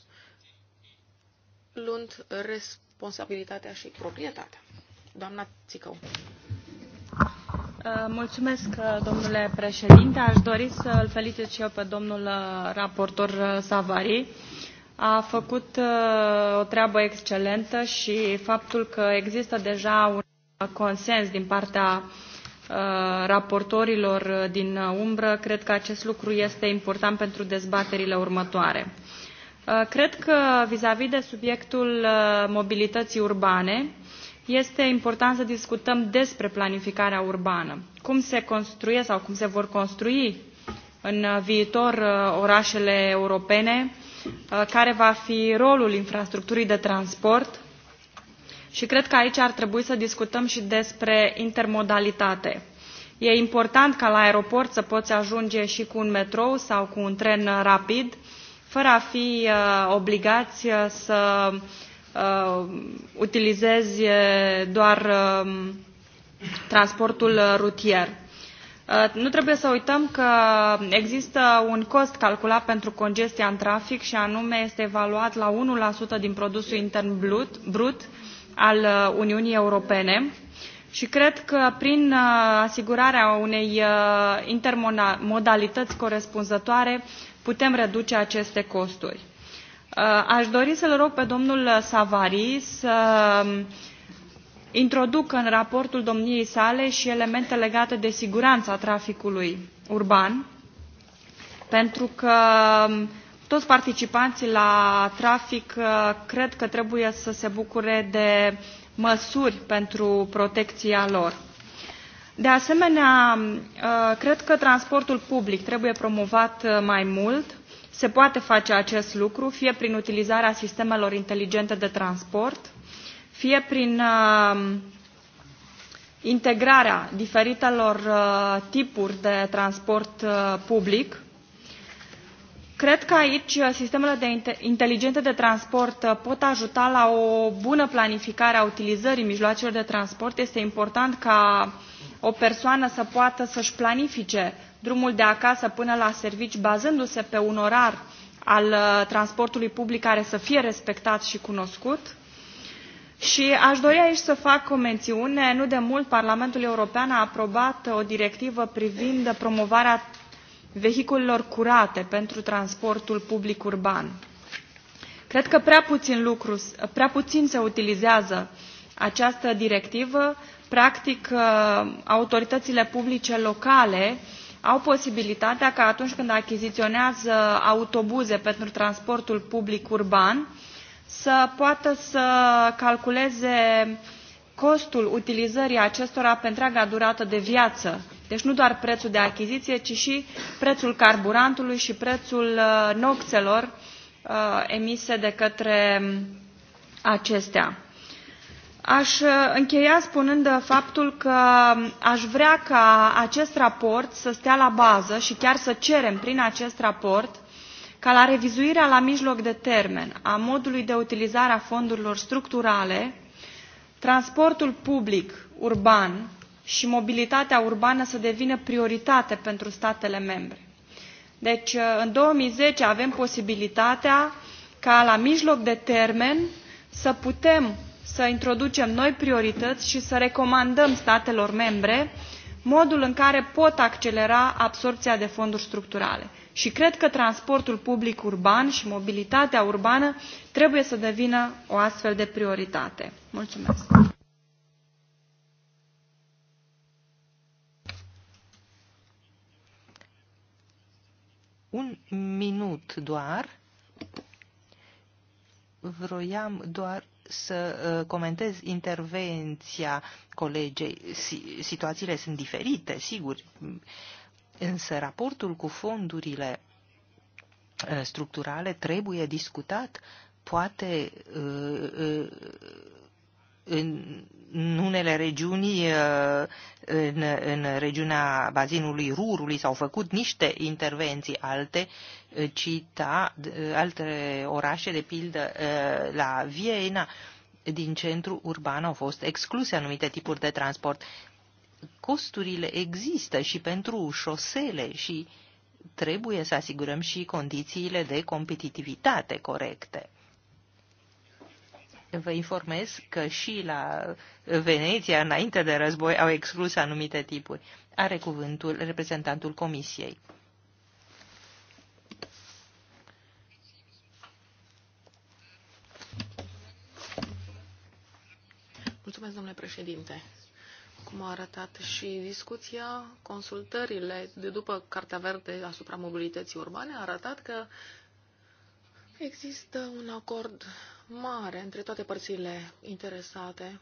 luând responsabilitatea și proprietatea. Doamna Țicău. Uh, mulțumesc, uh, domnule președinte. Aș dori să îl felicit și eu pe domnul uh, raportor Savary. A făcut o treabă excelentă și faptul că există deja un consens din partea raportorilor din umbră, cred că acest lucru este important pentru dezbaterile următoare. Cred că vis a -vis de subiectul mobilității urbane, este important să discutăm despre planificarea urbană. Cum se construie sau cum se vor construi în uh, viitor uh, orașele europene, uh, care va fi rolul infrastructurii de transport și cred că aici ar trebui să discutăm și despre intermodalitate. E important ca la aeroport să poți ajunge și cu un metrou sau cu un tren rapid, fără a fi obligați să uh, utilizezi uh, doar um, uh, transportul rutier. Uh, nu trebuie să uităm că există un cost calculat pentru congestia în trafic și anume este evaluat la 1% din produsul intern brut al uh, Uniunii Europene și cred că prin asigurarea unei intermodalități corespunzătoare putem reduce aceste costuri. Uh, aș dori să-l rog pe domnul Savary să um, introducă în raportul domniei sale și elemente legate de siguranța traficului urban, pentru că um, toți participanții la trafic uh, cred că trebuie să se bucure de măsuri pentru protecția lor. De asemenea, uh, cred că transportul public trebuie promovat mai mult, se poate face acest lucru fie prin utilizarea sistemelor inteligente de transport, fie prin uh, integrarea diferitelor uh, tipuri de transport uh, public. Cred că aici sistemele de inteligente de transport pot ajuta la o bună planificare a utilizării mijloacelor de transport. Este important ca o persoană să poată să-și planifice drumul de acasă până la serviciu bazându se pe un orar al uh, transportului public care să fie respectat și cunoscut. Și aș dori aici să fac o mențiune. Nu de mult Parlamentul European a aprobat uh, o directivă privind promovarea vehiculelor curate pentru transportul public urban. Cred că prea puțin, lucru, uh, prea puțin se utilizează această directivă. Practic, autoritățile publice locale uh, au posibilitatea ca atunci când achiziționează autobuze pentru transportul public urban să poată să calculeze costul utilizării acestora pe întreaga durată de viață. Deci nu doar prețul de achiziție, ci și prețul carburantului și prețul uh, noxelor uh, emise de către acestea. Aș uh, încheia spunând uh, faptul că um, aș vrea ca acest raport să stea la bază și chiar să cerem prin acest raport ca la revizuirea la mijloc de termen a modului de utilizare a fondurilor structurale, transportul public urban și mobilitatea urbană să devină prioritate pentru statele membre. Deci, uh, în 2010 avem posibilitatea ca la mijloc de termen să putem să introducem noi priorități și să recomandăm statelor membre modul în care pot accelera absorbția de fonduri structurale și cred că transportul public urban și mobilitatea urbană trebuie să devină o astfel de prioritate. Mulțumesc! Un minut doar. Vroiam doar să uh, comentez intervenția colegei. Situațiile sunt diferite, sigur, însă raportul cu fondurile uh, structurale trebuie discutat, poate uh, în unele regiuni, în, în regiunea bazinului Rurului, s-au făcut niște intervenții, alte cita alte orașe, de pildă la Viena, din centru urban au fost excluse anumite tipuri de transport. Costurile există și pentru șosele și trebuie să asigurăm și condițiile de competitivitate corecte. Vă informez că și la Veneția, înainte de război, au exclus anumite tipuri. Are cuvântul reprezentantul Comisiei. Mulțumesc, domnule președinte. Cum a arătat și discuția, consultările de după Cartea Verde asupra mobilității urbane a arătat că există un acord mare între toate părțile interesate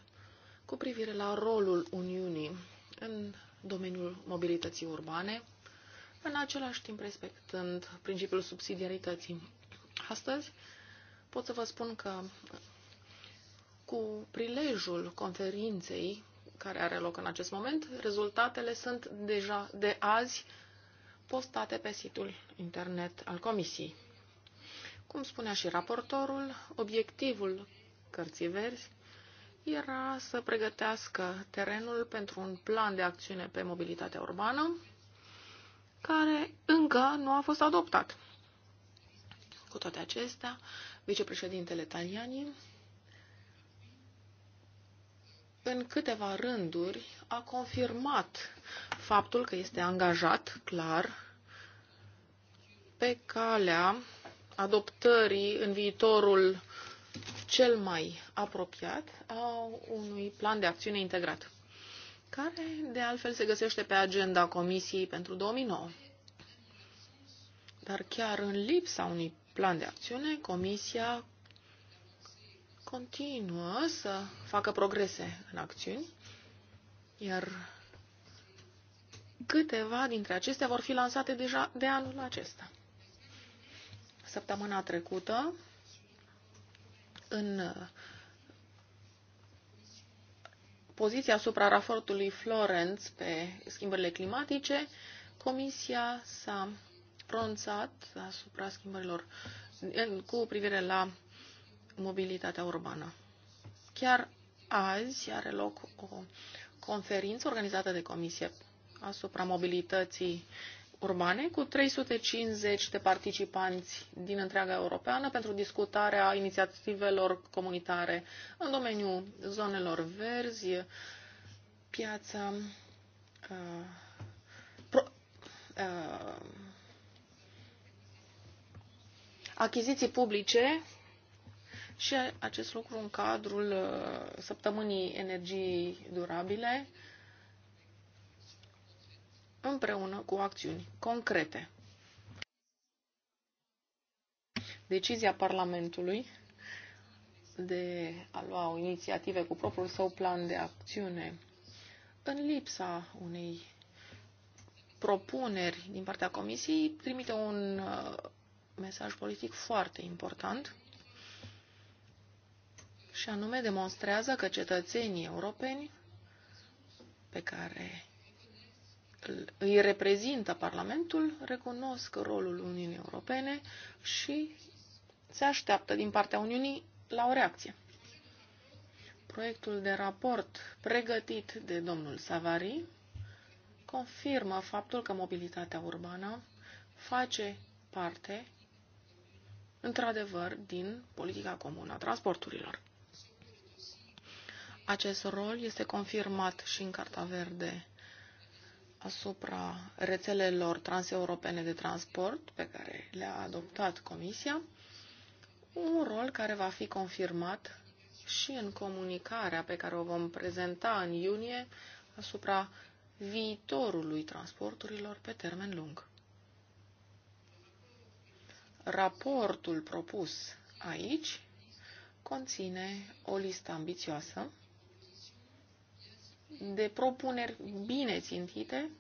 cu privire la rolul Uniunii în domeniul mobilității urbane, în același timp respectând principiul subsidiarității. Astăzi pot să vă spun că cu prilejul conferinței care are loc în acest moment. Rezultatele sunt deja de azi postate pe situl internet al Comisiei. Cum spunea și raportorul, obiectivul cărții verzi era să pregătească terenul pentru un plan de acțiune pe mobilitatea urbană, care încă nu a fost adoptat. Cu toate acestea, vicepreședintele Taliani în câteva rânduri, a confirmat faptul că este angajat, clar, pe calea adoptării în viitorul cel mai apropiat a unui plan de acțiune integrat, care de altfel se găsește pe agenda Comisiei pentru 2009. Dar chiar în lipsa unui plan de acțiune, Comisia continuă să facă progrese în acțiuni, iar câteva dintre acestea vor fi lansate deja de anul acesta. Săptămâna trecută, în poziția asupra raportului Florence pe schimbările climatice, Comisia s-a pronunțat asupra schimbărilor cu privire la mobilitatea urbană. Chiar azi are loc o conferință organizată de comisie asupra mobilității urbane cu 350 de participanți din întreaga europeană pentru discutarea inițiativelor comunitare în domeniul zonelor verzi, piața, uh, pro, uh, achiziții publice și acest lucru în cadrul uh, săptămânii energiei durabile împreună cu acțiuni concrete. Decizia Parlamentului de a lua o inițiative cu propriul său plan de acțiune în lipsa unei propuneri din partea Comisiei trimite un uh, mesaj politic foarte important și anume demonstrează că cetățenii europeni pe care îi reprezintă Parlamentul recunosc rolul Uniunii Europene și se așteaptă din partea Uniunii la o reacție. Proiectul de raport pregătit de domnul Savary confirmă faptul că mobilitatea urbană face parte, într-adevăr, din politica comună a transporturilor. Acest rol este confirmat și în Carta Verde asupra rețelelor transeuropene de transport pe care le-a adoptat Comisia, un rol care va fi confirmat și în comunicarea pe care o vom prezenta în iunie asupra viitorului transporturilor pe termen lung. Raportul propus aici conține o listă ambițioasă de propuneri bine țintite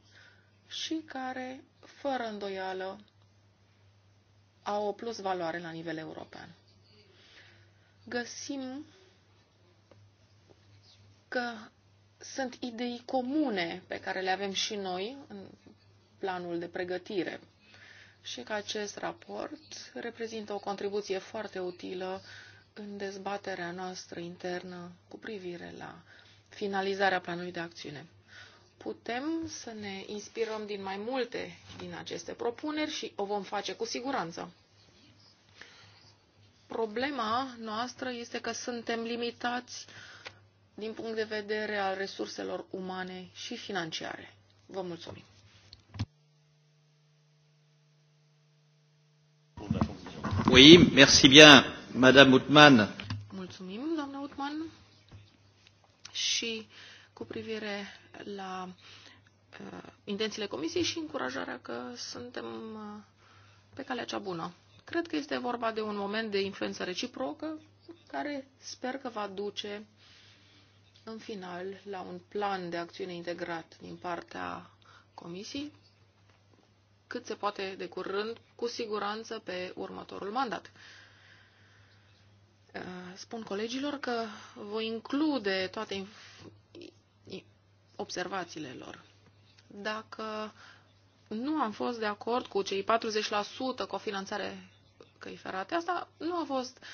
și care, fără îndoială, au o plus valoare la nivel european. Găsim că sunt idei comune pe care le avem și noi în planul de pregătire și că acest raport reprezintă o contribuție foarte utilă în dezbaterea noastră internă cu privire la finalizarea planului de acțiune. Putem să ne inspirăm din mai multe din aceste propuneri și o vom face cu siguranță. Problema noastră este că suntem limitați din punct de vedere al resurselor umane și financiare. Vă mulțumim! Oui, merci bien, Madame Mulțumim, doamna Utman și cu privire la uh, intențiile comisiei și încurajarea că suntem uh, pe calea cea bună. Cred că este vorba de un moment de influență reciprocă care sper că va duce în final la un plan de acțiune integrat din partea comisiei cât se poate de curând, cu siguranță pe următorul mandat. Eh, spun colegilor că voi include toate observațiile lor. Dacă nu am fost de acord cu cei 40% finanțare căi ferate, asta nu a fost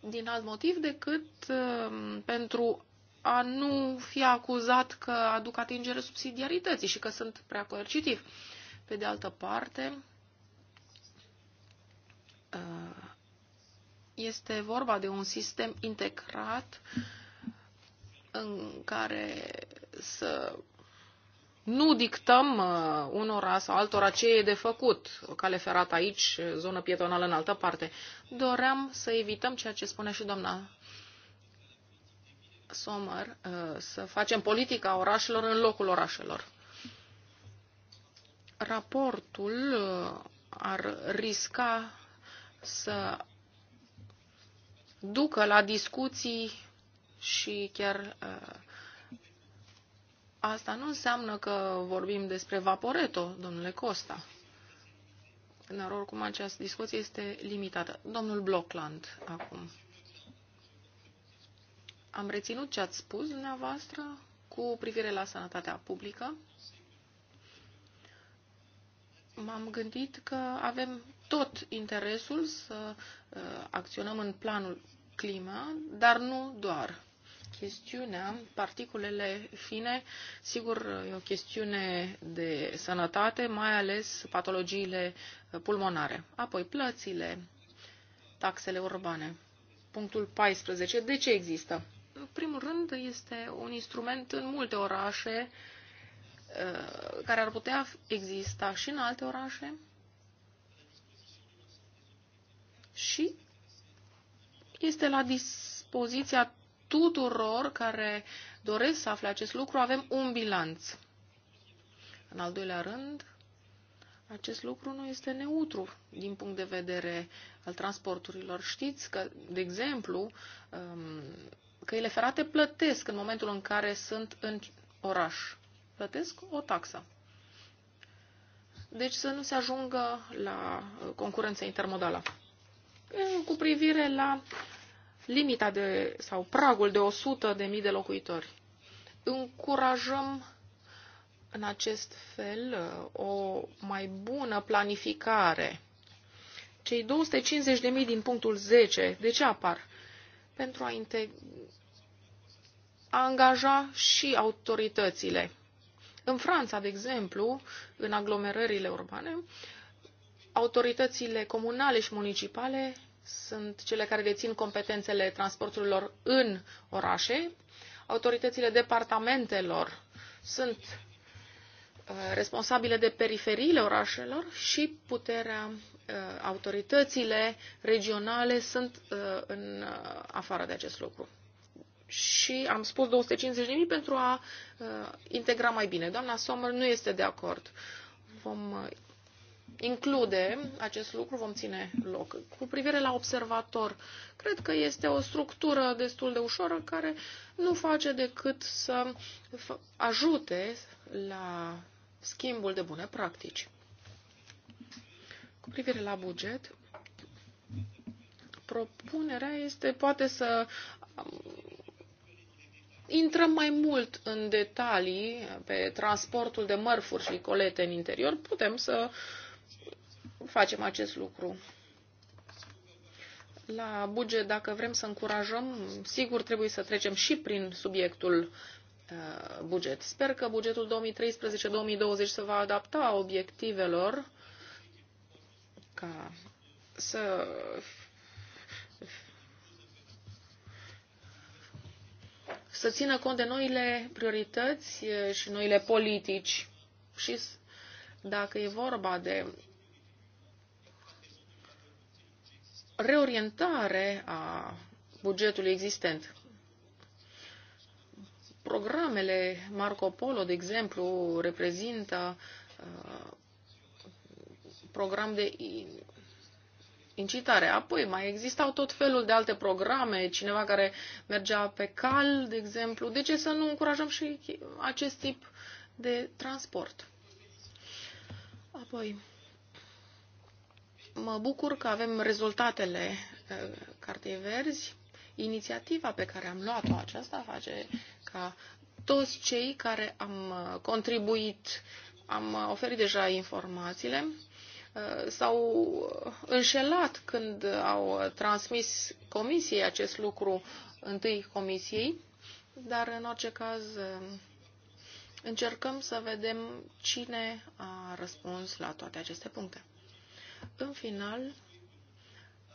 din alt motiv decât eh, pentru a nu fi acuzat că aduc atingere subsidiarității și că sunt prea coercitiv. Pe de altă parte, eh, este vorba de un sistem integrat în care să nu dictăm uh, unora sau altora ce e de făcut, o cale ferată aici, zonă pietonală în altă parte. Doream să evităm ceea ce spune și doamna Sommer, uh, să facem politica orașelor în locul orașelor. Raportul uh, ar risca să ducă la discuții și chiar uh, asta nu înseamnă că vorbim despre Vaporeto, domnule Costa. Dar oricum această discuție este limitată. Domnul Blockland, acum. Am reținut ce ați spus dumneavoastră cu privire la sănătatea publică m-am gândit că avem tot interesul să uh, acționăm în planul clima, dar nu doar. Chestiunea, particulele fine, sigur, uh, e o chestiune de sănătate, mai ales patologiile uh, pulmonare. Apoi plățile, taxele urbane. Punctul 14. De ce există? În primul rând, este un instrument în multe orașe uh, Uh, care ar putea exista și în alte orașe și este la dispoziția tuturor care doresc să afle acest lucru. Avem un bilanț. În al doilea rând, acest lucru nu este neutru din punct de vedere al transporturilor. Știți că, de exemplu, um, căile ferate plătesc în momentul în care sunt în oraș plătesc o taxă. Deci să nu se ajungă la uh, concurență intermodală. Cu privire la limita de, sau pragul de 100 de mii de locuitori, încurajăm în acest fel uh, o mai bună planificare. Cei 250.000 din punctul 10, de ce apar? Pentru a, a angaja și autoritățile în Franța, de exemplu, în aglomerările urbane, autoritățile comunale și municipale sunt cele care dețin competențele transporturilor în orașe, autoritățile departamentelor sunt uh, responsabile de periferiile orașelor și puterea, uh, autoritățile regionale sunt uh, în afară de acest lucru și am spus 250.000 pentru a uh, integra mai bine. Doamna Sommer nu este de acord. Vom uh, include acest lucru, vom ține loc. Cu privire la observator, cred că este o structură destul de ușoară care nu face decât să ajute la schimbul de bune practici. Cu privire la buget, propunerea este poate să intrăm mai mult în detalii pe transportul de mărfuri și colete în interior, putem să facem acest lucru. La buget, dacă vrem să încurajăm, sigur trebuie să trecem și prin subiectul uh, buget. Sper că bugetul 2013-2020 se va adapta obiectivelor ca să să țină cont de noile priorități și noile politici. Și dacă e vorba de reorientare a bugetului existent. Programele Marco Polo, de exemplu, reprezintă uh, program de incitare. Apoi mai existau tot felul de alte programe, cineva care mergea pe cal, de exemplu. De ce să nu încurajăm și acest tip de transport? Apoi, mă bucur că avem rezultatele uh, Cartei Verzi. Inițiativa pe care am luat-o aceasta face ca toți cei care am uh, contribuit, am uh, oferit deja informațiile, Uh, s-au uh, înșelat când au uh, transmis comisiei acest lucru întâi comisiei, dar în orice caz încercăm să vedem cine a răspuns la toate aceste puncte. În final,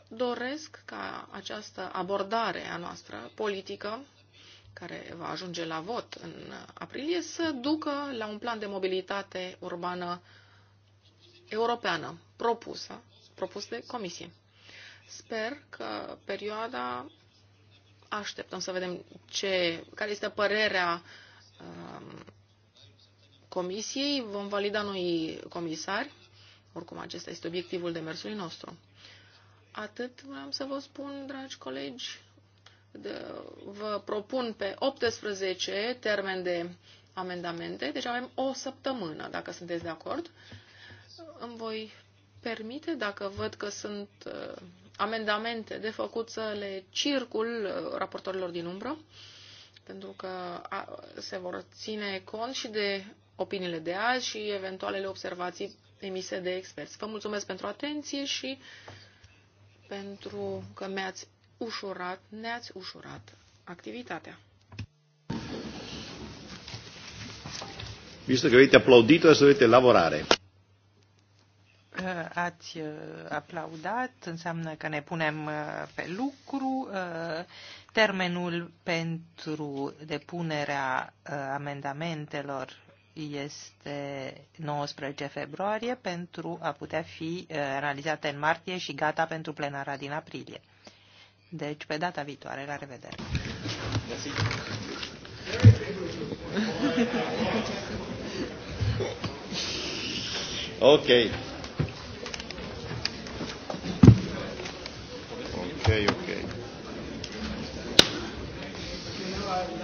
doresc ca această abordare a noastră politică, care va ajunge la vot în aprilie, să ducă la un plan de mobilitate urbană europeană propusă, propus de comisie. Sper că perioada așteptăm să vedem ce, care este părerea um, comisiei. Vom valida noi comisari. Oricum, acesta este obiectivul demersului nostru. Atât vreau să vă spun, dragi colegi. De, vă propun pe 18 termen de amendamente. Deci avem o săptămână, dacă sunteți de acord îmi voi permite, dacă văd că sunt uh, amendamente de făcut, să le circul uh, raportorilor din umbră, pentru că se vor ține cont și de opiniile de azi și eventualele observații emise de experți. Vă mulțumesc pentru atenție și pentru că mi-ați ușurat, ne-ați ușurat activitatea. Visto che avete applaudito, adesso dovete lavorare ați uh, aplaudat, înseamnă că ne punem uh, pe lucru. Uh, termenul pentru depunerea amendamentelor este 19 februarie pentru a putea fi realizate în martie și gata pentru plenara din aprilie. Deci, pe data viitoare, la revedere! Okay. ok.